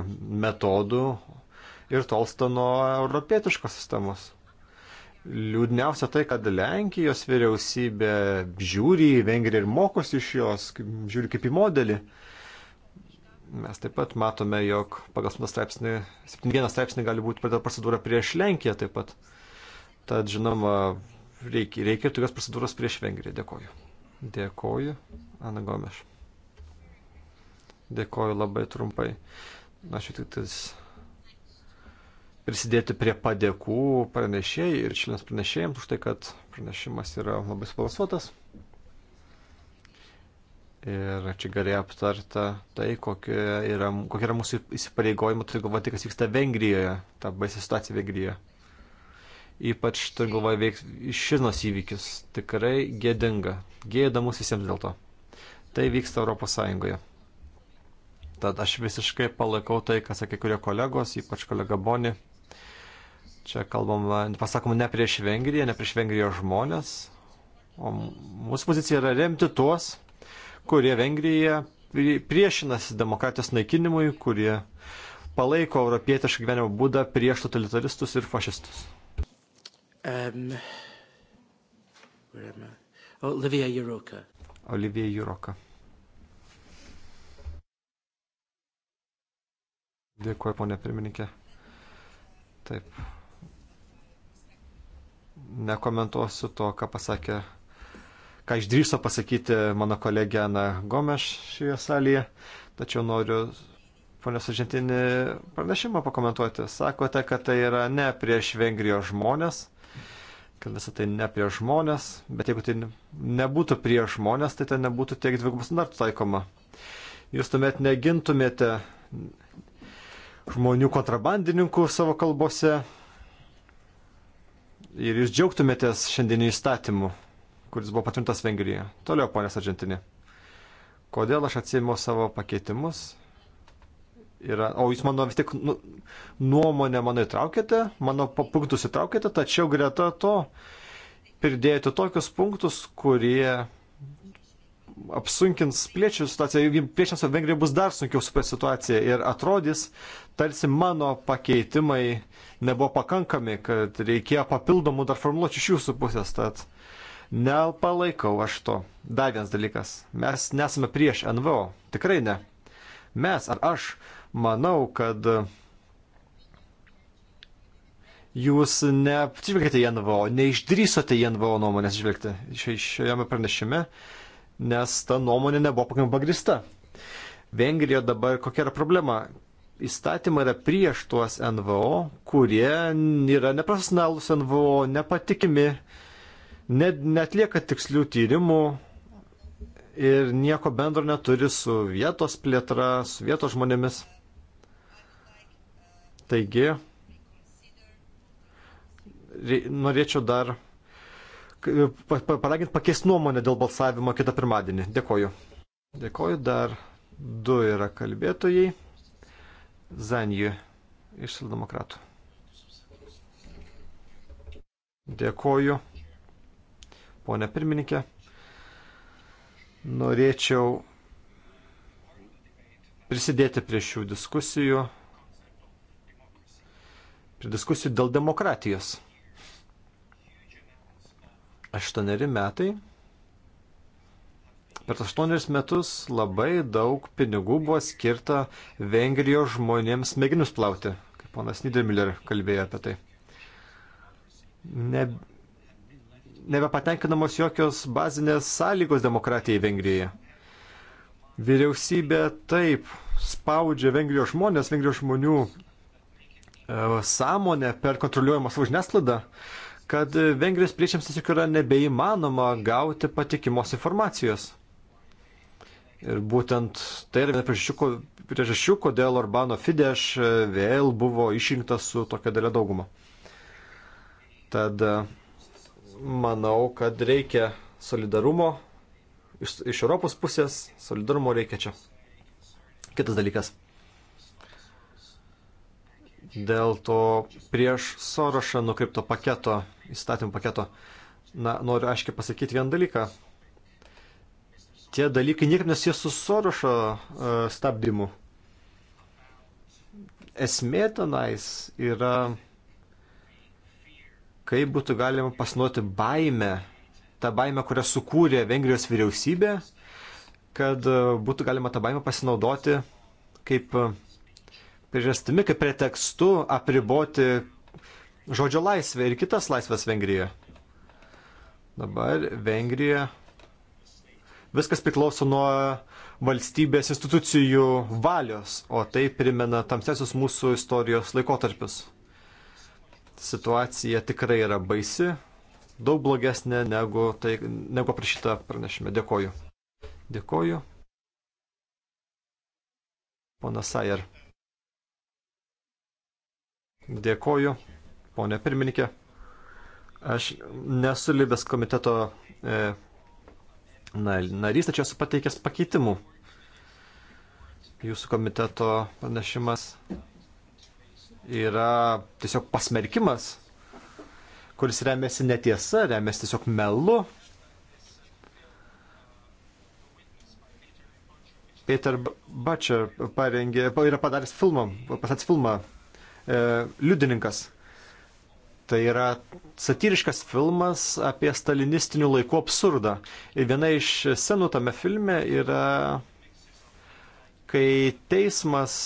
S2: metodų ir tolsta nuo europietiškos sistemos. Liūdniausia tai, kad Lenkijos vyriausybė žiūri į Vengriją ir mokosi iš jos, žiūri kaip į modelį. Uh, Mes taip pat matome, jog pagal 7 straipsnį, 71 straipsnį gali būti pradėta procedūra prieš Lenkiją taip pat. Tad, žinoma, reikia, reikia ir tokios procedūros prieš Vengriją. Dėkoju. Dėkoju, Ana Gomeš. Dėkoju labai trumpai. Na, aš tik tais prisidėti prie padėkų pranešėjai ir šilins pranešėjams už tai, kad pranešimas yra labai subalansuotas. Ir čia gerai aptarta tai, kokie yra, kokie yra mūsų įsipareigojimai, turiu galvoje tai, kas vyksta Vengrijoje, ta baisi situacija Vengrijoje. Ypač turiu galvoje veikti šinos įvykis. Tikrai gėdinga. Gėda mus visiems dėl to. Tai vyksta Europos Sąjungoje. Tad aš visiškai palaikau tai, ką sakė kurie kolegos, ypač kolega Boni. Čia kalbam, pasakom, ne prieš Vengriją, ne prieš Vengrijos žmonės, o mūsų pozicija yra remti tuos, kurie Vengrijoje priešinasi demokratijos naikinimui, kurie palaiko europietišką gyvenimo būdą prieš totalitaristus ir fašistus.
S1: Um,
S3: oh, Olivia Juroka.
S2: Olivia Juroka. Dėkuoju, ponė pirmininkė. Taip. Nekomentuosiu to, ką pasakė ką išdrįso pasakyti mano kolegė Ana Gomes šioje salėje, tačiau noriu ponios Argentinį pranešimą pakomentuoti. Sakote, kad tai yra ne prieš Vengrijos žmonės, kad visą tai ne prieš žmonės, bet jeigu tai nebūtų prieš žmonės, tai tai nebūtų tiek dvigubų standartų taikoma. Jūs tuomet negintumėte žmonių kontrabandininkų savo kalbose ir jūs džiaugtumėtės šiandienį įstatymu kuris buvo patvirtintas Vengrijoje. Toliau, ponės Argentinė. Kodėl aš atsėmiau savo pakeitimus? Yra, o jūs mano vis tik nu, nuomonę mano įtraukėte, mano punktus įtraukėte, tačiau greta to pridėjote tokius punktus, kurie apsunkins piliečių situaciją, jeigu piliečiams Vengrijoje bus dar sunkiau suprasti situaciją ir atrodys, tarsi mano pakeitimai nebuvo pakankami, kad reikėjo papildomų dar formuluočių iš jūsų pusės. Tad Nepalaikau aš to. Dar vienas dalykas. Mes nesame prieš NVO. Tikrai ne. Mes ar aš manau, kad jūs neatsižvelgėte į NVO, neišdrysote į NVO nuomonę atsižvelgti šiame pranešime, nes ta nuomonė nebuvo pakankamai pagrista. Vengrijoje dabar kokia yra problema? Įstatymai yra prieš tuos NVO, kurie yra neprofesionalūs NVO, nepatikimi net, netlieka tikslių tyrimų ir nieko bendro neturi su vietos plėtra, su vietos žmonėmis. Taigi, norėčiau dar paraginti pakeisti nuomonę dėl balsavimo kitą pirmadienį. Dėkoju. Dėkoju, dar du yra kalbėtojai. Zanijų iš Sildemokratų. Dėkoju ponė pirmininkė. Norėčiau prisidėti prie šių diskusijų, prie diskusijų dėl demokratijos. Aštuoneri metai. Per aštuonerius metus labai daug pinigų buvo skirta Vengrijos žmonėms mėginius plauti, kaip ponas Niedermiller kalbėjo apie tai. Ne, nebepatenkinamos jokios bazinės sąlygos demokratijai Vengrijoje. Vyriausybė taip spaudžia Vengrijos žmonės, Vengrijos žmonių e, sąmonę per kontroliuojamą savo žiniasklaidą, kad Vengrijos priešams tiesiog yra nebeįmanoma gauti patikimos informacijos. Ir būtent tai yra viena priežasčių, kodėl Orbano Fidesz e, vėl buvo išrinktas su tokia dalė dauguma. Tad e, manau, kad reikia solidarumo iš, iš Europos pusės, solidarumo reikia čia. Kitas dalykas. Dėl to prieš Sorošą nukreipto paketo, įstatymų paketo, na, noriu aiškiai pasakyti vieną dalyką. Tie dalykai niekaip nesie su Sorošo uh, stabdymu. Esmė tenais yra kaip būtų galima pasinuoti baimę, tą baimę, kurią sukūrė Vengrijos vyriausybė, kad e, būtų galima tą baimę pasinaudoti kaip e, priežastimi, kaip pretekstu apriboti žodžio laisvę ir kitas laisvės Vengrijoje. Dabar Vengrija. Viskas priklauso nuo valstybės institucijų valios, o tai primena tamsesius mūsų istorijos laikotarpius situacija tikrai yra baisi, daug blogesnė negu, tai, negu aprašyta pranešime. Dėkoju. Dėkoju. Pona Sajer. Dėkoju, ponė pirmininkė. Aš nesu Libės komiteto e, narys, tačiau esu pateikęs pakeitimų. Jūsų komiteto pranešimas yra tiesiog pasmerkimas, kuris remiasi netiesa, remiasi tiesiog melu. Peter Butcher parengė, yra padaręs filmą, pasats filmą e, Liudininkas. Tai yra satyriškas filmas apie stalinistinių laikų absurdą. Ir viena iš scenų tame filme yra, kai teismas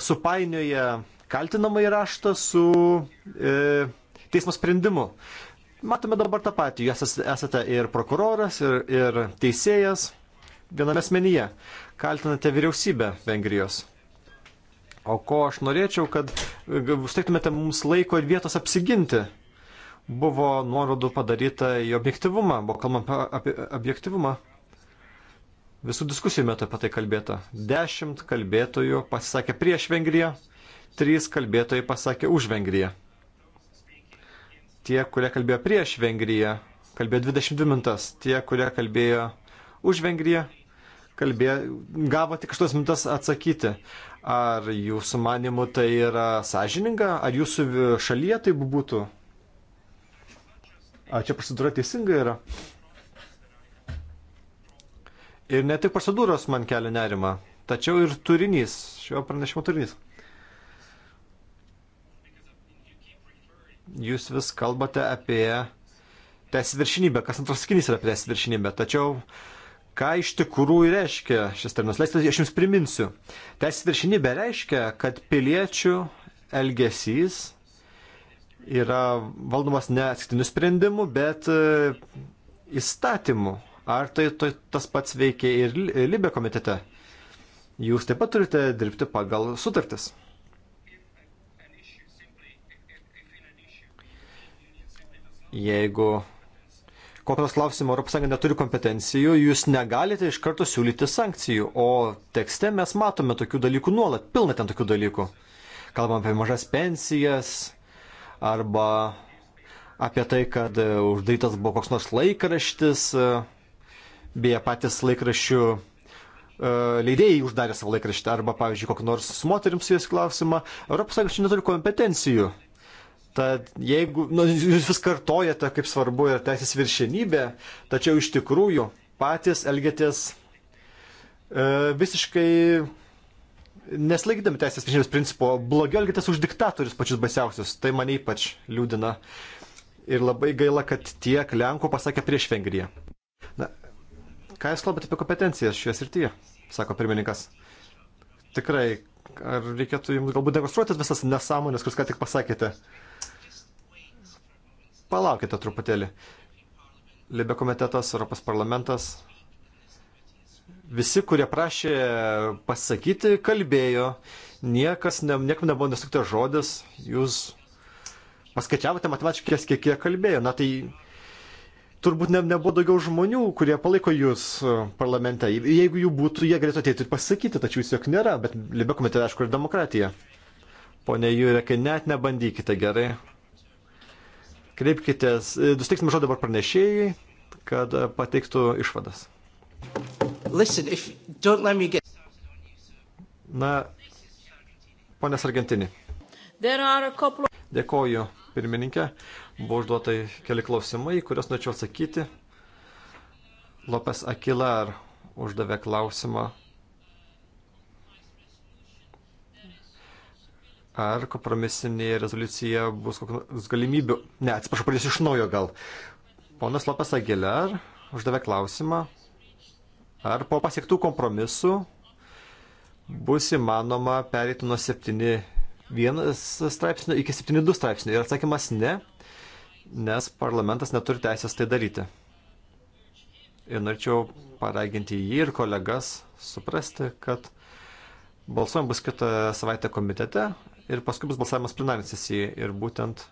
S2: supainioja kaltinamąjį raštą su e, teismo sprendimu. Matome dabar tą patį, jūs esate ir prokuroras, ir, ir teisėjas viename asmenyje. Kaltinate vyriausybę Vengrijos. O ko aš norėčiau, kad užteiktumėte mums laiko ir vietos apsiginti. Buvo nuorodų padaryta į objektivumą, buvo kalbama apie objektivumą. Visų diskusijų metu apie tai kalbėta. Dešimt kalbėtojų pasisakė prieš Vengriją, trys kalbėtojai pasakė už Vengriją. Tie, kurie kalbėjo prieš Vengriją, kalbėjo 22 mintas. Tie, kurie kalbėjo už Vengriją, kalbėjo, gavo tik 8 mintas atsakyti. Ar jūsų manimu tai yra sąžininga, ar jūsų šalyje tai būtų? Ar čia procedūra teisinga yra? Ir ne tik procedūros man kelia nerima, tačiau ir turinys, šio pranešimo turinys. Jūs vis kalbate apie teisės viršinybę, kas antras sakinys yra apie teisės viršinybę, tačiau ką iš tikrųjų reiškia šis terminas? Leiskite, aš jums priminsiu. Teisės viršinybė reiškia, kad piliečių elgesys yra valdomas ne atsitiktinių sprendimų, bet e, įstatymų Ar tai, tai tas pats veikia ir Libė komitete? Jūs taip pat turite dirbti pagal sutartis. Jeigu kokio nors klausimo ES neturi kompetencijų, jūs negalite iš karto siūlyti sankcijų, o tekste mes matome tokių dalykų nuolat, pilna ten tokių dalykų. Kalbam apie mažas pensijas arba apie tai, kad e, uždarytas buvo koks nors laikraštis. Uh, Beje, patys laikraščių e, leidėjai uždarė savo laikraštį arba, pavyzdžiui, kokį nors moteriams jais klausimą. ES šiandien neturi kompetencijų. Tad jeigu nu, jūs vis kartojate, kaip svarbu yra teisės viršenybė, tačiau iš tikrųjų patys elgėtės e, visiškai neslaikydami teisės viršenybės principo, blogiau elgėtės už diktatorius pačius baisiausius. Tai mane ypač liūdina. Ir labai gaila, kad tiek Lenkų pasakė prieš Vengriją. Ką jūs kalbate apie kompetencijas šioje srityje, sako pirmininkas. Tikrai, ar reikėtų jums galbūt demonstruoti visas nesąmonės, kuris ką tik pasakėte? Palaukite truputėlį. Libė komitetas, Europos parlamentas. Visi, kurie prašė pasakyti, kalbėjo. Niekas, ne, niekam nebuvo nesuktas žodis. Jūs paskaičiavote matematiškai, kiek jie kalbėjo. Na tai turbūt ne, nebuvo daugiau žmonių, kurie palaiko jūs e, parlamente. Jeigu jų būtų, jie galėtų ateiti ir pasakyti, tačiau jis jok nėra, bet Libė komitete aišku ir demokratija. Pone Jurekai, net nebandykite gerai. Kreipkitės, nusteiksime e, žodį dabar pranešėjai, kad e, pateiktų išvadas. Listen, if, get... Na, ponės Argentini. Couple... Dėkoju, pirmininkė. Buvo užduota keli klausimai, kuriuos norėčiau atsakyti. Lopes Akilar uždavė klausimą, ar kompromisinėje rezoliucijoje bus kokios galimybių. Ne, atsiprašau, pradėsiu iš naujo gal. Ponas Lopes Agilar uždavė klausimą, ar po pasiektų kompromisų bus įmanoma pereiti nuo 7.1 straipsnio iki 7.2 straipsnio. Ir atsakymas ne nes parlamentas neturi teisės tai daryti. Ir norėčiau paraginti jį ir kolegas suprasti, kad balsuojam bus kitą savaitę komitete ir paskui bus balsavimas plenarinė sesija. Ir būtent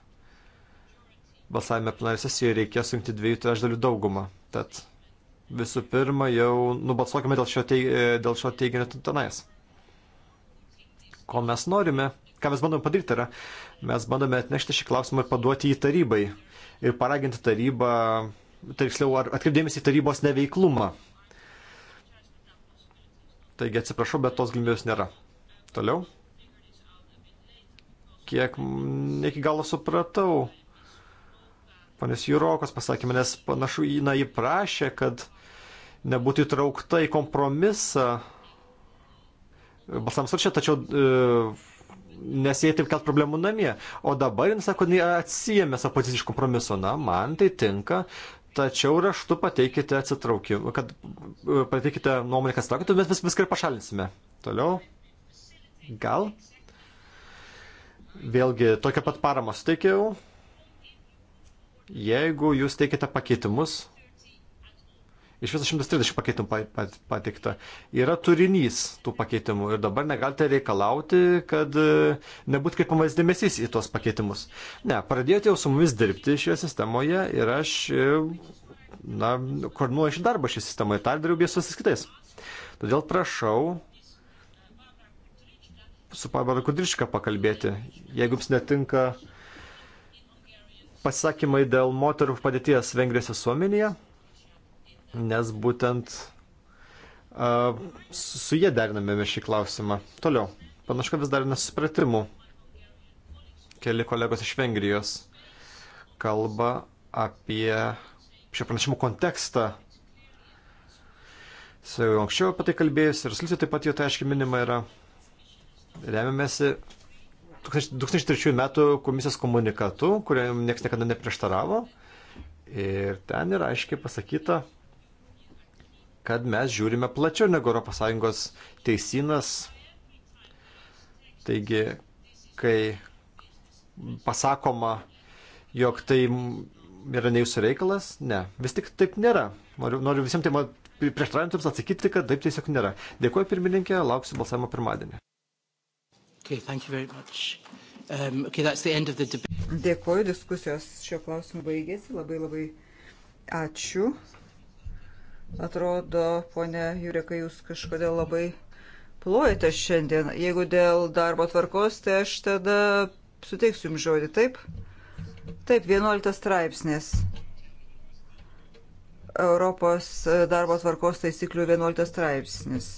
S2: balsavime plenarinė sesija reikės surinkti dviejų trečdalių daugumą. Tad visų pirma jau nubalsuokime dėl šio, teig dėl šio teiginio tenais. Ko mes norime, ką mes bandome padaryti tai yra, mes bandome atnešti šį klausimą ir paduoti į tarybai ir paraginti tarybą, tiksliau, atkreipdėmėsi į tarybos neveiklumą. Taigi atsiprašau, bet tos galimybės nėra. Toliau. Kiek ne iki galo supratau. Panas Jurokas pasakė, nes panašu, na, jį prašė, kad nebūtų įtraukta į kompromisą balsams rašė, tačiau e, nes jie taip kelt problemų namie. O dabar jis sako, jie atsijėmė savo poziciją iš kompromiso. Na, man tai tinka. Tačiau raštu pateikite atsitraukimą, kad e, pateikite nuomonę, kas traukia, tuomet vis, viską ir pašalinsime. Toliau. Gal? Vėlgi, tokią pat paramą suteikiau. Jeigu jūs teikite pakeitimus, Iš viso 130 pakeitimų pateikta. Yra turinys tų pakeitimų ir dabar negalite reikalauti, kad e, nebūt kaip pamas dėmesys į tuos pakeitimus. Ne, pradėjote jau su mumis dirbti šioje sistemoje ir aš, e, na, koordinuoju šį darbą šį sistemą ir tą dariau bei su visais kitais. Todėl prašau su Pabara Kudriška pakalbėti, jeigu jums netinka pasisakymai dėl moterų padėties Vengrijos visuomenėje nes būtent uh, su jie deriname šį klausimą. Toliau, panašu, kad vis dar nesupratimų. Keli kolegos iš Vengrijos kalba apie šio pranešimo kontekstą. Su jau anksčiau apie tai kalbėjus ir sliusiu taip pat jo tai aiškiai minima yra. Remiamėsi 2003 metų komisijos komunikatu, kuriam niekas niekada neprieštaravo. Ir ten yra aiškiai pasakyta, kad mes žiūrime plačiau negu ES teisinas. Taigi, kai pasakoma, jog tai yra ne jūsų reikalas, ne, vis tik taip nėra. Noriu, noriu visiems tai prieštraujantiems atsakyti, kad taip tiesiog nėra. Dėkuoju pirmininkė, lauksiu balsavimo pirmadienį.
S3: Okay,
S1: um, okay, Dėkuoju, diskusijos šio klausimu baigėsi. Labai labai ačiū. Atrodo, ponia Jureka, jūs kažkodėl labai plojate šiandien. Jeigu dėl darbo tvarkos, tai aš tada suteiksiu jums žodį, taip? Taip, 11 straipsnis. Europos darbo tvarkos taisyklių 11 straipsnis.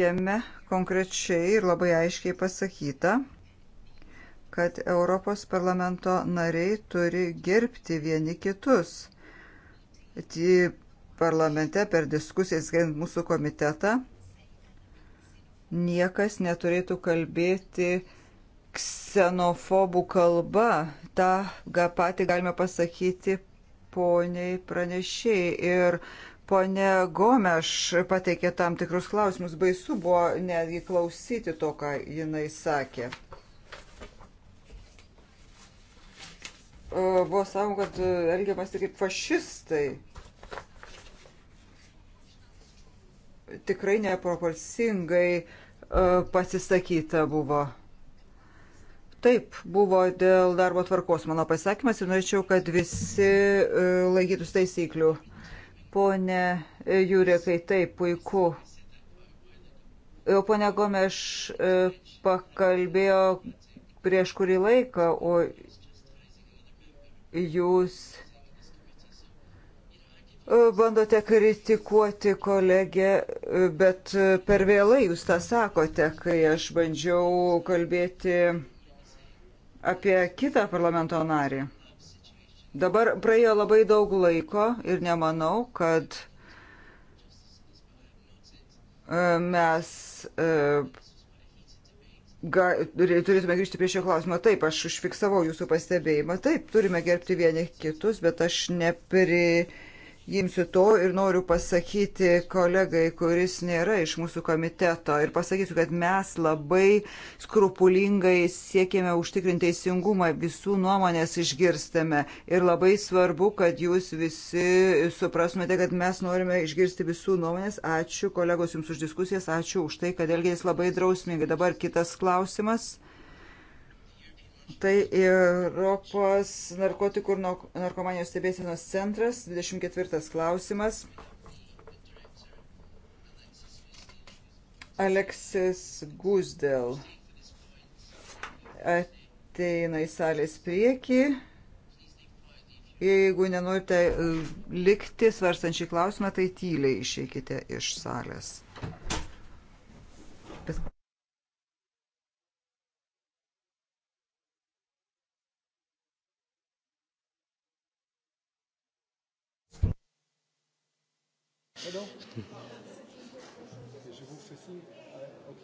S1: Jame konkrečiai ir labai aiškiai pasakyta, kad Europos parlamento nariai turi gerbti vieni kitus parlamente per diskusijas, gerint mūsų komitetą, niekas neturėtų kalbėti ksenofobų kalba. Ta ga patį galime pasakyti poniai pranešėjai. Ir ponė Gomeš pateikė tam tikrus klausimus. Baisu buvo netgi klausyti to, ką jinai sakė. Buvo sakoma, kad elgiamasi kaip fašistai. tikrai neproporcingai e, pasisakyta buvo. Taip, buvo dėl darbo tvarkos mano pasakymas ir norėčiau, kad visi e, laikytųsi taisyklių. Pone e, Jurekai, taip, puiku. O pone Gomeš pakalbėjo prieš kurį laiką, o jūs bandote kritikuoti kolegę, bet per vėlai jūs tą sakote, kai aš bandžiau kalbėti apie kitą parlamento narį. Dabar praėjo labai daug laiko ir nemanau, kad e, mes e, ga, turėtume grįžti prie šio klausimo. Taip, aš užfiksavau jūsų pastebėjimą. Taip, turime gerbti vieni kitus, bet aš nepri imsiu to ir noriu pasakyti kolegai, kuris nėra iš mūsų komiteto ir pasakysiu, kad mes labai skrupulingai siekėme užtikrinti teisingumą, visų nuomonės išgirstame ir labai svarbu, kad jūs visi suprasmete, kad mes norime išgirsti visų nuomonės. Ačiū kolegos Jums už diskusijas, ačiū už tai, kad elgėtės labai drausmingai. Dabar kitas klausimas. Tai Europos narkotikų ir narkomanijos stebėsienos centras, 24 klausimas. Aleksis Guzdel ateina į salės priekį. Jeigu nenorite likti svarstant šį klausimą, tai tyliai išeikite iš salės.
S3: Hello Je vous fais signe. Ah, ok.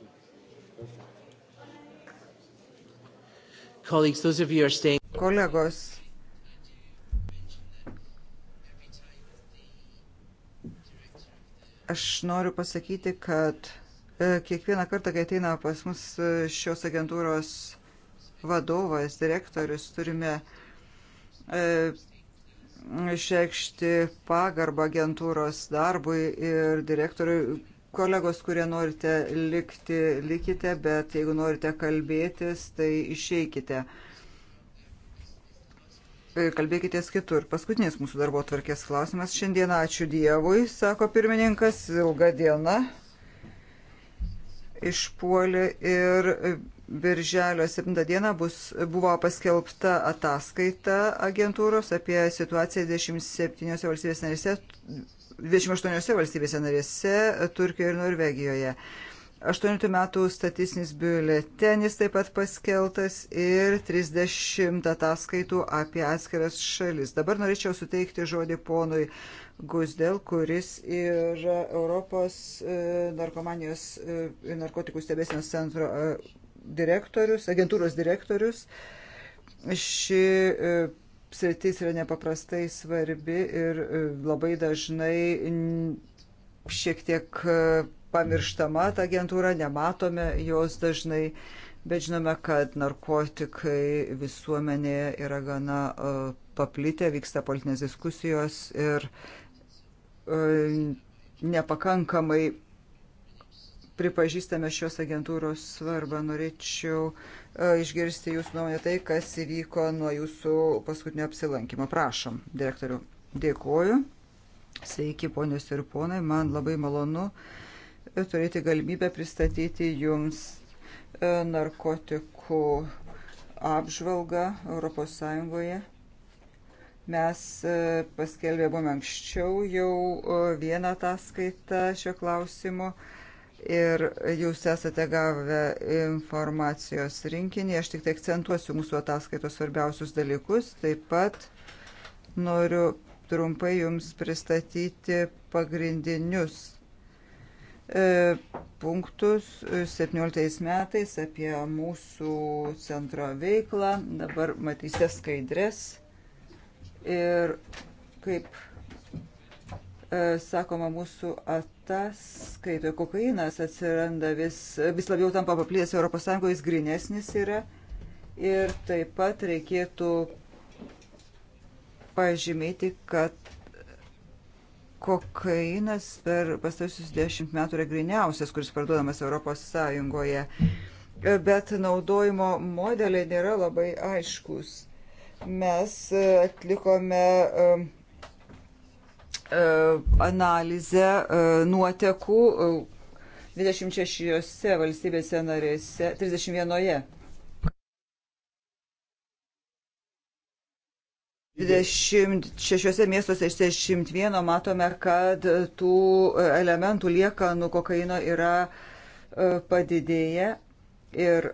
S3: Perfect.
S1: Colleagues, those of you are staying. Kolegos. Aš noriu pasakyti, kad e, kiekvieną kartą, kai ateina pas mus e, šios agentūros vadovas, direktorius, turime e, išreikšti pagarbą agentūros darbui ir direktoriui. Kolegos, kurie norite likti, likite, bet jeigu norite kalbėtis, tai išeikite. Kalbėkite kitur. Paskutinis mūsų darbo tvarkės klausimas. Šiandieną ačiū Dievui, sako pirmininkas, ilga diena išpuolė ir Birželio 7 dieną bus, buvo paskelbta ataskaita agentūros apie situaciją 27 valstybės narėse, 28 valstybėse narėse, Turkijoje ir Norvegijoje. 18 metų statistinis biuletenis taip pat paskeltas ir 30 ataskaitų apie atskiras šalis. Dabar norėčiau suteikti žodį ponui Guzdel, kuris yra Europos e, narkomanijos ir e, narkotikų stebėsienos centro e, direktorius, agentūros direktorius. Ši e, sritis yra nepaprastai svarbi ir e, labai dažnai šiek tiek e, pamirštama ta agentūra, nematome jos dažnai, bet žinome, kad narkotikai visuomenėje yra gana paplitę, vyksta politinės diskusijos ir nepakankamai pripažįstame šios agentūros svarbą. Norėčiau e, išgirsti jūsų nuomonę tai, kas įvyko nuo jūsų paskutinio apsilankimo. Prašom, direktoriu. Dėkuoju. Sveiki, ponios ir ponai. Man labai malonu e, turėti galimybę pristatyti jums e, narkotikų apžvalgą ES Mes paskelbėme anksčiau jau vieną ataskaitą šio klausimu ir jūs esate gavę informacijos rinkinį. Aš tik tai akcentuosiu mūsų ataskaitos svarbiausius dalykus. Taip pat noriu trumpai jums pristatyti pagrindinius e, punktus 17 metais apie mūsų centro veiklą. Dabar matysite skaidres ir kaip E, sakoma mūsų ataskaitoje, kokainas atsiranda vis, vis labiau tampa paplės Europos Sąjungoje, jis grinesnis yra. Ir taip pat reikėtų pažymėti, kad kokainas per pastarusius dešimt metų yra griniausias, kuris parduodamas Europos Sąjungoje. E, bet naudojimo modeliai nėra labai aiškus. Mes e, atlikome E, analizę e, nuotekų 26 e, valstybėse narėse, 31. 26 miestuose iš 61 matome, kad tų elementų liekanų nu, kokaino yra padidėję ir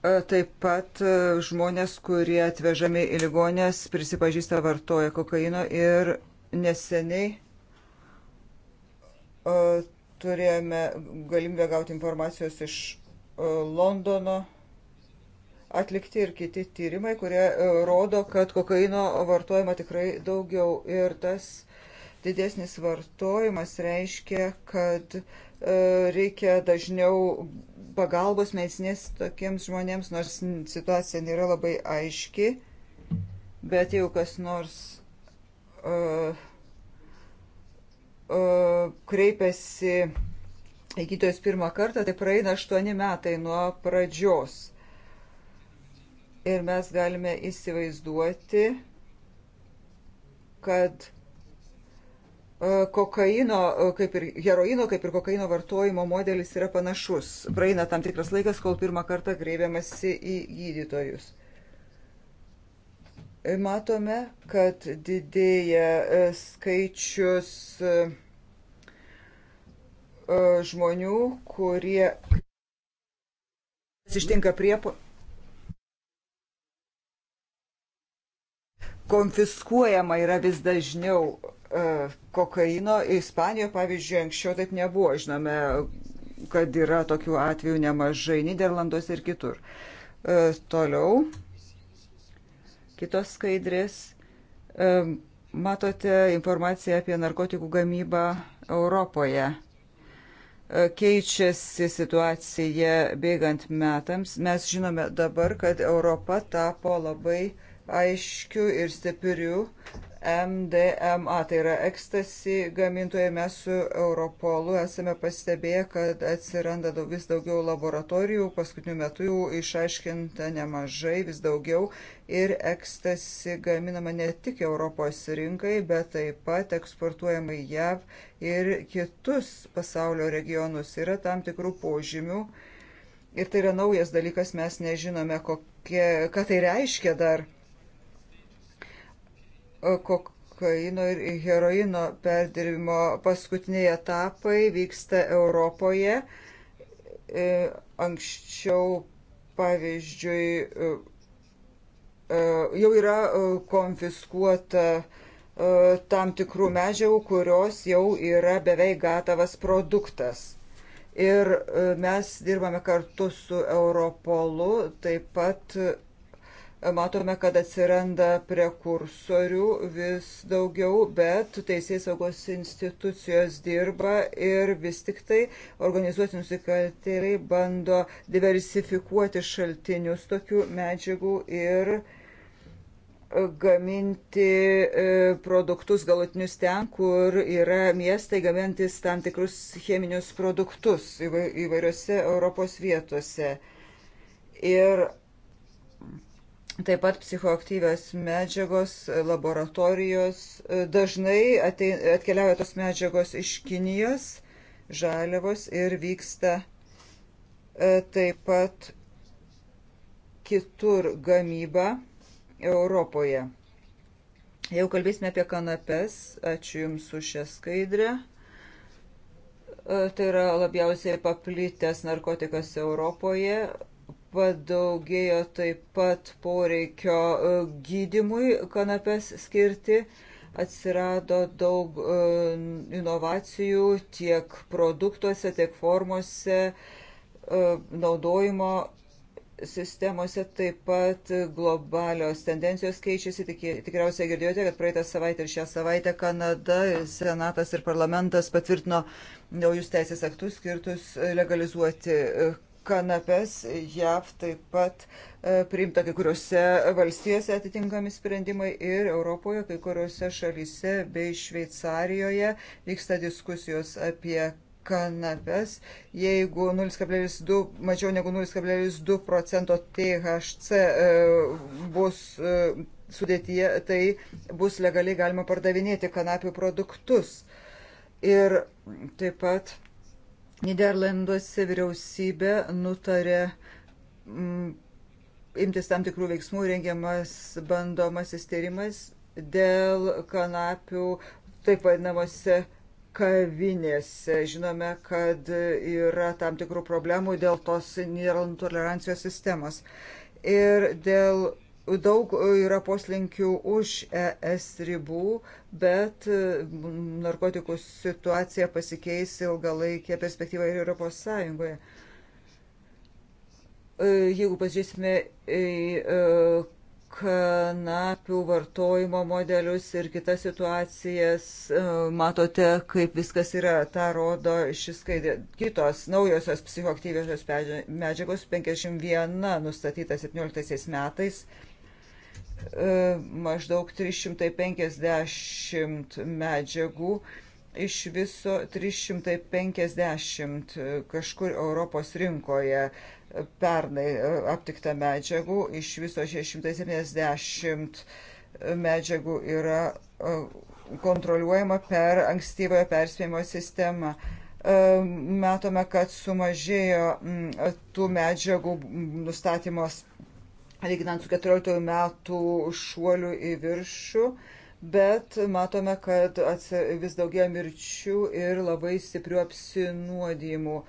S1: E, taip pat e, žmonės, kurie atvežami į ligonės, prisipažįsta vartoja kokaino ir neseniai e, turėjome galimybę gauti informacijos iš Londono atlikti ir kiti tyrimai, kurie rodo, kad kokaino vartojama tikrai daugiau ir tas didesnis vartojimas reiškia, kad uh, E, reikia dažniau pagalbos medicinės tokiems žmonėms, nors situacija nėra labai aiški, bet jau kas nors uh, uh, kreipiasi į gydytojus pirmą kartą, tai praeina aštuoni metai nuo pradžios. Ir mes galime įsivaizduoti, kad E, kokaino, e, kaip ir heroino, kaip ir kokaino vartojimo modelis yra panašus. Praeina tam tikras laikas, kol pirmą kartą kreipiamasi į gydytojus. E, matome, kad didėja skaičius žmonių, kurie ištinka prie konfiskuojama yra vis dažniau E, kokaino. Ispanijoje, pavyzdžiui, anksčiau taip nebuvo. Žinome, kad yra tokių atvejų nemažai Niderlanduose ir kitur. E, toliau, kitos skaidrės. E, matote informaciją apie narkotikų gamybą Europoje. Keičiasi situacija bėgant metams. Mes žinome dabar, kad Europa tapo labai aiškiu ir stipriu MDMA, tai yra ekstasi gamintojai, mes su Europolu esame pastebėję, kad atsiranda daug, vis daugiau laboratorijų, paskutiniu metu jų išaiškinta nemažai, vis daugiau ir ekstasi gaminama ne tik Europos rinkai, bet taip pat eksportuojama į JAV ir kitus pasaulio regionus. Yra tam tikrų požymių ir tai yra naujas dalykas, mes nežinome, kokie, ką tai reiškia dar kokaino ir heroino perdirbimo paskutiniai etapai vyksta Europoje. E, anksčiau, pavyzdžiui, e, e, jau yra konfiskuota tam tikrų medžiagų, kurios jau yra beveik gatavas produktas. Ir mes dirbame kartu su Europolu, taip pat Matome, kad atsiranda prekursorių vis daugiau, bet teisės saugos institucijos dirba ir vis tik tai organizuoti nusikaltėliai bando diversifikuoti šaltinius tokių medžiagų ir e, gaminti e, produktus galutinius ten, kur yra miestai gamintis tam tikrus cheminius produktus įvairiose Europos vietose. Ir Taip pat psichoaktyvios medžiagos, e, laboratorijos. E, dažnai atkeliauja tos medžiagos iš Kinijos, žaliavos ir vyksta e, taip pat kitur gamyba Europoje. Jau kalbėsime apie kanapes. Ačiū Jums už šią skaidrę. Tai yra labiausiai paplitęs narkotikas Europoje padaugėjo taip pat poreikio e, gydimui kanapes skirti, atsirado daug e, inovacijų tiek produktuose, tiek formuose, e, naudojimo sistemose taip pat globalios tendencijos keičiasi. Tik, tikriausiai girdėjote, kad praeitą savaitę ir šią savaitę Kanada, Senatas ir parlamentas patvirtino naujus teisės aktus skirtus legalizuoti kanapes. JAV taip pat e, priimta kai kuriuose valstijose atitinkami sprendimai ir Europoje, kai kuriuose šalyse bei Šveicarijoje vyksta diskusijos apie kanapes, jeigu 0,2, mažiau negu 0,2 procento THC e, bus e, sudėtyje, tai bus legaliai galima pardavinėti kanapių produktus. Ir taip pat Niderlanduose vyriausybė nutarė mm, imtis tam tikrų veiksmų rengiamas bandomasis tyrimas dėl kanapių taip vadinamosi kavinėse. Žinome, kad yra tam tikrų problemų dėl tos Niderlandų tolerancijos sistemos. Ir dėl daug e, yra poslinkių už ES ribų, bet e, narkotikų situacija pasikeis ilgalaikė perspektyva ir Europos Sąjungoje. E, jeigu pažiūrėsime į kanapių vartojimo modelius ir kitas situacijas, matote, kaip viskas yra, tą rodo šis skaidrė. Kitos naujosios psichoaktyviosios medžiagos 51 nustatyta 17 metais. E, maždaug 350 medžiagų, iš viso 350 kažkur Europos rinkoje pernai e, aptikta medžiagų, iš viso 670 medžiagų yra e, kontroliuojama per ankstyvojo perspėjimo sistemą. Matome, kad sumažėjo tų medžiagų nustatymos lyginant su 14 metų šuoliu į viršų, bet matome, kad vis daugia mirčių ir labai stiprių apsinuodijimų e,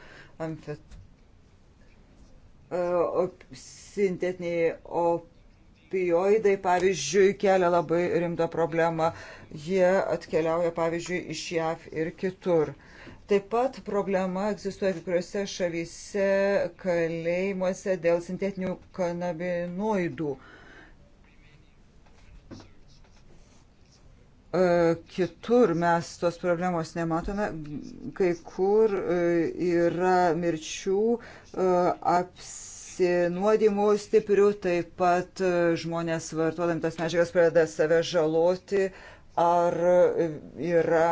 S1: sintetiniai opioidai, pavyzdžiui, kelia labai rimtą problemą. Jie atkeliauja, pavyzdžiui, iš JAV ir kitur. Taip pat problema egzistuoja kai kuriuose šalyse kalėjimuose dėl sintetinių kanabinoidų. E, kitur mes tos problemos nematome, kai kur e, yra mirčių e, apsinuodimų stiprių, taip pat žmonės vartodami tas medžiagas pradeda save žaloti ar yra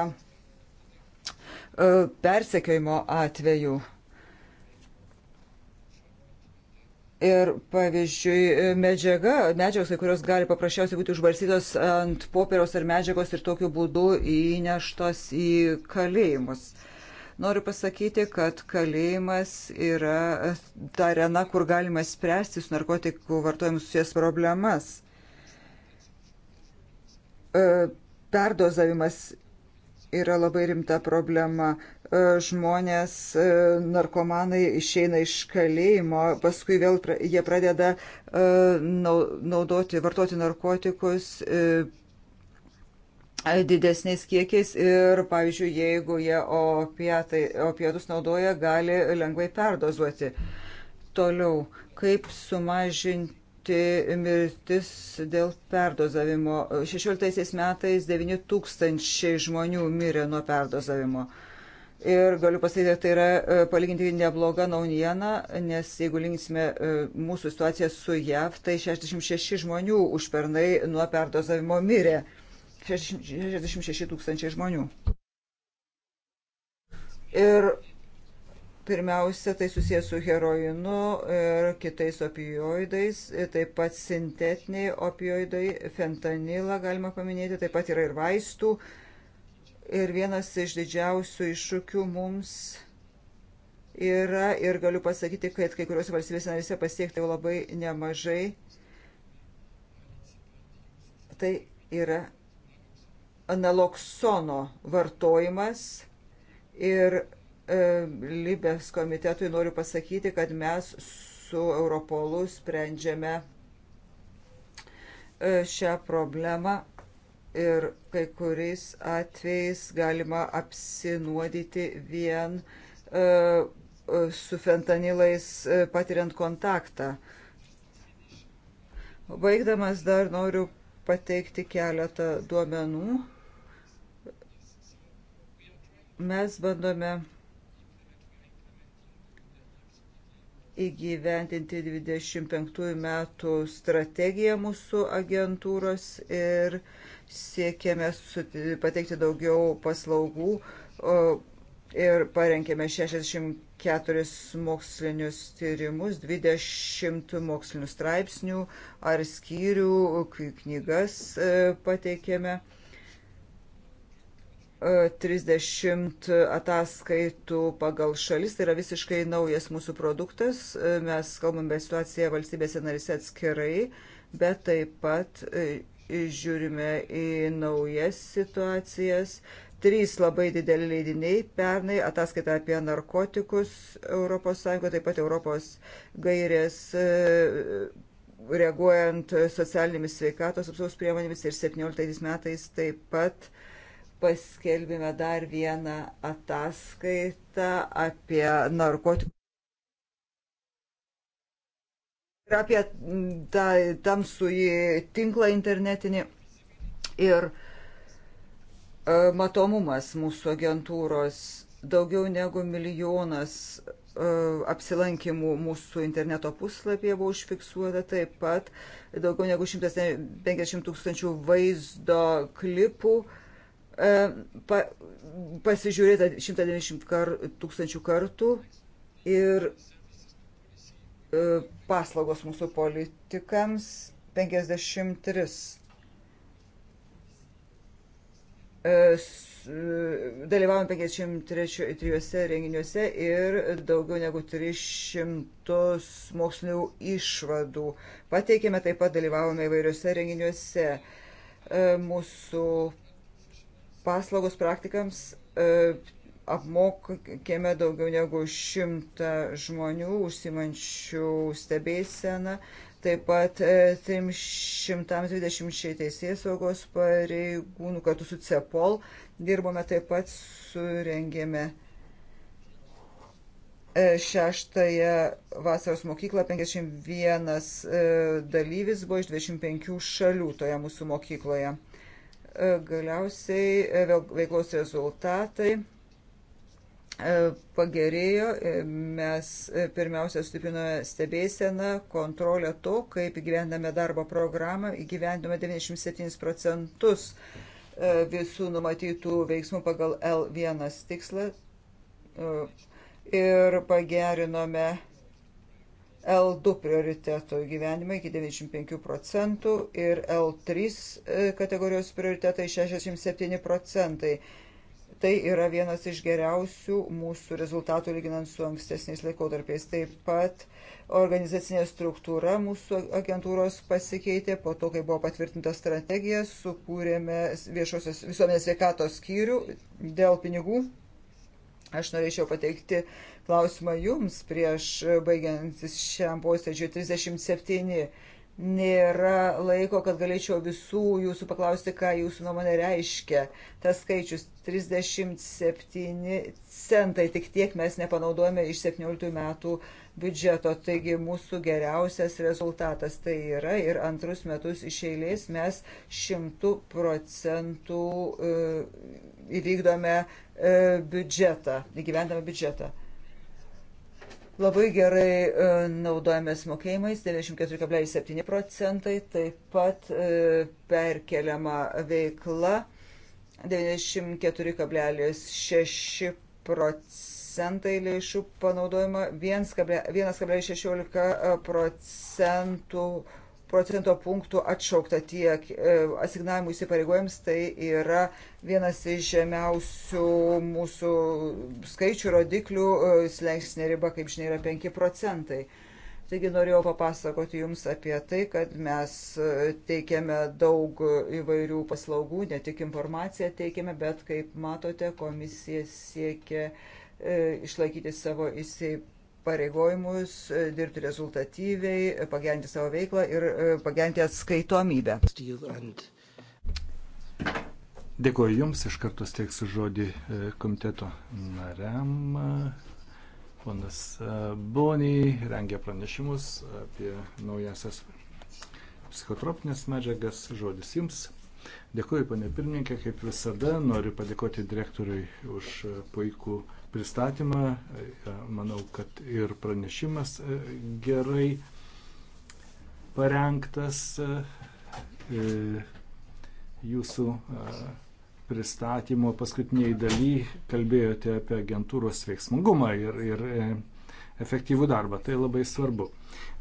S1: E, persekiojimo atveju. Ir pavyzdžiui, medžiaga, medžiagos, kurios gali paprasčiausiai būti užbarstytos ant popieriaus ar medžiagos ir tokiu būdu įneštos į kalėjimus. Noriu pasakyti, kad kalėjimas yra ta arena, kur galima spręsti su narkotikų vartojimu susijęs problemas. E, perdozavimas yra labai rimta problema. E, žmonės, e, narkomanai išeina iš kalėjimo, paskui vėl jie pradeda e, naudoti, vartoti narkotikus didesniais kiekiais ir, pavyzdžiui, jeigu jie opiatai, opiatus naudoja, gali lengvai perdozuoti. Toliau, kaip sumažinti apimti mirtis dėl perdozavimo. 16 metais 9 tūkstančiai žmonių mirė nuo perdozavimo. Ir galiu pasakyti, tai yra e, palyginti nebloga naujiena, nes jeigu linksime e, mūsų situaciją su JAV, tai 66 žmonių už pernai nuo perdozavimo mirė. 66 tūkstančiai žmonių. Ir Pirmiausia, tai susijęs su heroinu ir kitais opioidais, taip pat sintetiniai opioidai, fentanilą galima paminėti, taip pat yra ir vaistų. Ir vienas iš didžiausių iššūkių mums yra ir galiu pasakyti, kad kai kuriuose valstybėse narėse pasiekti jau labai nemažai. Tai yra analoksono vartojimas ir E, Libės komitetui noriu pasakyti, kad mes su Europolu sprendžiame e, šią problemą ir kai kuriais atvejais galima apsinuodyti vien e, su fentanilais patiriant kontaktą. Baigdamas dar noriu pateikti keletą duomenų. Mes bandome įgyventinti 25 metų strategiją mūsų agentūros ir siekėme pateikti daugiau paslaugų ir parengėme 64 mokslinius tyrimus, 20 mokslinių straipsnių ar skyrių, knygas e, pateikėme. 30 ataskaitų pagal šalis, tai yra visiškai naujas mūsų produktas, mes kalbame situaciją valstybėse narise atskirai, bet taip pat e, žiūrime į naujas situacijas. Trys labai dideli leidiniai pernai ataskaita apie narkotikus ES, taip pat Europos gairės e, reaguojant socialinėmis sveikatos apsaugos priemonėmis ir 17 metais taip pat uh, paskelbėme dar vieną ataskaitą apie narkotikų. Ir apie tą tamsų į tinklą internetinį. Ir e, matomumas mūsų agentūros daugiau negu milijonas e, apsilankimų mūsų interneto puslapyje buvo užfiksuota taip pat daugiau negu 150 tūkstančių vaizdo klipų uh, E, pa, pasižiūrėta 190 kar, tūkstančių kartų ir e, paslaugos mūsų politikams 53. E, dalyvavom 53 renginiuose ir daugiau negu 300 mokslinių išvadų pateikėme, taip pat dalyvavome įvairiuose renginiuose. Mūsų paslaugos praktikams e, apmokėme daugiau negu šimtą žmonių užsimančių stebėseną, taip pat 326 teisės saugos pareigūnų kartu su CEPOL dirbome, taip pat surengėme e, šeštąją vasaros mokyklą, 51 e, dalyvis buvo iš 25 šalių toje mūsų mokykloje. E, galiausiai e, veiklos rezultatai e, pagerėjo. Mes pirmiausia stipinome stebėseną, kontrolę to, kaip įgyvendame darbo programą, įgyvendame 97 procentus visų numatytų veiksmų pagal L1 tikslą ir pagerinome L2 prioritetų gyvenimą iki 95 procentų ir L3 e, kategorijos prioritetai 67 procentai. Tai yra vienas iš geriausių mūsų rezultatų lyginant su ankstesniais laikotarpiais. Taip pat organizacinė struktūra mūsų agentūros pasikeitė. Po to, kai buvo patvirtinta strategija, sukūrėme viešosios visuomenės sveikatos skyrių dėl pinigų Aš norėčiau pateikti klausimą jums prieš baigiantis šiam posėdžiui 37 nėra laiko, kad galėčiau visų jūsų paklausti, ką jūsų nuomonė reiškia. Tas skaičius 37 centai, tik tiek mes nepanaudojame iš 17 metų biudžeto. Taigi mūsų geriausias rezultatas tai yra ir antrus metus iš eilės mes šimtų procentų e, įvykdome e, biudžetą, įgyvendame biudžetą. Labai gerai e, naudojamės mokėjimais, 94,7 procentai, taip pat perkeliama veikla 94,6 procentai procentai lėšų panaudojama 1,16 e, procentų procento punktų atšaukta tiek e, asignavimų įsipareigojams, tai yra vienas iš žemiausių mūsų skaičių rodiklių, e, slengsnė riba, kaip žinia, yra 5 procentai. Taigi norėjau papasakoti Jums apie tai, kad mes teikiame daug įvairių paslaugų, ne tik informaciją teikiame, bet kaip matote, komisija siekia uh, E, išlaikyti savo įsipareigojimus, e, dirbti rezultatyviai, e, pagerinti savo veiklą ir pagerinti atskaitomybę.
S3: Dėkuoju Jums, iš karto steiksiu žodį komiteto nariam. Ponas Boni rengia pranešimus apie naujasias psichotropinės medžiagas. Žodis Jums. Dėkuoju, ponė pirmininkė, kaip visada noriu padėkoti direktoriui už puikų uh, pristatymą. Manau, kad ir pranešimas e, gerai parengtas. E, e, jūsų pristatymo paskutiniai daly kalbėjote apie agentūros veiksmingumą ir, ir efektyvų darbą. Tai labai svarbu.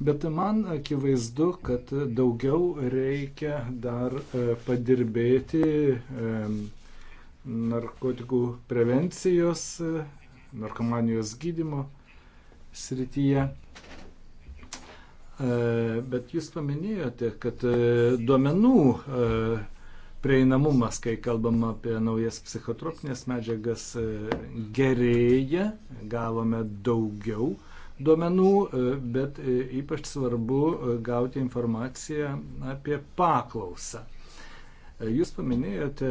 S3: Bet man akivaizdu, kad daugiau reikia dar padirbėti narkotikų prevencijos narkomanijos gydimo srityje. E, bet jūs paminėjote, kad e, duomenų e, prieinamumas, kai kalbam apie naujas psichotropinės medžiagas, gerėja, gavome daugiau duomenų, bet ypač svarbu gauti informaciją apie paklausą. Jūs paminėjote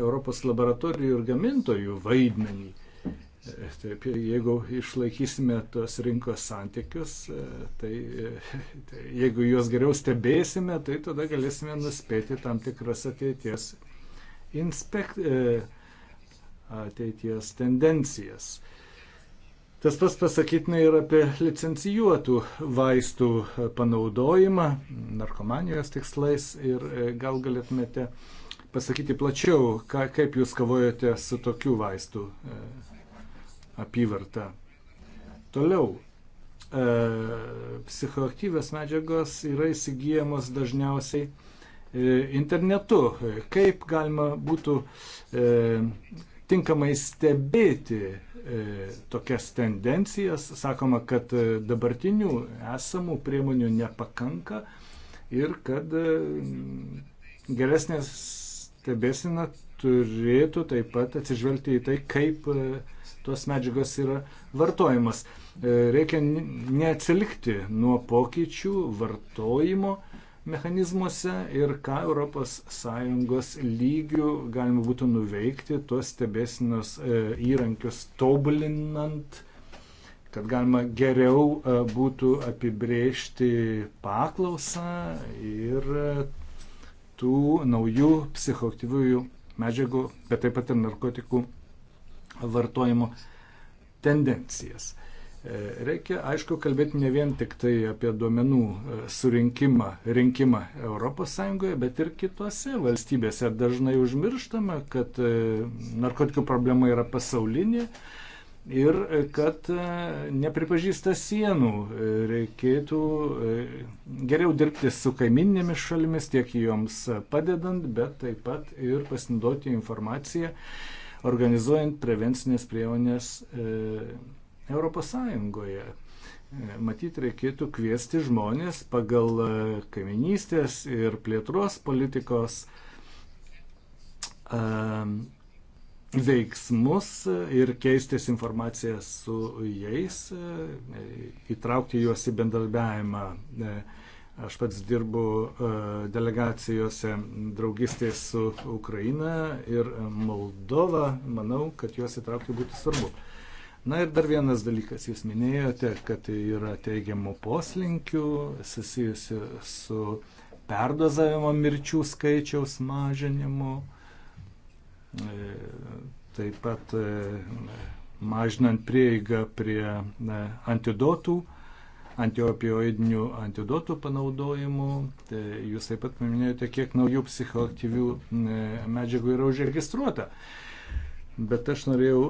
S3: Europos laboratorijų ir gamintojų vaidmenį Taip, jeigu išlaikysime tos rinkos santykius, e, tai, e, tai jeigu juos geriau stebėsime, tai tada galėsime nuspėti tam tikras ateities, inspekt, e, ateities tendencijas. Tas pas pasakytina ir apie licencijuotų vaistų panaudojimą narkomanijos tikslais ir gal galėtumėte pasakyti plačiau, ką, kaip jūs kovojate su tokių vaistų apyvartą. Toliau, e, psichoaktyvės medžiagos yra įsigijamos dažniausiai e, internetu. Kaip galima būtų e, tinkamai stebėti e, tokias tendencijas? Sakoma, kad e, dabartinių esamų priemonių nepakanka ir kad e, geresnės stebėsina turėtų taip pat atsižvelgti į tai, kaip e, tos medžiagos yra vartojamas. E, reikia neatsilikti nuo pokyčių vartojimo mechanizmuose ir ką ES lygių galima būtų nuveikti tuos stebėsinos e, įrankius tobulinant, kad galima geriau būtų apibrėžti paklausą ir tų naujų psichoktyviųjų medžiagų, bet taip pat ir narkotikų vartojimo tendencijas. E, reikia, aišku, kalbėti ne vien tik tai apie duomenų e, surinkimą, rinkimą ES, bet ir kitose valstybėse. Dažnai užmirštama, kad e, narkotikų problema yra pasaulinė, ir e, kad e, nepripažįsta sienų. E, reikėtų geriau dirbti su kaiminėmis šalimis, tiek joms padedant, bet taip pat ir pasinaudoti informaciją, organizuojant prevencinės priemonės Europos Sąjungoje. Matyt, reikėtų kviesti žmonės pagal kaiminystės ir plėtros politikos veiksmus ir keistis informaciją su jais, e, įtraukti juos į bendradarbiavimą. E, aš pats dirbu e, delegacijose draugystės su Ukraina ir Moldova, manau, kad juos įtraukti būtų svarbu. Na ir dar vienas dalykas, jūs minėjote, kad yra teigiamų poslinkių susijusių su perdozavimo mirčių skaičiaus mažinimu. Uh, taip pat e, mažinant prieigą prie e, antidotų, antiopioidinių antidotų panaudojimų. Tai jūs taip pat paminėjote, kiek naujų psichoaktyvių e, medžiagų yra užregistruota. Bet aš norėjau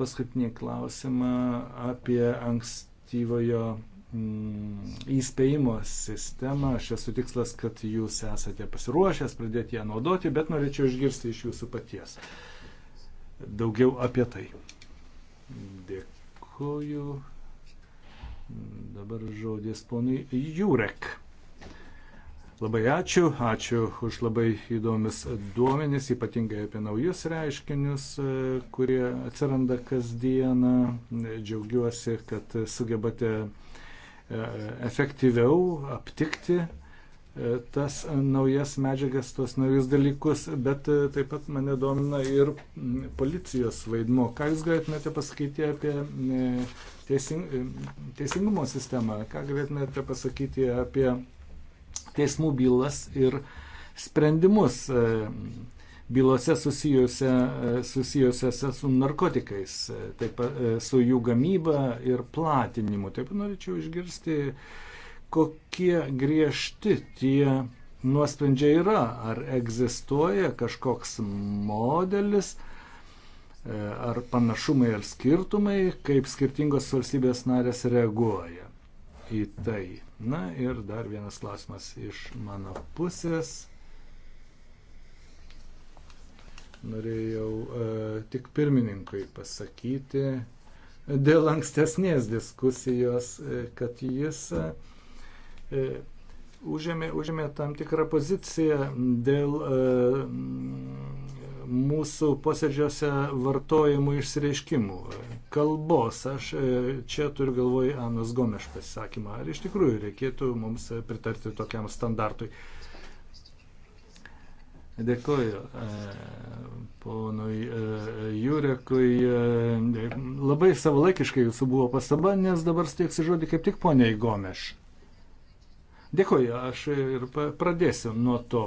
S3: paskutinį klausimą apie ankstyvojo Mm, įspėjimo sistemą. Aš esu tikslas, kad jūs esate pasiruošęs pradėti ją naudoti, bet norėčiau išgirsti iš jūsų paties daugiau apie tai. Dėkuoju. Dabar žodis ponui Jurek. Labai ačiū, ačiū už labai įdomius duomenis, ypatingai apie naujus reiškinius, kurie atsiranda kasdieną. Džiaugiuosi, kad sugebate uh, E, efektyviau aptikti e, tas naujas medžiagas, tuos naujus dalykus, bet e, taip pat mane domina ir policijos vaidmo. Ką Jūs galėtumėte pasakyti apie teising, teisingumo sistemą, ką galėtumėte pasakyti apie teismų bylas ir sprendimus bylose susijusiose su narkotikais, taip, su jų gamyba ir platinimu. Taip norėčiau išgirsti, kokie griežti tie nuosprendžiai yra, ar egzistuoja kažkoks modelis, ar panašumai ar skirtumai, kaip skirtingos valstybės narės reaguoja į tai. Na ir dar vienas klausimas iš mano pusės. Norėjau e, tik pirmininkui pasakyti dėl ankstesnės diskusijos, e, kad jis e, e užėmė, užėmė tam tikrą poziciją dėl e, mūsų posėdžiuose vartojimų išsireiškimų, e, kalbos. Aš e, čia turiu galvoj Anos Gomeš pasisakymą. Ar iš tikrųjų reikėtų mums pritarti tokiam standartui? E, Dėkuoju e, ponui e, Jurekui. E, labai savalaikiškai jūsų buvo pastaba, nes dabar steiksiu žodį kaip tik poniai Gomeš. Dėkuoju, aš ir pradėsiu nuo to.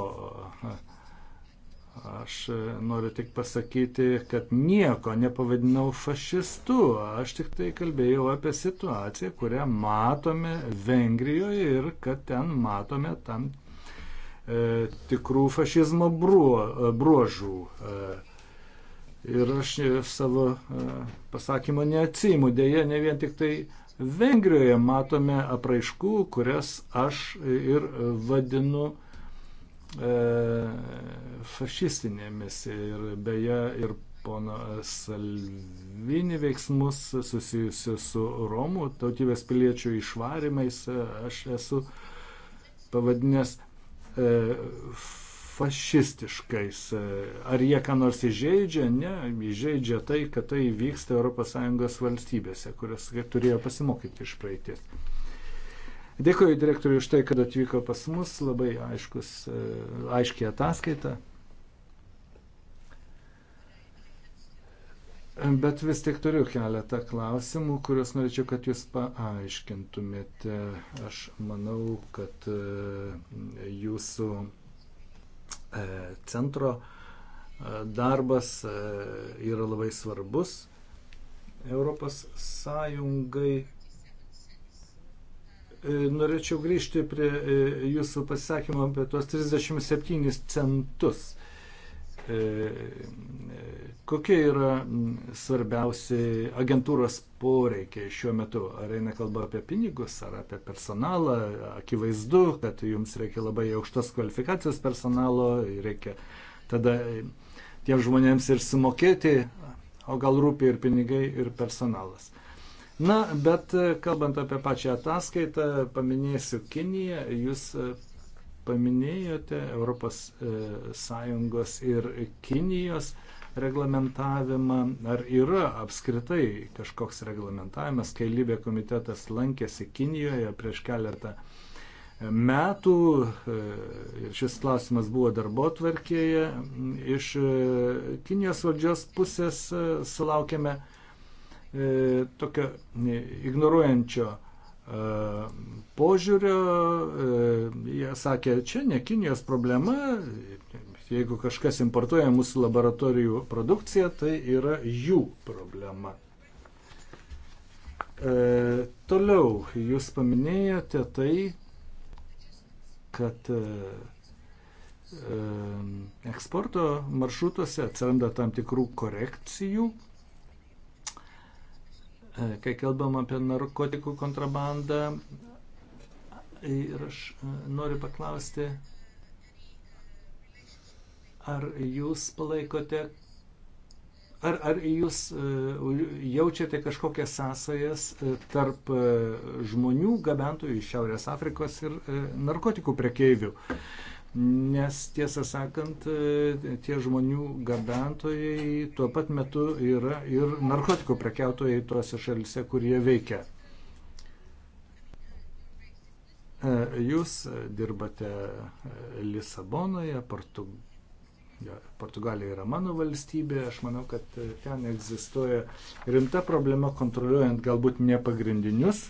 S3: Aš noriu tik pasakyti, kad nieko nepavadinau fašistu. Aš tik tai kalbėjau apie situaciją, kurią matome Vengrijoje ir kad ten matome tam E, tikrų fašizmo e, bruožų. E. Ir aš savo pasakymą neatsimu. Deja, ne vien tik tai Vengrijoje matome apraiškų, kurias aš ir vadinu fašistinėmis. Ir beje, ir pono Salvini veiksmus susijusius su Romų tautybės piliečių išvarimais aš esu pavadinęs E, fašistiškais. E, ar jie ką nors įžeidžia? Ne, įžeidžia tai, kad tai vyksta ES valstybėse, kurios turėjo pasimokyti iš praeities. Dėkuoju direktoriui už tai, kad atvyko pas mus, labai aiškus, e, aiškiai ataskaita. Bet vis tik turiu keletą klausimų, kuriuos norėčiau, kad jūs paaiškintumėte. Aš manau, kad e, jūsų e, centro e, darbas yra labai svarbus Europos Sąjungai. Norėčiau grįžti prie jūsų pasisakymo apie tuos 37 centus E, kokie yra svarbiausi agentūros poreikiai šiuo metu? Ar eina kalba apie pinigus, ar apie personalą? Akivaizdu, kad jums reikia labai aukštos kvalifikacijos personalo, reikia tada tiem žmonėms ir sumokėti, o gal rūpi ir pinigai, ir personalas. Na, bet kalbant apie pačią ataskaitą, paminėsiu Kiniją, jūs paminėjote ES e, ir Kinijos reglamentavimą. Ar yra apskritai kažkoks reglamentavimas, kai Libė komitetas lankėsi Kinijoje prieš keletą metų e, ir šis klausimas buvo darbo tvarkėje, iš e, Kinijos valdžios pusės sulaukėme tokio ignoruojančio E, požiūrio. E, jie sakė, čia ne Kinijos problema, jeigu kažkas importuoja mūsų laboratorijų produkciją, tai yra jų problema. E, toliau jūs paminėjote tai, kad e, e eksporto maršrutuose atsiranda tam tikrų korekcijų, kai kalbam apie narkotikų kontrabandą. Ir aš e, noriu paklausti, ar jūs palaikote, ar, ar jūs e, jaučiate kažkokią sąsajas e, tarp žmonių gabentojų iš Šiaurės Afrikos ir narkotikų prekeivių? nes tiesą sakant, e, tie žmonių gabentojai tuo pat metu yra ir narkotikų prekiautojai tuose šalise, kur jie veikia. E, jūs dirbate e, Lisabonoje, Portu... Portugalija yra mano valstybė, aš manau, kad ten egzistuoja rimta problema kontroliuojant galbūt ne pagrindinius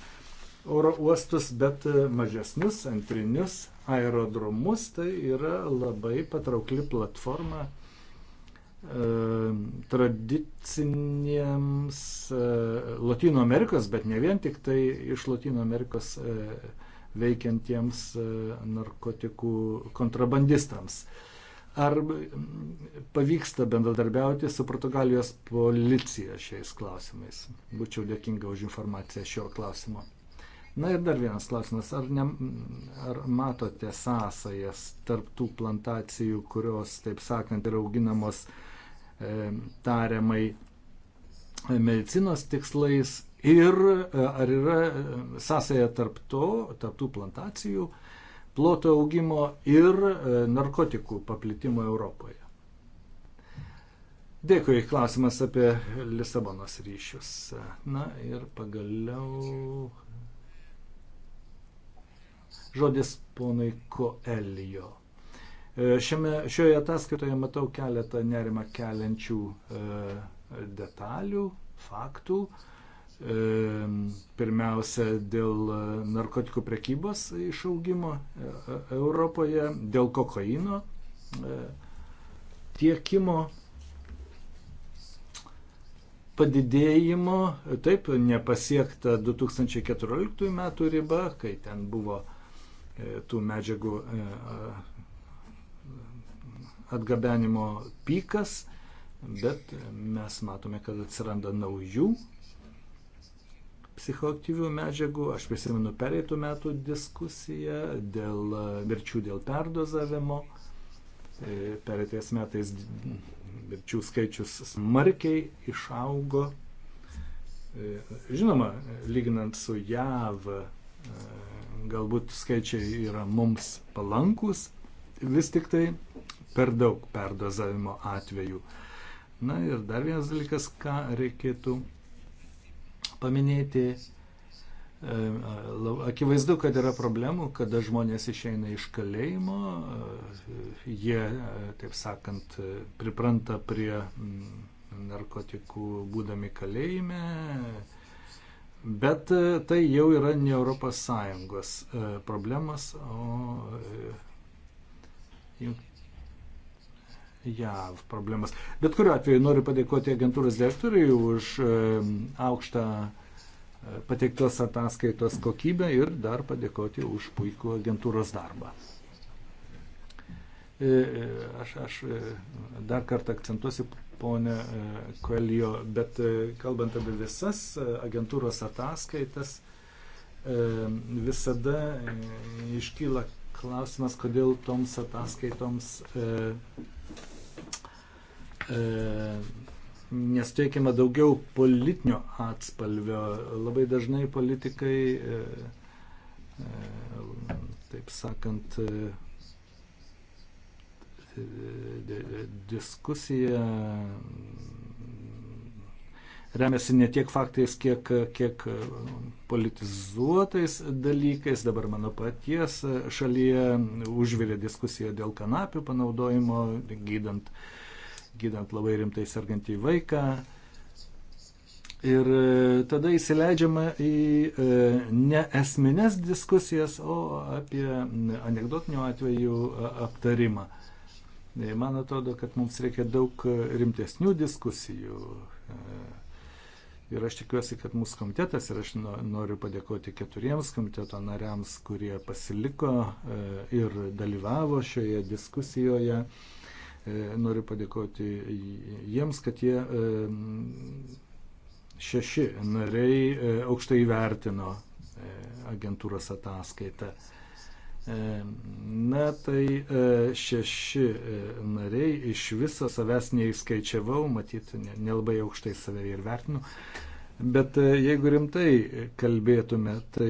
S3: oro uostus, bet mažesnius, antrinius aerodromus, tai yra labai patraukli platforma e, tradicinėms e, Latino Amerikos, bet ne vien tik tai iš Latino Amerikos e, veikiantiems narkotikų kontrabandistams. Ar pavyksta bendradarbiauti su Portugalijos policija šiais klausimais? Būčiau dėkinga už informaciją šio klausimo. Na ir dar vienas klausimas. Ar, ne, ar matote sąsajas tarp tų plantacijų, kurios, taip sakant, yra auginamos e, tariamai e, medicinos tikslais ir e, ar yra e, sąsaja tarp to, tarp tų plantacijų, ploto augimo ir narkotikų paplitimo Europoje? Dėkui, klausimas apie Lisabonos ryšius. Na ir pagaliau Žodis ponui Koelijo. E, šiame, šioje ataskaitoje matau keletą nerima keliančių e, detalių, faktų. E, pirmiausia, dėl e, narkotikų prekybos išaugimo e, e, Europoje, dėl kokaino e, tiekimo padidėjimo, taip, nepasiekta 2014 metų riba, kai ten buvo e, E, tų medžiagų e, atgabenimo pykas, bet mes matome, kad atsiranda naujų psichoaktyvių medžiagų. Aš prisimenu pereitų metų diskusiją dėl e, mirčių dėl perdozavimo. Pereitais metais mirčių skaičius smarkiai išaugo. Žinoma, lyginant su JAV, galbūt skaičiai yra mums palankus, vis tik tai per daug perdozavimo atvejų. Na ir dar vienas dalykas, ką reikėtų paminėti. E, akivaizdu, kad yra problemų, kada žmonės išeina iš kalėjimo, e, jie, e, taip sakant, pripranta prie mm, narkotikų būdami kalėjime, Bet e, tai jau yra ne Europos Sąjungos e, problemas, o e, JAV problemas. Bet kuriuo atveju noriu padėkoti agentūros direktoriui už aukštą pateiktos ataskaitos kokybę ir dar padėkoti už puikų agentūros darbą. Aš, aš dar kartą akcentuosiu ponė e, Koelio, bet e, kalbant apie visas e, agentūros ataskaitas, visada iškyla klausimas, kodėl toms ataskaitoms nesteikiama daugiau politinio atspalvio. Labai dažnai politikai, taip sakant, diskusija remiasi ne tiek faktais, kiek, kiek politizuotais dalykais. Dabar mano paties šalyje užvirė diskusija dėl kanapių panaudojimo, gydant, gydant labai rimtai sergantį vaiką. Ir e, tada įsileidžiama į e, ne esminės diskusijas, o apie anegdotinių atvejų aptarimą. Man atrodo, kad mums reikia daug e, rimtesnių diskusijų. E, ir aš tikiuosi, kad mūsų komitetas, ir aš noriu padėkoti keturiems komiteto nariams, kurie pasiliko e, ir dalyvavo šioje diskusijoje. Noriu padėkoti jiems, kad jie šeši nariai aukštai įvertino agentūros ataskaitą. E, na tai e, šeši e, nariai iš viso savęs neįskaičiavau, matyt, nelabai aukštai save ir vertinu. Bet jeigu rimtai kalbėtume, tai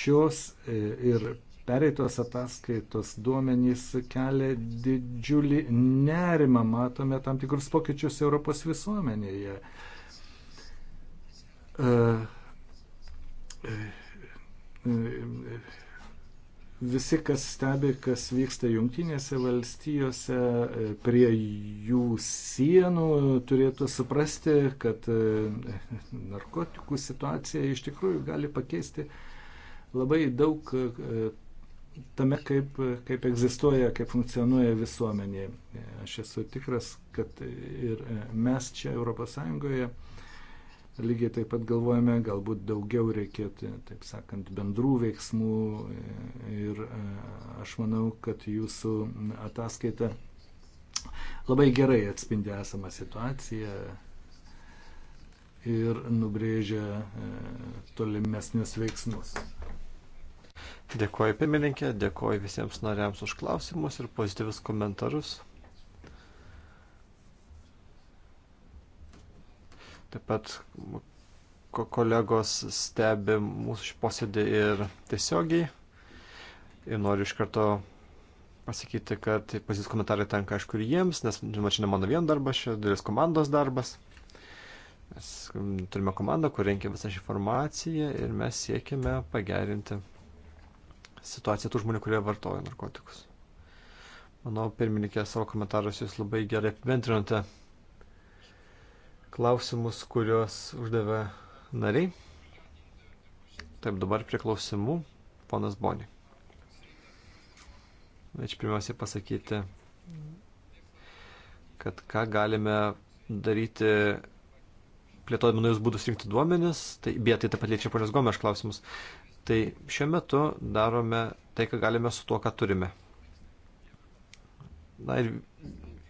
S3: šios ir pereitos ataskaitos duomenys kelia didžiulį nerimą, matome tam tikrus pokyčius Europos visuomenėje. Uh, visi, kas stebi, kas vyksta jungtinėse valstijose, e, prie jų sienų, turėtų suprasti, kad e, narkotikų situacija iš tikrųjų gali pakeisti labai daug e, tame, kaip, kaip egzistuoja, kaip funkcionuoja visuomenė. Aš esu tikras, kad ir mes čia ES Lygiai taip pat galvojame, galbūt daugiau reikėtų, taip sakant, bendrų veiksmų ir e, aš manau, kad jūsų ataskaita labai gerai atspindi esamą situaciją ir nubrėžia e, tolimesnius veiksmus.
S2: Dėkuoju pirmininkė, dėkuoju visiems nariams už klausimus ir pozityvius komentarus. Taip pat kolegos stebi mūsų šį posėdį ir tiesiogiai. Ir noriu iš karto pasakyti, kad pozicijos komentarai tenka aišku ir jiems, nes, žinoma, čia ne mano vien darbas, čia dalis komandos darbas. Mes turime komandą, kur renkia visą šią informaciją ir mes siekime pagerinti situaciją tų žmonių, kurie vartoja narkotikus. Manau, pirmininkė savo komentaruose jūs labai gerai apibendrinote klausimus, kuriuos uždavė nariai. Taip, dabar prie klausimų, ponas Boni. Ačiū pirmiausiai pasakyti, kad ką galime daryti plėtojami naujus būdus rinkti duomenis, tai, bet tai taip pat liečia ponios Gomeš klausimus. Tai šiuo metu darome tai, ką galime su tuo, ką turime. Na ir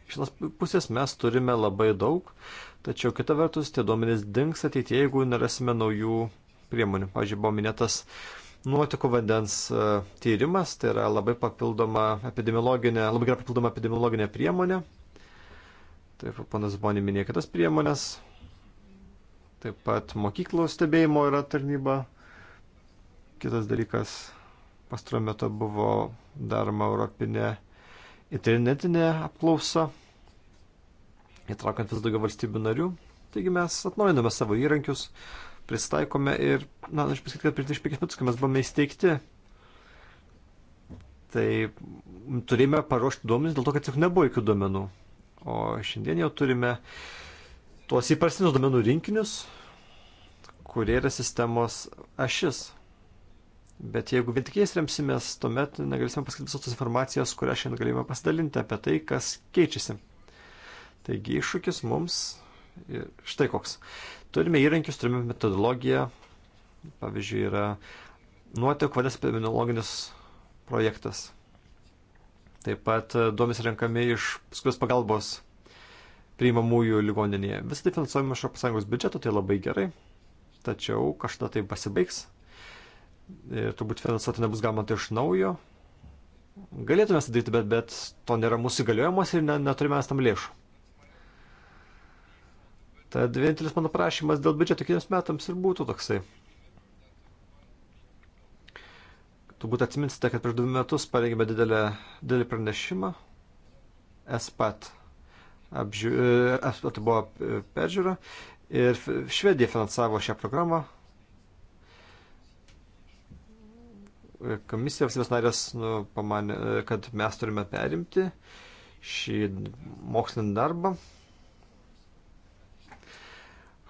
S2: šitas pusės mes turime labai daug, Tačiau kita vertus, tie duomenys dinks ateityje, jeigu nerasime naujų priemonių. Pavyzdžiui, buvo minėtas nuotikų vandens e, tyrimas, tai yra labai papildoma epidemiologinė, labai gera papildoma epidemiologinė priemonė. Taip, panas Boni minėjo kitas priemonės. Taip pat mokyklų stebėjimo yra tarnyba. Kitas dalykas, pastaruoju metu buvo daroma europinė internetinė apklausa įtraukant vis daugiau valstybių narių. Taigi mes atnaujiname savo įrankius, pristaikome ir, na, aš pasakyti, kad prieš 25 metus, kai mes buvome įsteigti, tai turime paruošti duomenys dėl to, kad tik nebuvo jokių duomenų. O šiandien jau turime tuos įprastinius duomenų rinkinius, kurie yra sistemos ašis. Bet jeigu vien tik jais remsimės, tuomet negalėsime pasakyti visos tos informacijos, kurią šiandien galime pasidalinti apie tai, kas keičiasi. Taigi iššūkis mums štai koks. Turime įrankius, turime metodologiją, pavyzdžiui, yra nuotekų vadės epidemiologinis projektas. Taip pat e, duomenys renkami iš skubios pagalbos priimamųjų ligoninėje. Visą tai finansuojama iš ES biudžeto, tai labai gerai, tačiau kažkada tai pasibaigs ir turbūt finansuoti nebus galima tai iš naujo. Galėtume sudaryti, bet, bet to nėra mūsų įgaliojimuose ir ne, neturime tam lėšų. Tad vienintelis mano prašymas dėl biudžeto kitiems metams ir būtų toksai. Turbūt atsiminsite, kad prieš du metus parengėme didelę, didelį pranešimą. SPAT. Apžiū, e, SPAT tai buvo e, peržiūra. Ir Švedija finansavo šią programą. E, komisija valstybės narės nu, pamanė, kad mes turime perimti šį mokslinį darbą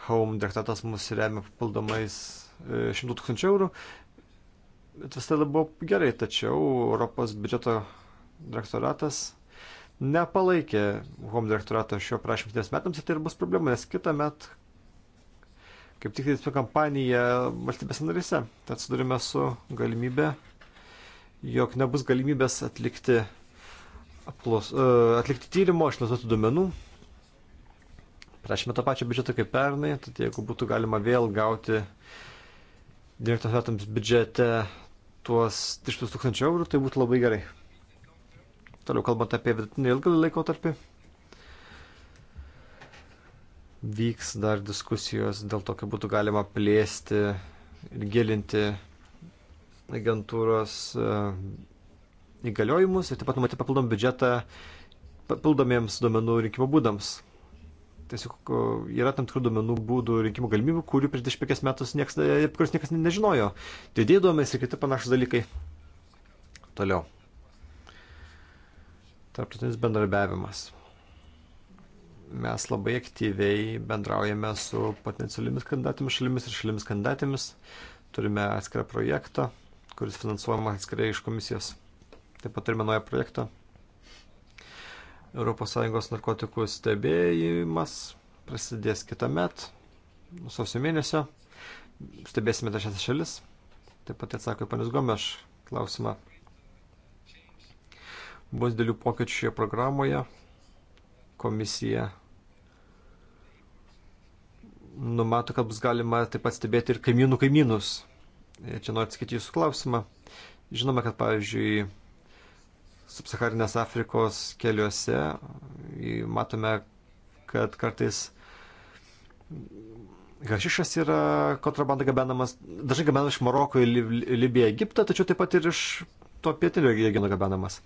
S2: Home dektatas mus remia papildomais 100 e, tūkstančių eurų. Bet vis tai buvo gerai, tačiau Europos biudžeto direktoratas nepalaikė Home direktorato šio prašymo kitiems metams ir tai ir bus problema, nes kitą metą kaip tik tai kampanija valstybės narise. Tad sudurime su galimybė, jog nebus galimybės atlikti, aplos, e, atlikti tyrimo, išnaudotų duomenų Prašėme tą pačią biudžetą kaip pernai, tad jeigu būtų galima vėl gauti 19 metams biudžete tuos 300 tūkstančių eurų, tai būtų labai gerai. Toliau kalbant apie vidutinį ilgą laikotarpį, vyks dar diskusijos dėl to, kaip būtų galima plėsti ir gilinti agentūros e, įgaliojimus ir taip pat numatyti papildomą biudžetą papildomiems duomenų rinkimo būdams tiesiog yra tam tikrų duomenų būdų rinkimų galimybių, kurių prieš 25 metus niekas, e, kurios niekas nežinojo. Didėjai duomenys ir kiti panašus dalykai. Toliau. Tarptautinis bendradarbiavimas. Mes labai aktyviai bendraujame su potencialiomis kandidatėmis šalimis ir šalimis kandidatėmis. Turime atskirą projektą, kuris finansuojama atskirai iš komisijos. Taip pat turime naują projektą, ES narkotikų stebėjimas prasidės kitą met, sausio mėnesio. Stebėsime dar šias šalis. Taip pat atsako į panis Gomeš klausimą. Bus dėlių pokyčių šioje programoje. Komisija numato, kad bus galima taip pat stebėti ir kaimynų kaimynus. Ir čia noriu atsakyti jūsų klausimą. Žinoma, kad pavyzdžiui, subsaharinės Afrikos keliuose matome, kad kartais Hašišas yra kontrabanda gabenamas, dažnai gabenamas iš Maroko į Libiją, Egiptą, tačiau taip pat ir iš to pietinio regiono gabenamas.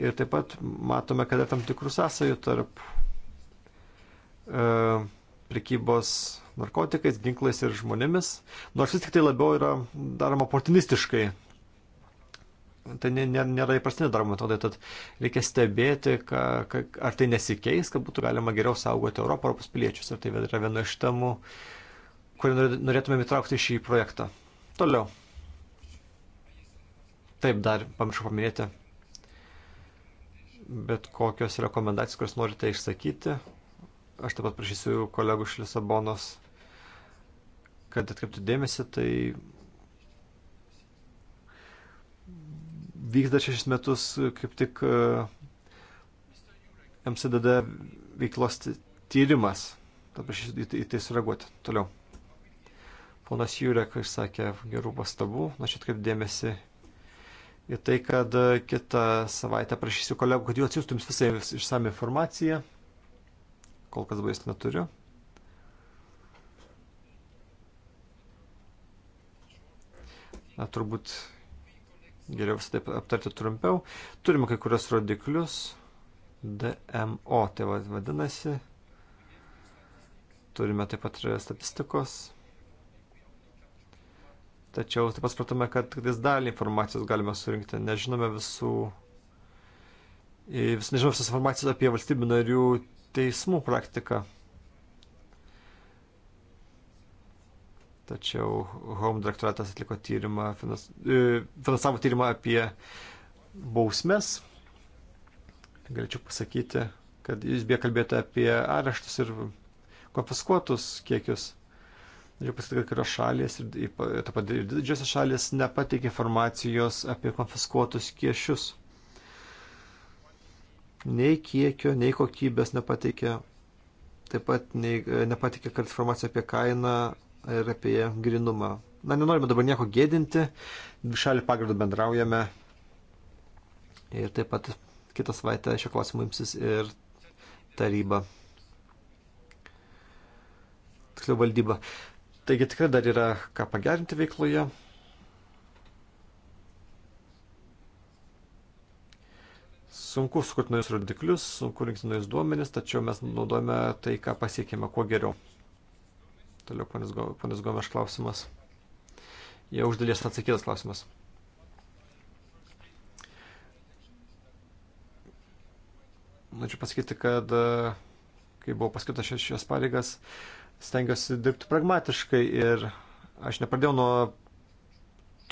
S2: Ir taip pat matome, kad yra tam tikrų sąsajų tarp e, prekybos narkotikais, ginklais ir žmonėmis, nors vis tik tai labiau yra daroma oportunistiškai, tai nėra įprastinė darbo metodai, tad reikia stebėti, ka, ka, ar tai nesikeis, kad būtų galima geriau saugoti Europą, Europos piliečius. Ir tai yra viena iš temų, kurį norėtume įtraukti į šį projektą. Toliau. Taip, dar pamiršau paminėti. Bet kokios rekomendacijos, kurias norite išsakyti, aš taip pat prašysiu kolegų iš Lisabonos, kad atkreiptų dėmesį, tai vyksta šešis metus kaip tik e, MCDD veiklos tyrimas. Dabar į tai sureaguoti. Toliau. Ponas Jurek išsakė gerų pastabų. Aš atkaip dėmesį į tai, kad e, kitą savaitę prašysiu kolegų, kad jų atsiųstų jums visą išsame informaciją. Kol kas vaistų neturiu. Na, turbūt geriau visą taip aptarti trumpiau. Turime kai kurios rodiklius DMO, tai vadinasi. Turime taip pat statistikos. Tačiau taip pat supratome, kad vis dalį informacijos galime surinkti. Nežinome visų, vis, nežinome visos informacijos apie valstybių narių teismų praktiką. Tačiau Home direktoratas atliko tyrimą, finans, e, finansavo tyrimą apie bausmes. Galėčiau pasakyti, kad jūs beje kalbėjote apie areštus ir konfiskuotus kiekius. Norėjau pasakyti, kad kurios šalės ir, taip pat ir didžiosios šalės nepateikė informacijos apie konfiskuotus kiešius. Nei kiekio, nei kokybės nepateikė. Taip pat nei, nepateikė, kad informacija apie kainą ir apie grinumą. Na, nenorime dabar nieko gėdinti, šalį pagrindų bendraujame ir taip pat kitą savaitę šio klausimo imsis ir taryba. Tiksliau valdyba. Taigi tikrai dar yra ką pagerinti veikloje. sunku sukurti naujus rodiklius, sunku rinkti naujus duomenis, tačiau mes naudojame tai, ką pasiekėme, kuo geriau. Toliau ponios Gomeš klausimas. Jau uždalies atsakytas klausimas. Norėčiau pasakyti, kad e, kai buvau paskirtas šios pareigas, stengiuosi dirbti pragmatiškai ir aš nepradėjau nuo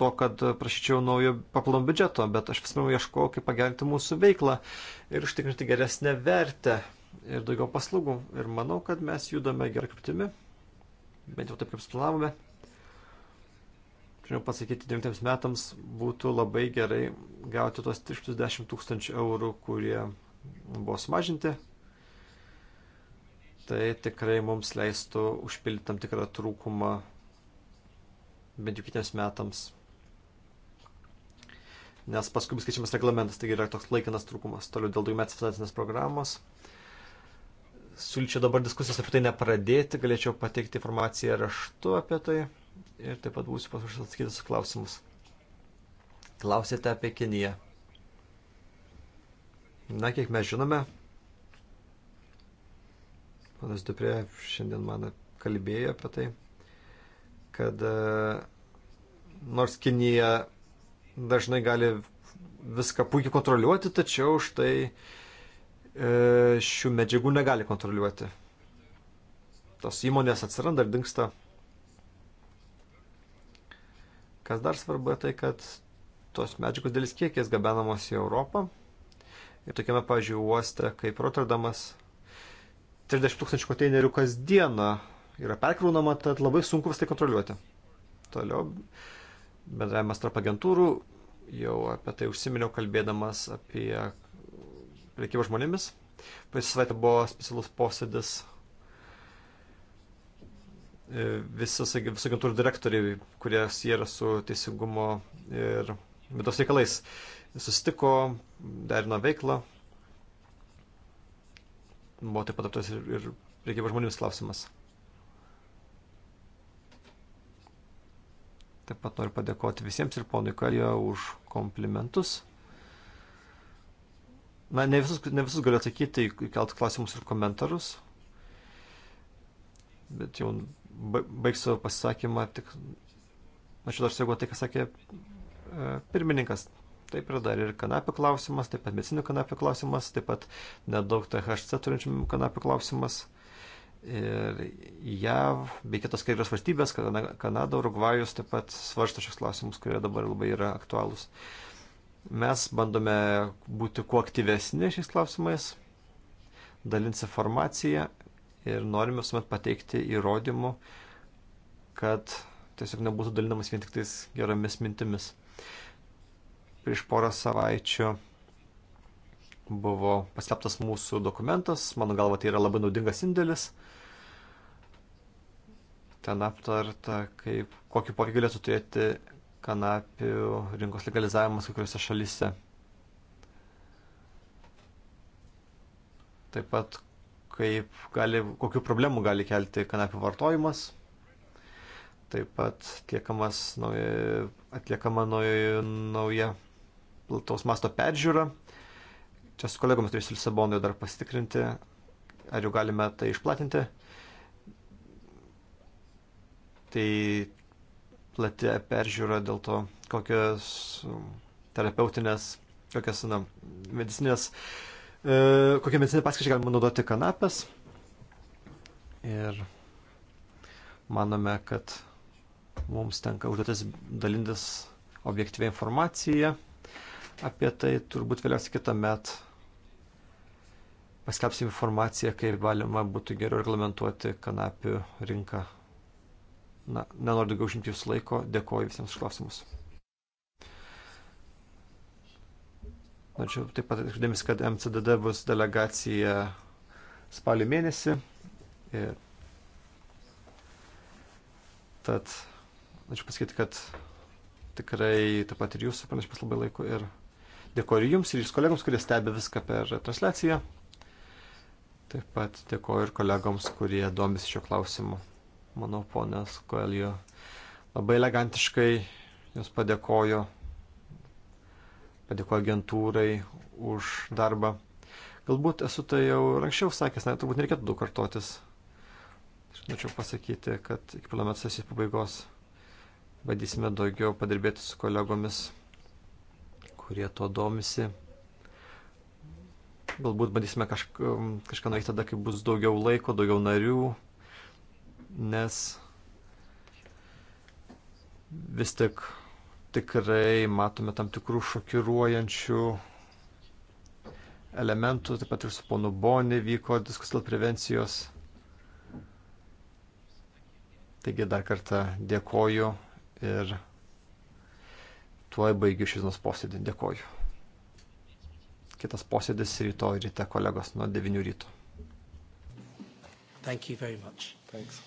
S2: to, kad prašyčiau naujo papildomų biudžeto, bet aš vis pirma ieškojau, kaip pagerinti mūsų veiklą ir užtikrinti geresnę vertę ir daugiau paslaugų. Ir manau, kad mes judame gerą kryptimį bent jau taip kaip planavome, turėjau pasakyti, 9 metams būtų labai gerai gauti tos 310 tūkstančių eurų, kurie buvo sumažinti. Tai tikrai mums leistų užpildyti tam tikrą trūkumą bent jau kitiems metams. Nes paskui bus keičiamas reglamentas, taigi yra toks laikinas trūkumas. Toliau dėl 2 metų finansinės programos siūlyčiau dabar diskusijos apie tai nepradėti, galėčiau pateikti informaciją raštu apie tai ir taip pat būsiu pasiruošęs atsakyti su klausimus. Klausėte apie Kiniją. Na, kiek mes žinome, panas Duprė šiandien man kalbėjo apie tai, kad e, nors Kinija dažnai gali viską puikiai kontroliuoti, tačiau štai uh, E, šių medžiagų negali kontroliuoti. Tos įmonės atsiranda ir dinksta. Kas dar svarbu, tai kad tos medžiagos dėlis kiekis gabenamos į Europą. Ir tokiame, pavyzdžiui, uoste kaip Rotterdamas 30 tūkstančių konteinerių kasdieną yra perkrūnama, tad labai sunku vis tai kontroliuoti. Toliau bendravimas tarp agentūrų, jau apie tai užsiminiau kalbėdamas apie priekybos žmonėmis. Praėjusią savaitę buvo specialus posėdis. E, Visos agentūrų direktoriai, kurie siera su teisingumo ir vidaus reikalais, susitiko, derino veiklą. Buvo taip pat aptas ir, ir priekybos žmonėmis klausimas. Taip pat noriu padėkoti visiems ir ponui Kalijo už komplimentus. Na, ne visus, ne visus galiu atsakyti, tai kelt klausimus ir komentarus. Bet jau baigsiu pasisakymą, tik norėčiau dar sureaguoti tai, ką sakė e, pirmininkas. Taip yra dar ir kanapių klausimas, taip pat medicinių kanapių klausimas, taip pat nedaug THC turinčių kanapių klausimas. Ir JAV bei kitos kairios valstybės, Kanada, Urugvajus taip pat svarsto šios klausimus, kurie dabar labai yra aktualūs. Uh, Mes bandome būti kuo aktyvesni šiais klausimais, dalins informaciją ir norime visuomet pateikti įrodymų, kad tiesiog nebūtų dalinamas vien tik tais geromis mintimis. Prieš porą savaičių buvo paslėptas mūsų dokumentas, mano galva tai yra labai naudingas indėlis. Ten aptarta, kaip, kokį poveikį galėtų turėti kanapių rinkos legalizavimas kai kuriuose šalyse. Taip pat, kaip gali, kokiu problemu gali kelti kanapių vartojimas. Taip pat atliekamas nauja, atliekama nauja, nauja plataus masto peržiūra. Čia su kolegomis turėsiu Lisabonoje dar pasitikrinti, ar jau galime tai išplatinti. Tai plati peržiūra dėl to, kokios um, terapeutinės, kokias, na, medicinės, e, kokią medicinę paskirtį galima naudoti kanapės. Ir manome, kad mums tenka užduotis dalintis objektyvę informaciją apie tai, turbūt vėliausiai kitą metą paskelbsim informaciją, kaip galima būtų geriau reglamentuoti kanapių rinką Na, nenoriu daugiau užimti jūsų laiko. Dėkoju visiems už klausimus. Norėčiau taip pat atkreipdėmės, kad MCDD bus delegacija spalio mėnesį. Ir tad, norėčiau pasakyti, kad tikrai taip pat ir jūsų pranešimas labai laiku. Ir dėkoju ir jums, ir jūsų kolegams, kurie stebi viską per transliaciją. Taip pat dėkoju ir kolegoms, kurie domisi šio klausimu manau, ponas Koelio labai elegantiškai jūs padėkojo, padėkojo agentūrai už darbą. Galbūt esu tai jau anksčiau sakęs, na, turbūt nereikėtų daug kartotis. Aš norėčiau pasakyti, kad iki parlamento sesijos pabaigos bandysime daugiau padirbėti su kolegomis, kurie to domisi. Galbūt bandysime kažką, kažką nuveikti tada, kai bus daugiau laiko, daugiau narių, nes vis tik tikrai matome tam tikrų šokiruojančių elementų, taip pat ir su ponu Boni vyko diskusija dėl prevencijos. Taigi dar kartą dėkoju ir tuoj baigiu šis dienos posėdį. Dėkoju. Kitas posėdis rytoj ryte, kolegos, nuo 9 ryto.
S1: Thank you very much. Thanks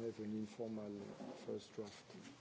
S1: don't have an informal first draft.